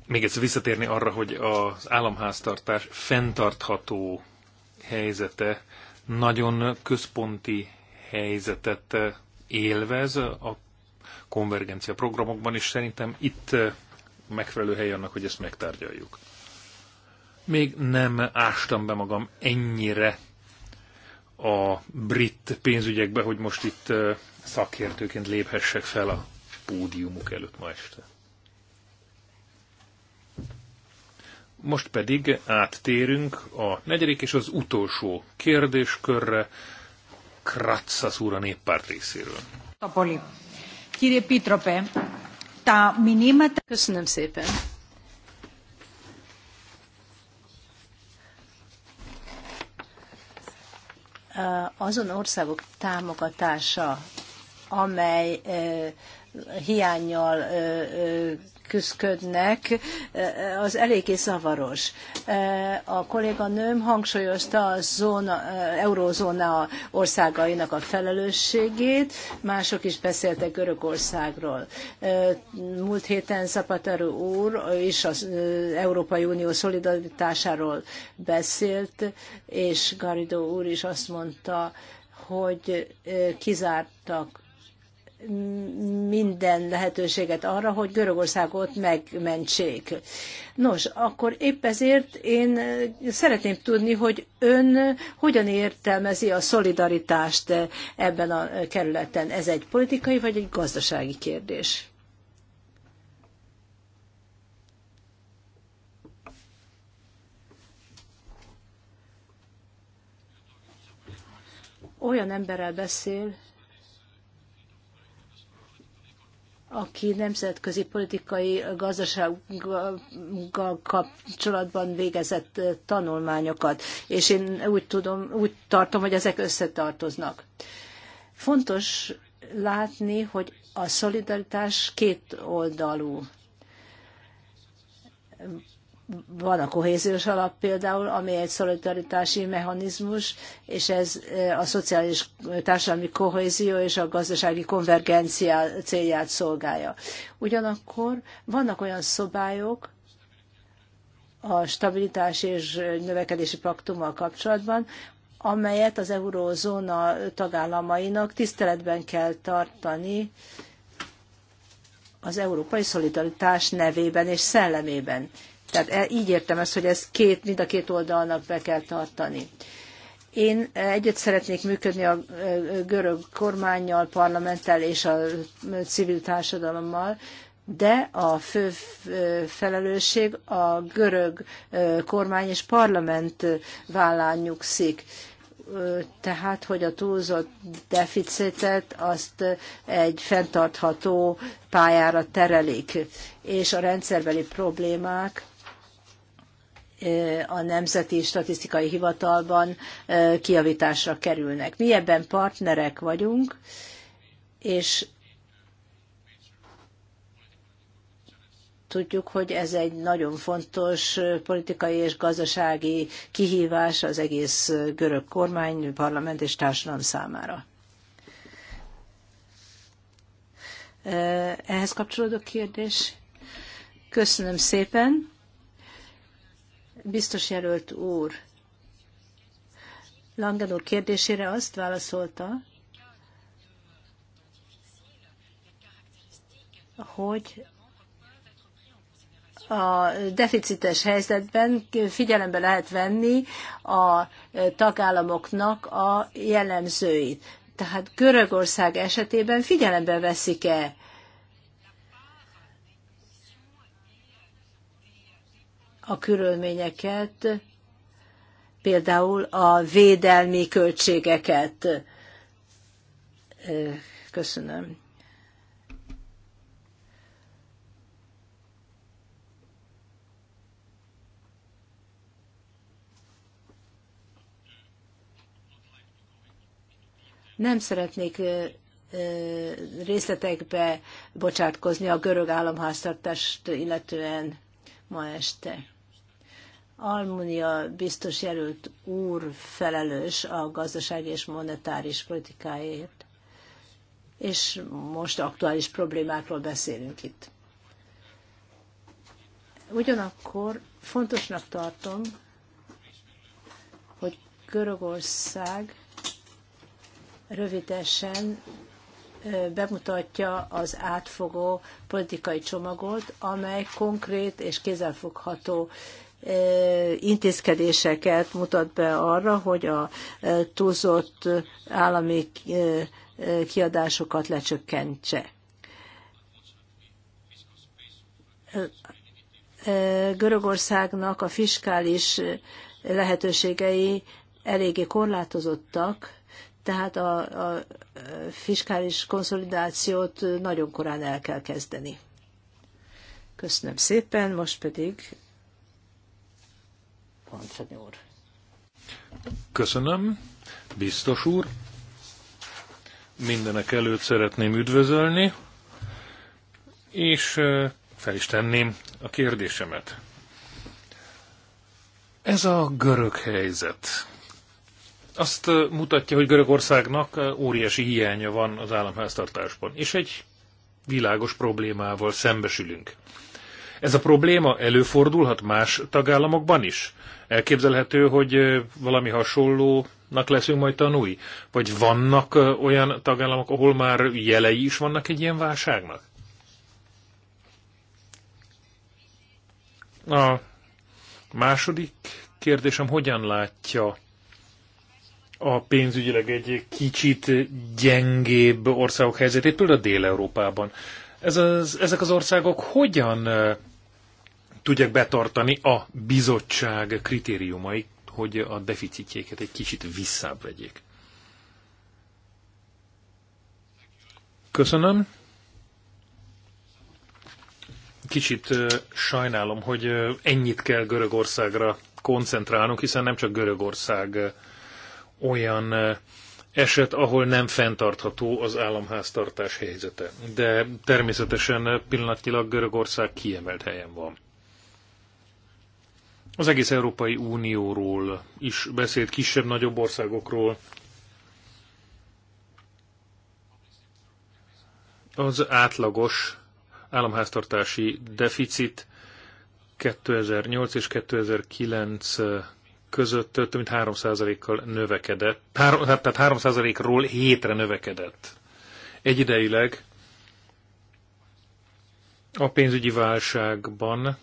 még egyszer visszatérni arra, hogy az államháztartás fenntartható helyzete nagyon központi helyzetet uh, élvez a konvergencia programokban, és szerintem itt uh, megfelelő hely annak, hogy ezt megtárgyaljuk. Még nem ástam be magam ennyire a brit pénzügyekbe, hogy most itt szakértőként léphessek fel a pódiumuk előtt ma este. Most pedig áttérünk a negyedik és az utolsó kérdéskörre Kratszas úr a néppárt részéről τα μηνύματα... Köszönöm szépen. Azon országok támogatása, amely hiányjal küzdködnek, e, e, az eléggé zavaros. E, a kolléganőm hangsúlyozta a zóna, eurózóna országainak a felelősségét, mások is beszéltek Görögországról. Múlt héten Zapatero úr is az Európai Unió szolidaritásáról beszélt, és Garido úr is azt mondta, hogy kizártak minden lehetőséget arra, hogy Görögországot megmentsék. Nos, akkor épp ezért én szeretném tudni, hogy ön hogyan értelmezi a szolidaritást ebben a kerületen. Ez egy politikai vagy egy gazdasági kérdés? Olyan emberrel beszél, aki nemzetközi politikai gazdasággal kapcsolatban végezett eh, tanulmányokat, és én úgy tudom, úgy tartom, hogy ezek összetartoznak. Fontos látni, hogy a szolidaritás két oldalú van a kohéziós alap például, ami egy szolidaritási mechanizmus, és ez a szociális társadalmi kohézió és a gazdasági konvergencia célját szolgálja. Ugyanakkor vannak olyan szabályok a stabilitási és növekedési paktummal kapcsolatban, amelyet az eurózóna tagállamainak tiszteletben kell tartani az európai szolidaritás nevében és szellemében tehát e- így értem ezt, hogy ez két, mind a két oldalnak be kell tartani. Én együtt szeretnék működni a e, görög kormányjal, parlamenttel és a civil társadalommal, de a fő e, felelősség a görög kormány és parlament vállán nyugszik. Tehát, hogy a túlzott deficitet azt egy fenntartható pályára terelik, és a rendszerbeli problémák a Nemzeti Statisztikai Hivatalban kiavításra kerülnek. Mi ebben partnerek vagyunk, és tudjuk, hogy ez egy nagyon fontos politikai és gazdasági kihívás az egész görög kormány, parlament és társadalom számára. Ehhez kapcsolódó kérdés? Köszönöm szépen. Biztos jelölt úr Langen úr kérdésére azt válaszolta, hogy a deficites helyzetben figyelembe lehet venni a tagállamoknak a jellemzőit. Tehát Görögország esetében figyelembe veszik-e a körülményeket, például a védelmi költségeket. Köszönöm. Nem szeretnék részletekbe bocsátkozni a görög államháztartást illetően ma este. Almunia biztos jelölt úr felelős a gazdasági és monetáris politikáért, és most aktuális problémákról beszélünk itt. Ugyanakkor fontosnak tartom, hogy Görögország rövidesen bemutatja az átfogó politikai csomagot, amely konkrét és kézzelfogható intézkedéseket mutat be arra, hogy a túlzott állami kiadásokat lecsökkentse. Görögországnak a fiskális lehetőségei eléggé korlátozottak, tehát a, a fiskális konszolidációt nagyon korán el kell kezdeni. Köszönöm szépen, most pedig Köszönöm, biztos úr. Mindenek előtt szeretném üdvözölni, és fel is tenném a kérdésemet. Ez a görög helyzet azt mutatja, hogy Görögországnak óriási hiánya van az államháztartásban, és egy világos problémával szembesülünk. Ez a probléma előfordulhat más tagállamokban is? Elképzelhető, hogy valami hasonlónak leszünk majd tanúi? Vagy vannak olyan tagállamok, ahol már jelei is vannak egy ilyen válságnak? A második kérdésem, hogyan látja a pénzügyileg egy kicsit gyengébb országok helyzetét, például Dél-Európában ez az, ezek az országok hogyan tudják betartani a bizottság kritériumait, hogy a deficitjéket egy kicsit visszább vegyék. Köszönöm. Kicsit sajnálom, hogy ennyit kell Görögországra koncentrálnunk, hiszen nem csak Görögország olyan eset, ahol nem fenntartható az államháztartás helyzete. De természetesen pillanatnyilag Görögország kiemelt helyen van. Az egész Európai Unióról is beszélt, kisebb-nagyobb országokról. Az átlagos államháztartási deficit 2008 és 2009 között több mint 3%-kal növekedett, három, hát, tehát 3%-ról 7-re növekedett. Egyidejileg a pénzügyi válságban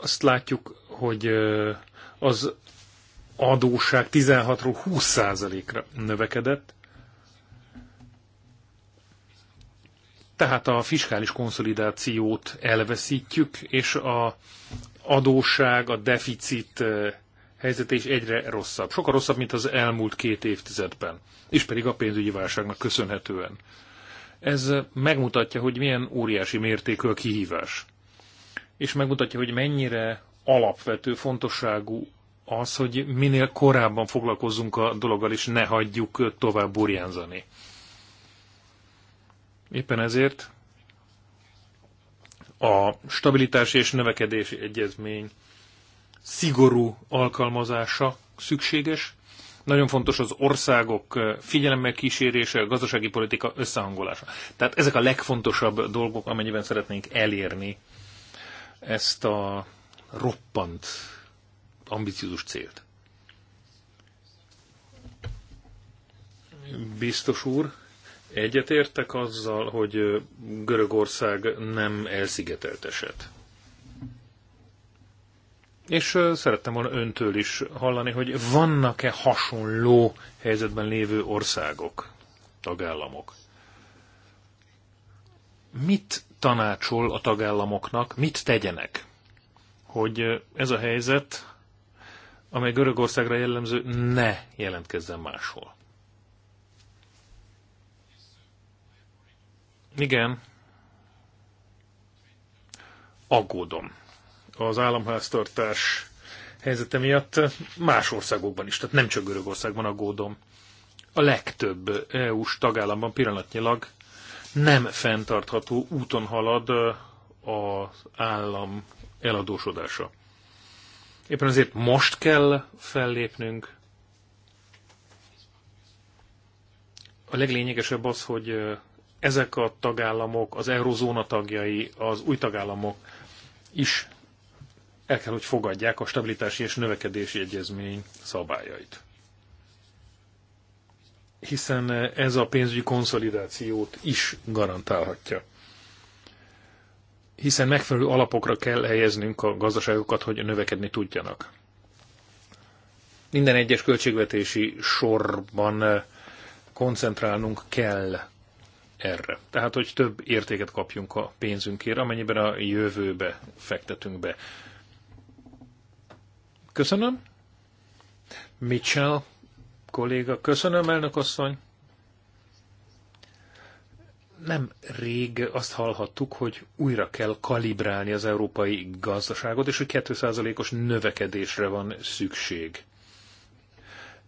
azt látjuk, hogy az adóság 16-ról 20%-ra növekedett, tehát a fiskális konszolidációt elveszítjük, és a adósság, a deficit helyzete is egyre rosszabb. Sokkal rosszabb, mint az elmúlt két évtizedben, és pedig a pénzügyi válságnak köszönhetően. Ez megmutatja, hogy milyen óriási mértékű a kihívás. És megmutatja, hogy mennyire alapvető fontosságú az, hogy minél korábban foglalkozzunk a dologgal, és ne hagyjuk tovább burjánzani. Éppen ezért a stabilitási és növekedési egyezmény szigorú alkalmazása szükséges. Nagyon fontos az országok figyelemmel kísérése, a gazdasági politika összehangolása. Tehát ezek a legfontosabb dolgok, amennyiben szeretnénk elérni ezt a roppant ambiciózus célt. Biztos úr, Egyetértek azzal, hogy Görögország nem elszigetelt eset. És szerettem volna öntől is hallani, hogy vannak-e hasonló helyzetben lévő országok, tagállamok? Mit tanácsol a tagállamoknak, mit tegyenek, hogy ez a helyzet, amely Görögországra jellemző, ne jelentkezzen máshol? Igen, aggódom az államháztartás helyzete miatt más országokban is, tehát nem csak Görögországban aggódom. A legtöbb EU-s tagállamban pillanatnyilag nem fenntartható úton halad az állam eladósodása. Éppen azért most kell fellépnünk. A leglényegesebb az, hogy ezek a tagállamok, az eurozóna tagjai, az új tagállamok is el kell, hogy fogadják a stabilitási és növekedési egyezmény szabályait. Hiszen ez a pénzügyi konszolidációt is garantálhatja. Hiszen megfelelő alapokra kell helyeznünk a gazdaságokat, hogy növekedni tudjanak. Minden egyes költségvetési sorban koncentrálnunk kell erre. Tehát, hogy több értéket kapjunk a pénzünkért, amennyiben a jövőbe fektetünk be. Köszönöm. Mitchell kolléga, köszönöm, elnök asszony. Nem rég azt hallhattuk, hogy újra kell kalibrálni az európai gazdaságot, és hogy 2%-os növekedésre van szükség.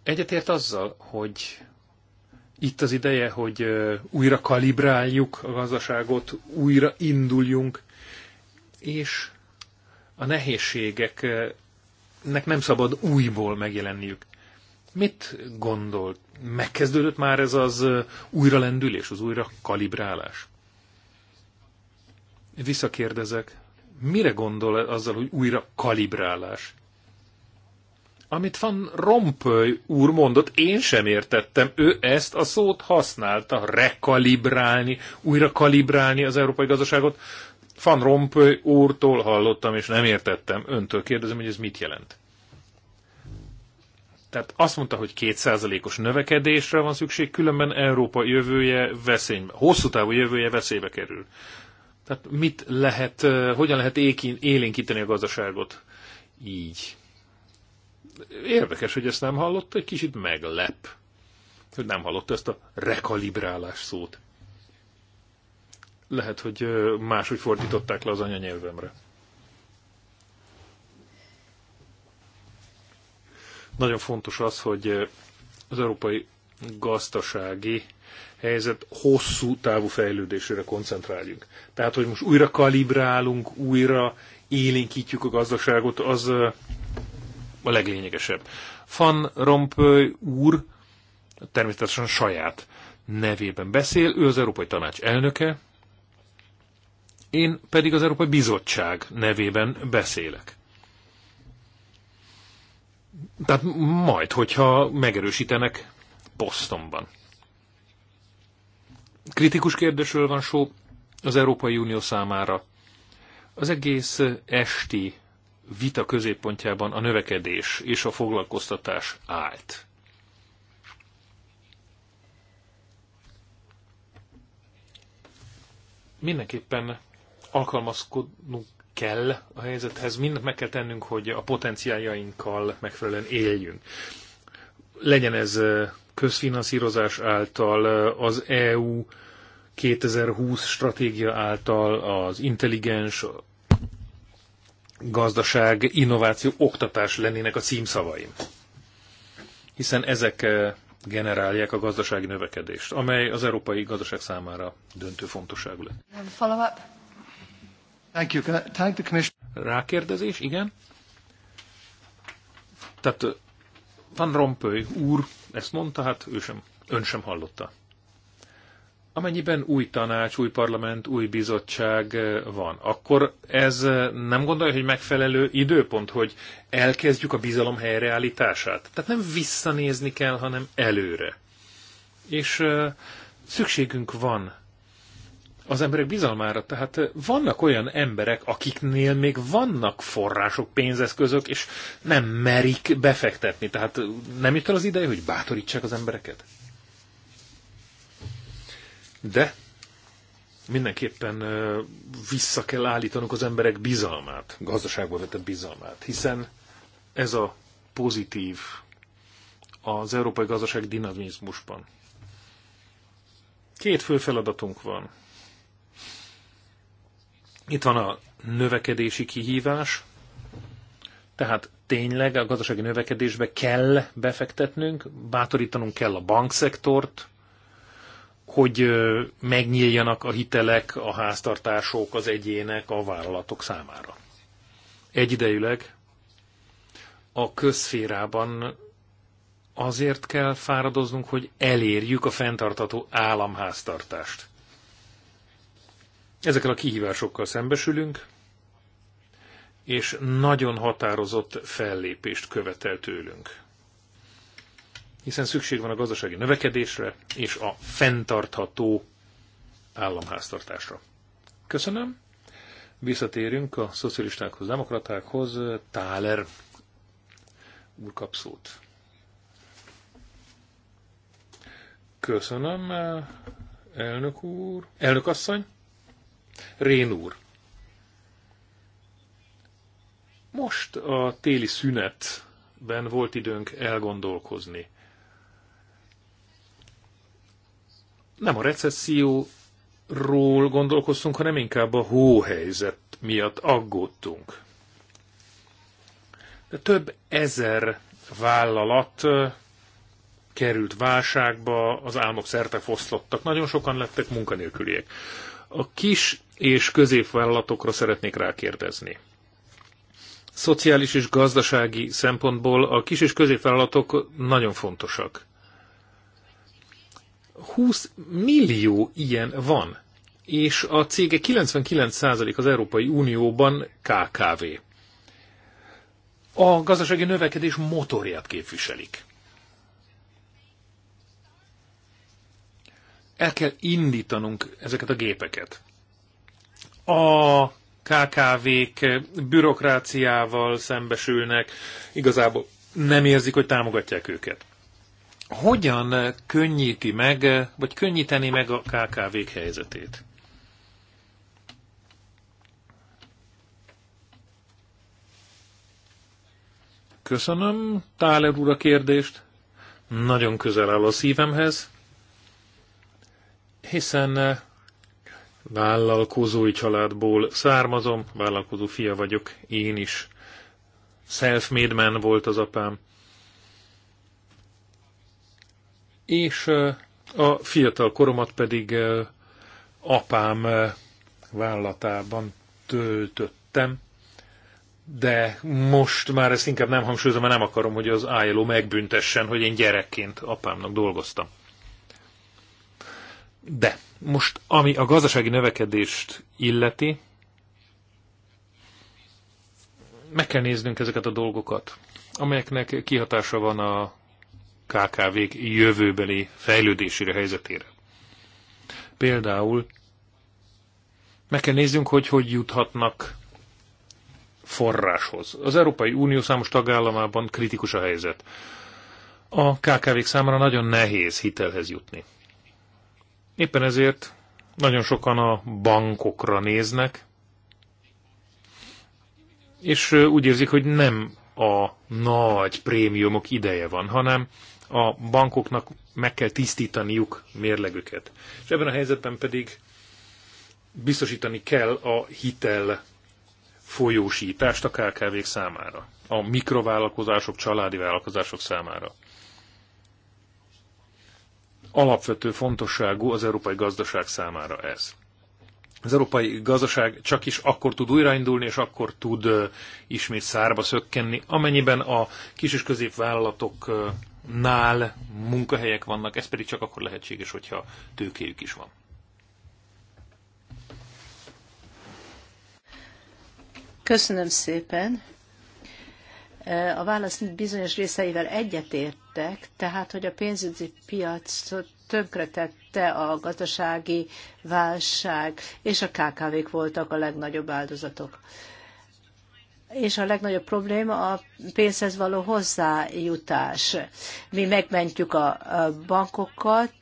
Egyetért azzal, hogy itt az ideje, hogy újra kalibráljuk a gazdaságot, újra induljunk, és a nehézségeknek nem szabad újból megjelenniük. Mit gondol? Megkezdődött már ez az újralendülés, az újra kalibrálás? Visszakérdezek, mire gondol azzal, hogy újra kalibrálás? Amit Van rompöy úr mondott, én sem értettem. Ő ezt a szót használta, rekalibrálni, újra kalibrálni az európai gazdaságot. Van rompöy úrtól hallottam, és nem értettem. Öntől kérdezem, hogy ez mit jelent. Tehát azt mondta, hogy kétszázalékos növekedésre van szükség, különben Európa jövője veszélybe, hosszú távú jövője veszélybe kerül. Tehát mit lehet, eh, hogyan lehet élénkíteni a gazdaságot így? Érdekes, hogy ezt nem hallott, egy kicsit meglep, hogy nem hallott ezt a rekalibrálás szót. Lehet, hogy máshogy fordították le az anyanyelvemre. Nagyon fontos az, hogy az európai gazdasági helyzet hosszú távú fejlődésére koncentráljunk. Tehát, hogy most újra kalibrálunk, újra élénkítjük a gazdaságot, az a leglényegesebb. Van Rompuy úr természetesen saját nevében beszél, ő az Európai Tanács elnöke, én pedig az Európai Bizottság nevében beszélek. Tehát majd, hogyha megerősítenek posztomban. Kritikus kérdésről van szó az Európai Unió számára. Az egész esti vita középpontjában a növekedés és a foglalkoztatás állt. Mindenképpen alkalmazkodnunk kell a helyzethez, mindent meg kell tennünk, hogy a potenciáljainkkal megfelelően éljünk. Legyen ez közfinanszírozás által, az EU 2020 stratégia által, az intelligens, gazdaság, innováció, oktatás lennének a címszavaim. Hiszen ezek eh, generálják a gazdasági növekedést, amely az európai gazdaság számára döntő fontosságú lett. Follow-up? Thank you. thank the commission? Rákérdezés, igen. Tehát eh, Van Rompuy úr ezt mondta, hát ő sem, ön sem hallotta. Amennyiben új tanács, új parlament, új bizottság eh, van, akkor ez eh, nem gondolja, hogy megfelelő időpont, hogy elkezdjük a bizalom helyreállítását? Tehát nem visszanézni kell, hanem előre. És eh, szükségünk van az emberek bizalmára. Tehát vannak olyan emberek, akiknél még vannak források, pénzeszközök, és nem merik befektetni. Tehát nem jut el az ideje, hogy bátorítsák az embereket? de mindenképpen vissza kell állítanunk az emberek bizalmát, gazdaságba vetett bizalmát, hiszen ez a pozitív az európai gazdaság dinamizmusban. Két fő feladatunk van. Itt van a növekedési kihívás, tehát tényleg a gazdasági növekedésbe kell befektetnünk, bátorítanunk kell a bankszektort, hogy megnyíljanak a hitelek, a háztartások, az egyének, a vállalatok számára. Egyidejűleg a közférában azért kell fáradoznunk, hogy elérjük a fenntartató államháztartást. Ezekkel a kihívásokkal szembesülünk, és nagyon határozott fellépést követel tőlünk hiszen szükség van a gazdasági növekedésre és a fenntartható államháztartásra. Köszönöm. Visszatérünk a szocialistákhoz, demokratákhoz. Táler úr kap szót. Köszönöm, elnök úr. Elnök asszony? Rén úr. Most a téli szünetben volt időnk elgondolkozni nem a recesszióról gondolkoztunk, hanem inkább a hóhelyzet miatt aggódtunk. De több ezer vállalat került válságba, az álmok szerte foszlottak, nagyon sokan lettek munkanélküliek. A kis és középvállalatokra szeretnék rákérdezni. Szociális és gazdasági szempontból a kis és középvállalatok nagyon fontosak. 20 millió ilyen van, és a cége 99% az Európai Unióban KKV. A gazdasági növekedés motorját képviselik. El kell indítanunk ezeket a gépeket. A KKV-k bürokráciával szembesülnek, igazából nem érzik, hogy támogatják őket hogyan könnyíti meg, vagy könnyíteni meg a KKV-k helyzetét? Köszönöm, Táler úr a kérdést. Nagyon közel áll a szívemhez, hiszen vállalkozói családból származom, vállalkozó fia vagyok én is. Self-made man volt az apám. és a fiatal koromat pedig apám vállatában töltöttem, de most már ezt inkább nem hangsúlyozom, mert nem akarom, hogy az ILO megbüntessen, hogy én gyerekként apámnak dolgoztam. De most, ami a gazdasági növekedést illeti, meg kell néznünk ezeket a dolgokat, amelyeknek kihatása van a KKV-k jövőbeli fejlődésére, helyzetére. Például meg kell néznünk, hogy hogy juthatnak forráshoz. Az Európai Unió számos tagállamában kritikus a helyzet. A KKV-k számára nagyon nehéz hitelhez jutni. Éppen ezért nagyon sokan a bankokra néznek, és úgy érzik, hogy nem a nagy prémiumok ideje van, hanem a bankoknak meg kell tisztítaniuk mérlegüket. És ebben a helyzetben pedig biztosítani kell a hitel folyósítást a kkv számára, a mikrovállalkozások, családi vállalkozások számára. Alapvető fontosságú az európai gazdaság számára ez. Az európai gazdaság csak is akkor tud újraindulni, és akkor tud ismét szárba szökkenni, amennyiben a kis és középvállalatok nál munkahelyek vannak, ez pedig csak akkor lehetséges, hogyha tőkéjük is van. Köszönöm szépen. E, a válasz bizonyos részeivel egyetértek, tehát hogy a pénzügyi piac tönkretette a gazdasági válság, és a KKV-k voltak a legnagyobb áldozatok és a legnagyobb probléma a pénzhez való hozzájutás. Mi megmentjük a bankokat,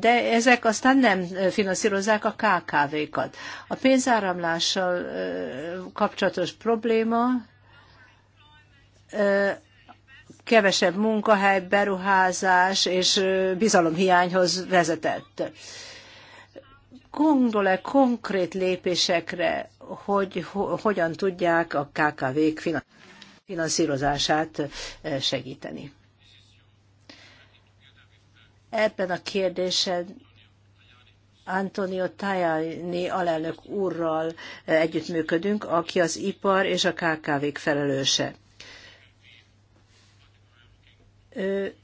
de ezek aztán nem finanszírozzák a KKV-kat. A pénzáramlással kapcsolatos probléma kevesebb munkahely, beruházás és bizalomhiányhoz vezetett gondol-e konkrét lépésekre, hogy hogyan tudják a KKV-k finanszírozását segíteni? Ebben a kérdésen Antonio Tajani alelnök úrral együttműködünk, aki az ipar és a KKV-k felelőse. Ő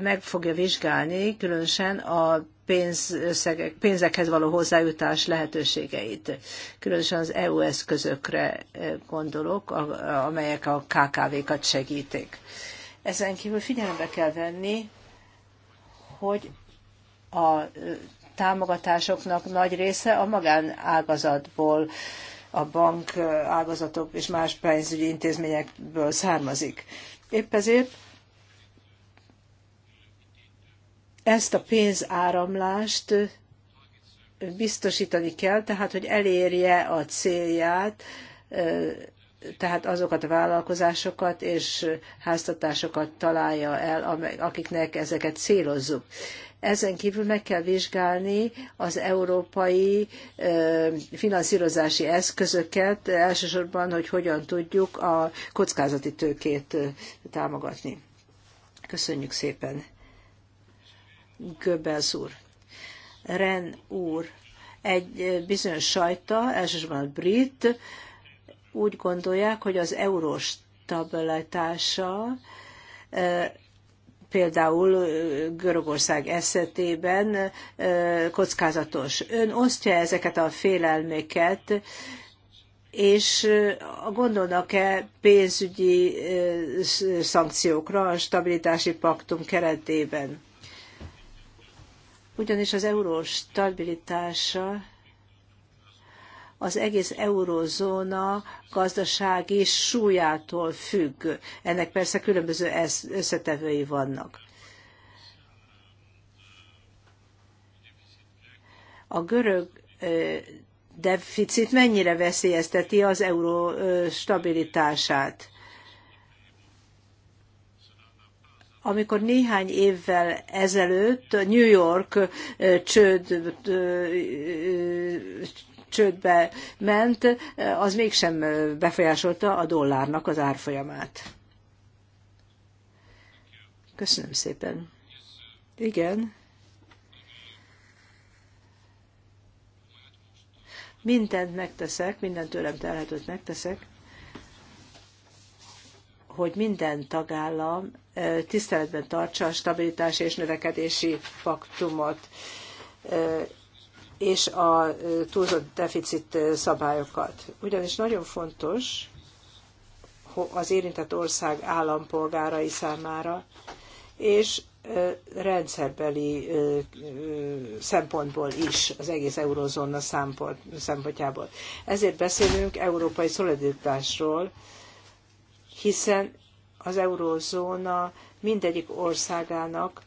meg fogja vizsgálni különösen a pénzösszegek, pénzekhez való hozzájutás lehetőségeit. Különösen az EU eszközökre eh, gondolok, amelyek a KKV-kat segítik. Ezen kívül figyelembe kell venni, hogy a eh, támogatásoknak nagy része a magánágazatból, a bank eh, ágazatok és más pénzügyi intézményekből származik. Épp ezért ezt a pénzáramlást biztosítani kell, tehát hogy elérje a célját, tehát azokat a vállalkozásokat és háztatásokat találja el, akiknek ezeket célozzuk. Ezen kívül meg kell vizsgálni az európai finanszírozási eszközöket, elsősorban, hogy hogyan tudjuk a kockázati tőkét támogatni. Köszönjük szépen! Göbbels úr, Ren úr, egy bizonyos sajta, elsősorban a brit, úgy gondolják, hogy az eurós stabilitása például Görögország esetében kockázatos. Ön osztja ezeket a félelméket, és gondolnak-e pénzügyi szankciókra a stabilitási paktum keretében? ugyanis az euró stabilitása az egész eurózóna gazdasági súlyától függ. Ennek persze különböző összetevői vannak. A görög deficit mennyire veszélyezteti az euró stabilitását? amikor néhány évvel ezelőtt New York csőd, csődbe ment, az mégsem befolyásolta a dollárnak az árfolyamát. Köszönöm szépen. Igen. Mindent megteszek, mindent tőlem telhetőt megteszek, hogy minden tagállam tiszteletben tartsa a stabilitási és növekedési paktumot és a túlzott deficit szabályokat. Ugyanis nagyon fontos az érintett ország állampolgárai számára, és rendszerbeli szempontból is, az egész eurozóna szempontjából. Ezért beszélünk európai szolidaritásról, hiszen az eurózóna mindegyik országának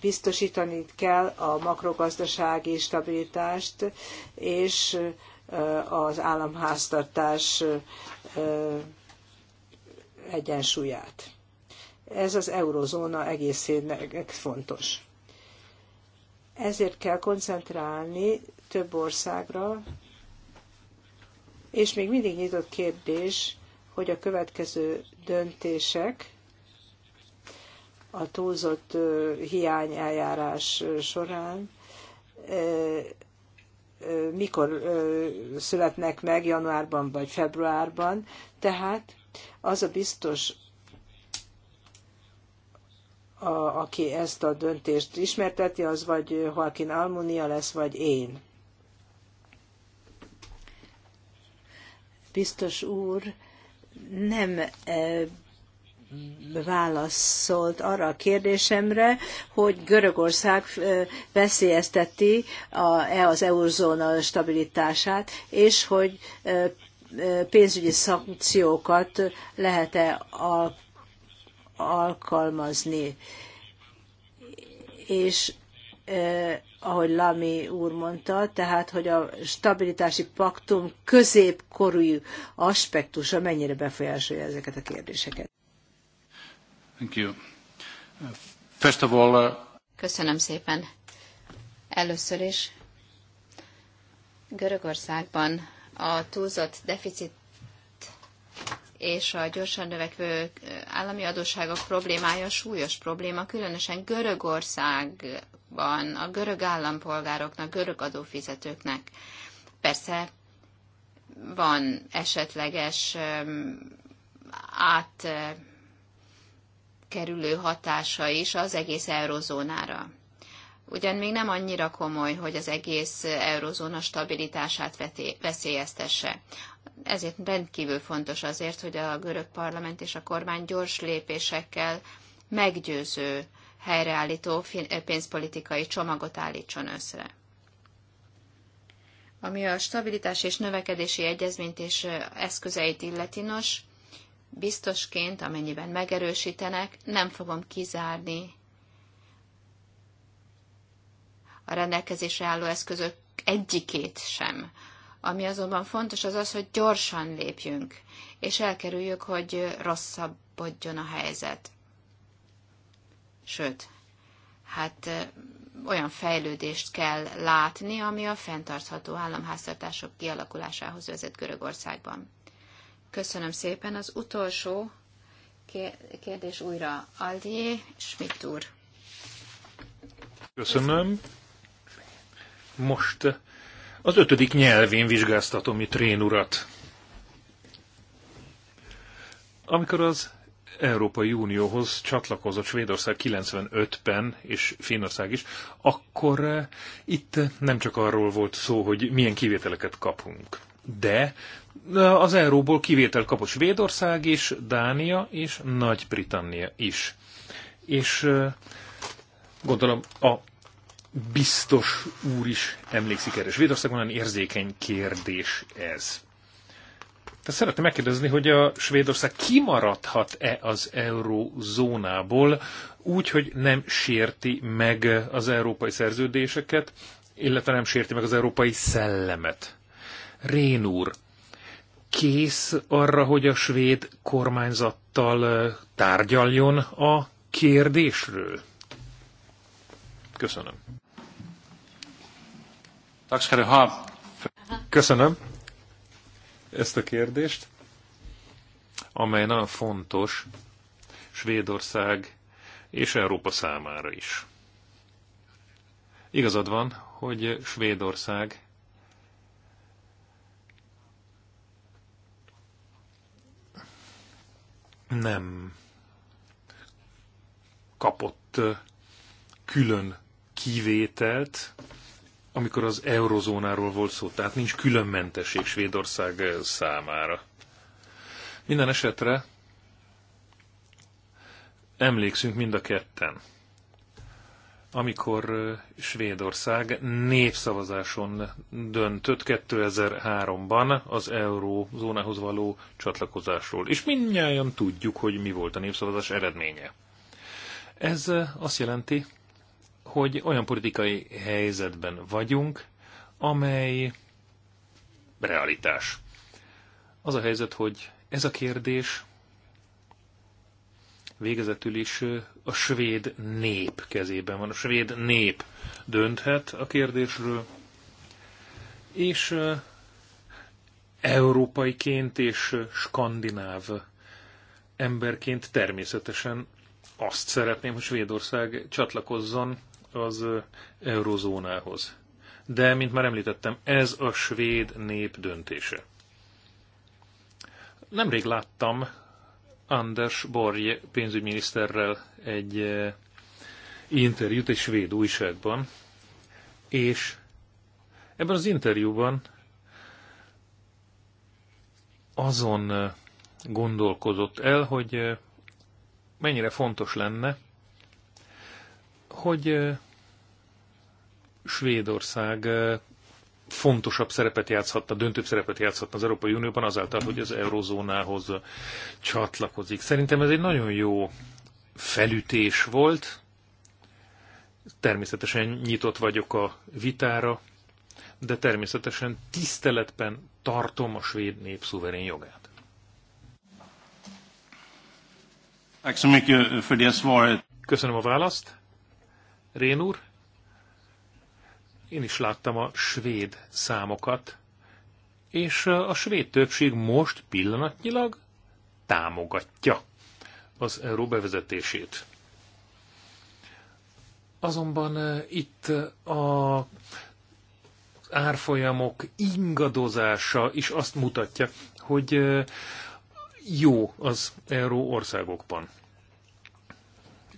biztosítani kell a makrogazdasági stabilitást és az államháztartás egyensúlyát. Ez az eurózóna egészének fontos. Ezért kell koncentrálni több országra, és még mindig nyitott kérdés, hogy a következő döntések a túlzott hiány eljárás során mikor születnek meg, januárban vagy februárban. Tehát az a biztos, a, aki ezt a döntést ismerteti, az vagy Joaquin Almunia lesz, vagy én. Biztos úr, nem válaszolt arra a kérdésemre, hogy Görögország veszélyezteti a, e az eurozóna stabilitását, és hogy pénzügyi szankciókat lehet-e alkalmazni. És ahogy Lami úr mondta, tehát, hogy a stabilitási paktum középkorú aspektusa mennyire befolyásolja ezeket a kérdéseket. Thank you. First of all, uh... Köszönöm szépen. Először is Görögországban a túlzott deficit és a gyorsan növekvő uh, állami adósságok problémája súlyos probléma, különösen Görögország van a görög állampolgároknak, görög adófizetőknek. Persze van esetleges átkerülő hatása is az egész eurozónára. Ugyan még nem annyira komoly, hogy az egész eurozóna stabilitását veszélyeztesse. Ezért rendkívül fontos azért, hogy a görög parlament és a kormány gyors lépésekkel meggyőző helyreállító eh, pénzpolitikai csomagot állítson össze. Ami a stabilitás és növekedési egyezményt és eh, eszközeit illeti, nos, biztosként, amennyiben megerősítenek, nem fogom kizárni a rendelkezésre álló eszközök egyikét sem. Ami azonban fontos az az, hogy gyorsan lépjünk, és elkerüljük, hogy rosszabbodjon a helyzet. Sőt, hát olyan fejlődést kell látni, ami a fenntartható államháztartások kialakulásához vezet Görögországban. Köszönöm szépen. Az utolsó kérdés újra Aldié Schmidt úr. Köszönöm. Most az ötödik nyelvén vizsgáztatom itt Rén urat. Amikor az Európai Unióhoz csatlakozott Svédország 95-ben, és Finnország is, akkor eh, itt nem csak arról volt szó, hogy milyen kivételeket kapunk, de eh, az euróból kivétel kapott Svédország is, Dánia és Nagy-Britannia is. És eh, gondolom a biztos úr is emlékszik erre. Svédországban olyan érzékeny kérdés ez. Tehát szeretném megkérdezni, hogy a Svédország kimaradhat-e az eurózónából úgy, hogy nem sérti meg az európai szerződéseket, illetve nem sérti meg az európai szellemet. Rén úr, kész arra, hogy a svéd kormányzattal tárgyaljon a kérdésről? Köszönöm. Köszönöm ezt a kérdést, amely nagyon fontos Svédország és Európa számára is. Igazad van, hogy Svédország nem kapott külön kivételt amikor az eurozónáról volt szó, tehát nincs különmentesség Svédország eh, számára. Minden esetre emlékszünk mind a ketten, amikor eh, Svédország népszavazáson döntött 2003-ban az eurózónához való csatlakozásról. És mindnyáján tudjuk, hogy mi volt a népszavazás eredménye. Ez eh, azt jelenti, hogy olyan politikai helyzetben vagyunk, amely realitás. Az a helyzet, hogy ez a kérdés végezetül is a svéd nép kezében van. A svéd nép dönthet a kérdésről, és európaiként és skandináv emberként természetesen azt szeretném, hogy Svédország csatlakozzon az eurozónához. De, mint már említettem, ez a svéd nép döntése. Nemrég láttam Anders Borg pénzügyminiszterrel egy interjút egy svéd újságban, és ebben az interjúban azon gondolkozott el, hogy mennyire fontos lenne, hogy Svédország fontosabb szerepet játszhatta, döntőbb szerepet játszhatna az Európai Unióban azáltal, hogy az eurozónához csatlakozik. Szerintem ez egy nagyon jó felütés volt. Természetesen nyitott vagyok a vitára, de természetesen tiszteletben tartom a svéd nép szuverén jogát. Köszönöm a választ. Rén úr? Én is láttam a svéd számokat, és a svéd többség most pillanatnyilag támogatja az euró bevezetését. Azonban itt a árfolyamok ingadozása is azt mutatja, hogy jó az euró országokban.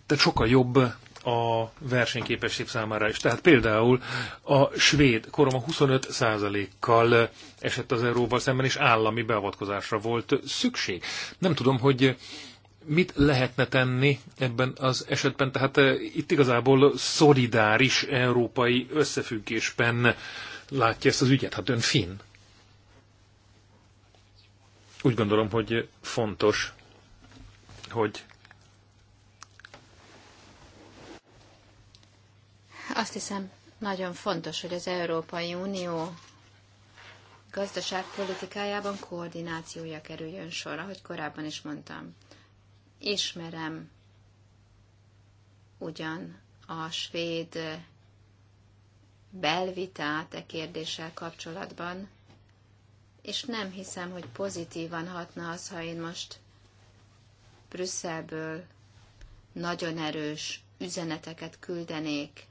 Tehát sokkal jobb a versenyképesség számára is. Tehát például a svéd a 25%-kal esett az euróval szemben, és állami beavatkozásra volt szükség. Nem tudom, hogy mit lehetne tenni ebben az esetben, tehát eh, itt igazából szolidáris európai összefüggésben látja ezt az ügyet, hát ön finn. Úgy gondolom, hogy fontos, hogy Azt hiszem, nagyon fontos, hogy az Európai Unió gazdaságpolitikájában koordinációja kerüljön sor, ahogy korábban is mondtam. Ismerem ugyan a svéd belvitát e kérdéssel kapcsolatban, és nem hiszem, hogy pozitívan hatna az, ha én most Brüsszelből nagyon erős üzeneteket küldenék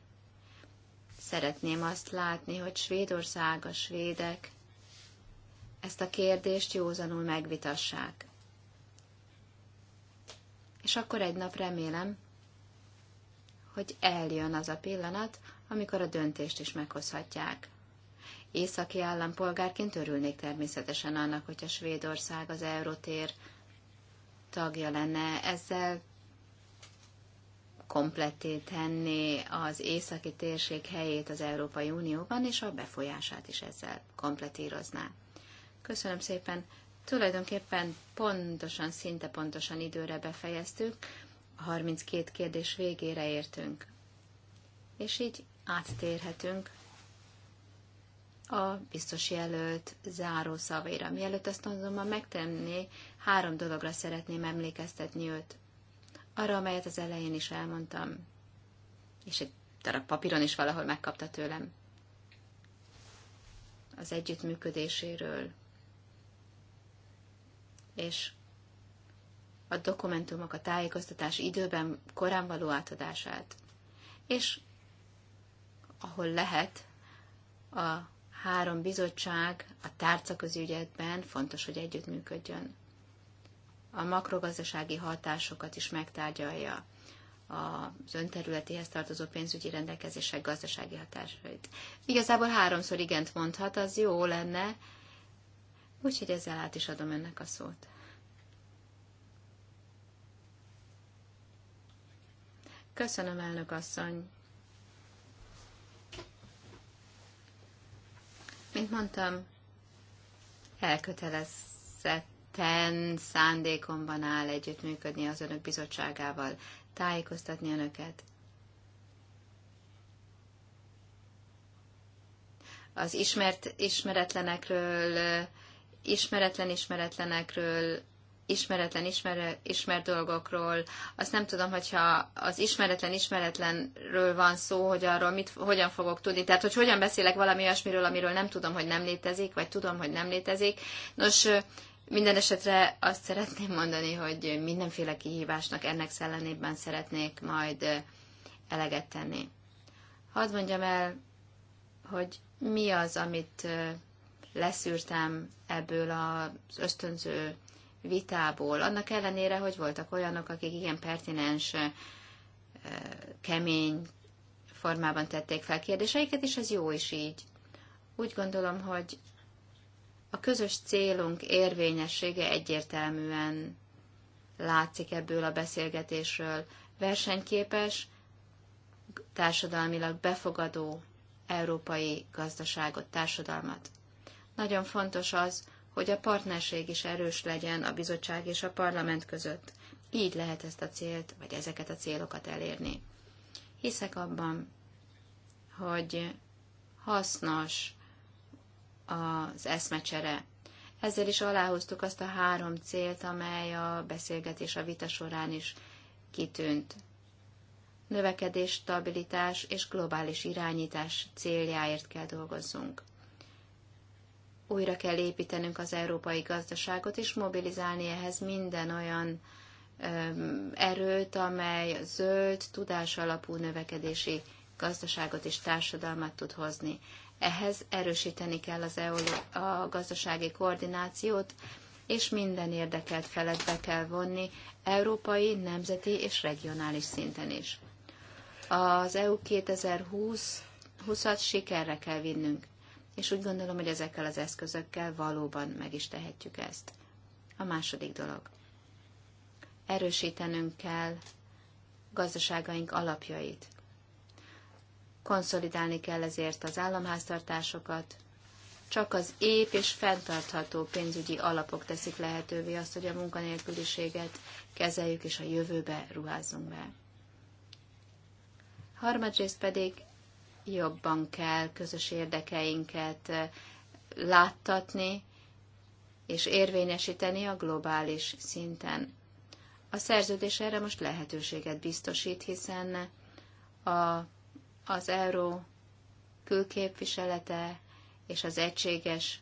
Szeretném azt látni, hogy Svédország, a svédek ezt a kérdést józanul megvitassák. És akkor egy nap remélem, hogy eljön az a pillanat, amikor a döntést is meghozhatják. Északi állampolgárként örülnék természetesen annak, hogy a Svédország az Eurotér tagja lenne. Ezzel kompletté tenni az északi térség helyét az Európai Unióban, és a befolyását is ezzel kompletírozná. Köszönöm szépen. Tulajdonképpen pontosan, szinte pontosan időre befejeztük, a 32 kérdés végére értünk. És így áttérhetünk a biztos jelölt záró szavaira. Mielőtt azt azonban megtenné, három dologra szeretném emlékeztetni őt arra, amelyet az elején is elmondtam, és egy darab papíron is valahol megkapta tőlem az együttműködéséről, és a dokumentumok, a tájékoztatás időben korán való átadását, és ahol lehet, a három bizottság a tárcaközügyekben fontos, hogy együttműködjön a makrogazdasági hatásokat is megtárgyalja az önterületéhez tartozó pénzügyi rendelkezések gazdasági hatásait. Igazából háromszor igent mondhat, az jó lenne, úgyhogy ezzel át is adom önnek a szót. Köszönöm, elnök asszony. Mint mondtam, elkötelezett területen szándékomban áll együttműködni az önök bizottságával, tájékoztatni önöket. Az ismert ismeretlenekről, ismeretlen ismeretlenekről, ismeretlen ismer, ismert dolgokról. Azt nem tudom, hogyha az ismeretlen ismeretlenről van szó, hogy arról mit, hogyan fogok tudni. Tehát, hogy hogyan beszélek valami olyasmiről, amiről nem tudom, hogy nem létezik, vagy tudom, hogy nem létezik. Nos, minden esetre azt szeretném mondani, hogy mindenféle kihívásnak ennek szellemében szeretnék majd eleget tenni. Hadd mondjam el, hogy mi az, amit leszűrtem ebből az ösztönző vitából, annak ellenére, hogy voltak olyanok, akik igen pertinens, kemény formában tették fel kérdéseiket, és ez jó is így. Úgy gondolom, hogy a közös célunk érvényessége egyértelműen látszik ebből a beszélgetésről. Versenyképes, társadalmilag befogadó európai gazdaságot, társadalmat. Nagyon fontos az, hogy a partnerség is erős legyen a bizottság és a parlament között. Így lehet ezt a célt, vagy ezeket a célokat elérni. Hiszek abban, hogy hasznos az eszmecsere. Ezzel is aláhoztuk azt a három célt, amely a beszélgetés a vita során is kitűnt. Növekedés, stabilitás és globális irányítás céljáért kell dolgozzunk. Újra kell építenünk az európai gazdaságot, és mobilizálni ehhez minden olyan öm, erőt, amely zöld, tudás alapú növekedési gazdaságot és társadalmat tud hozni. Ehhez erősíteni kell az EU a gazdasági koordinációt, és minden érdekelt felet be kell vonni, európai, nemzeti és regionális szinten is. Az EU 2020 20-at sikerre kell vinnünk, és úgy gondolom, hogy ezekkel az eszközökkel valóban meg is tehetjük ezt. A második dolog. Erősítenünk kell gazdaságaink alapjait, Konszolidálni kell ezért az államháztartásokat. Csak az ép és fenntartható pénzügyi alapok teszik lehetővé azt, hogy a munkanélküliséget kezeljük és a jövőbe ruházzunk be. Harmadrészt pedig jobban kell közös érdekeinket eh, láttatni és érvényesíteni a globális szinten. A szerződés erre most lehetőséget biztosít, hiszen a az euró külképviselete és az egységes,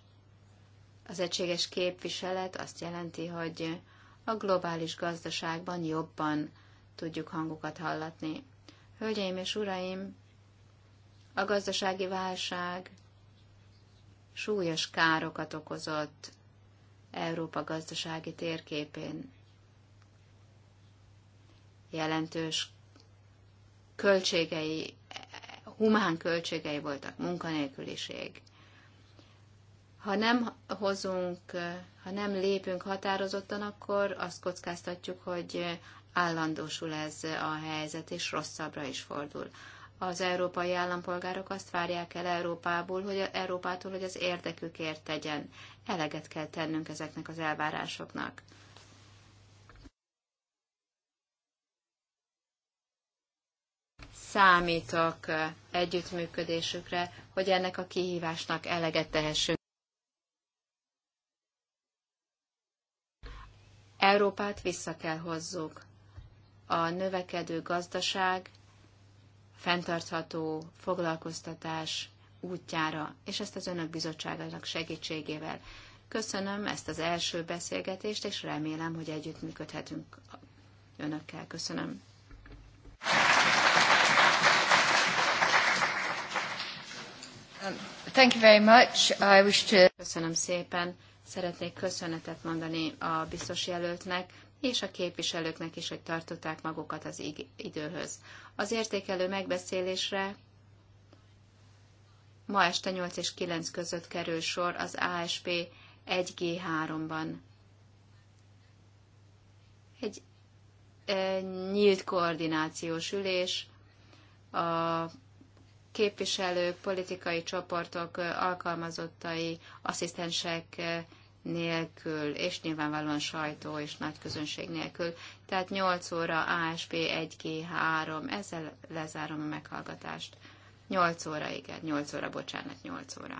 az egységes képviselet azt jelenti, hogy a globális gazdaságban jobban tudjuk hangukat hallatni. Hölgyeim és uraim, a gazdasági válság súlyos károkat okozott Európa gazdasági térképén. Jelentős költségei humán költségei voltak, munkanélküliség. Ha nem hozunk, ha nem lépünk határozottan, akkor azt kockáztatjuk, hogy állandósul ez a helyzet, és rosszabbra is fordul. Az európai állampolgárok azt várják el Európából, hogy Európától, hogy az érdekükért tegyen. Eleget kell tennünk ezeknek az elvárásoknak. számítok együttműködésükre, hogy ennek a kihívásnak eleget tehessünk. Európát vissza kell hozzuk. A növekedő gazdaság, fenntartható foglalkoztatás útjára, és ezt az önök bizottságának segítségével. Köszönöm ezt az első beszélgetést, és remélem, hogy együttműködhetünk önökkel. Köszönöm. Thank you very much. I wish to... Köszönöm szépen. Szeretnék köszönetet mondani a biztos jelöltnek és a képviselőknek is, hogy tartották magukat az időhöz. Az értékelő megbeszélésre ma este 8 és 9 között kerül sor az ASP 1G3-ban. Egy eh, nyílt koordinációs ülés a képviselők, politikai csoportok, alkalmazottai, asszisztensek nélkül, és nyilvánvalóan sajtó és nagy közönség nélkül. Tehát 8 óra ASP 1G3, ezzel lezárom a meghallgatást. 8 óra, igen, 8 óra, bocsánat, 8 óra.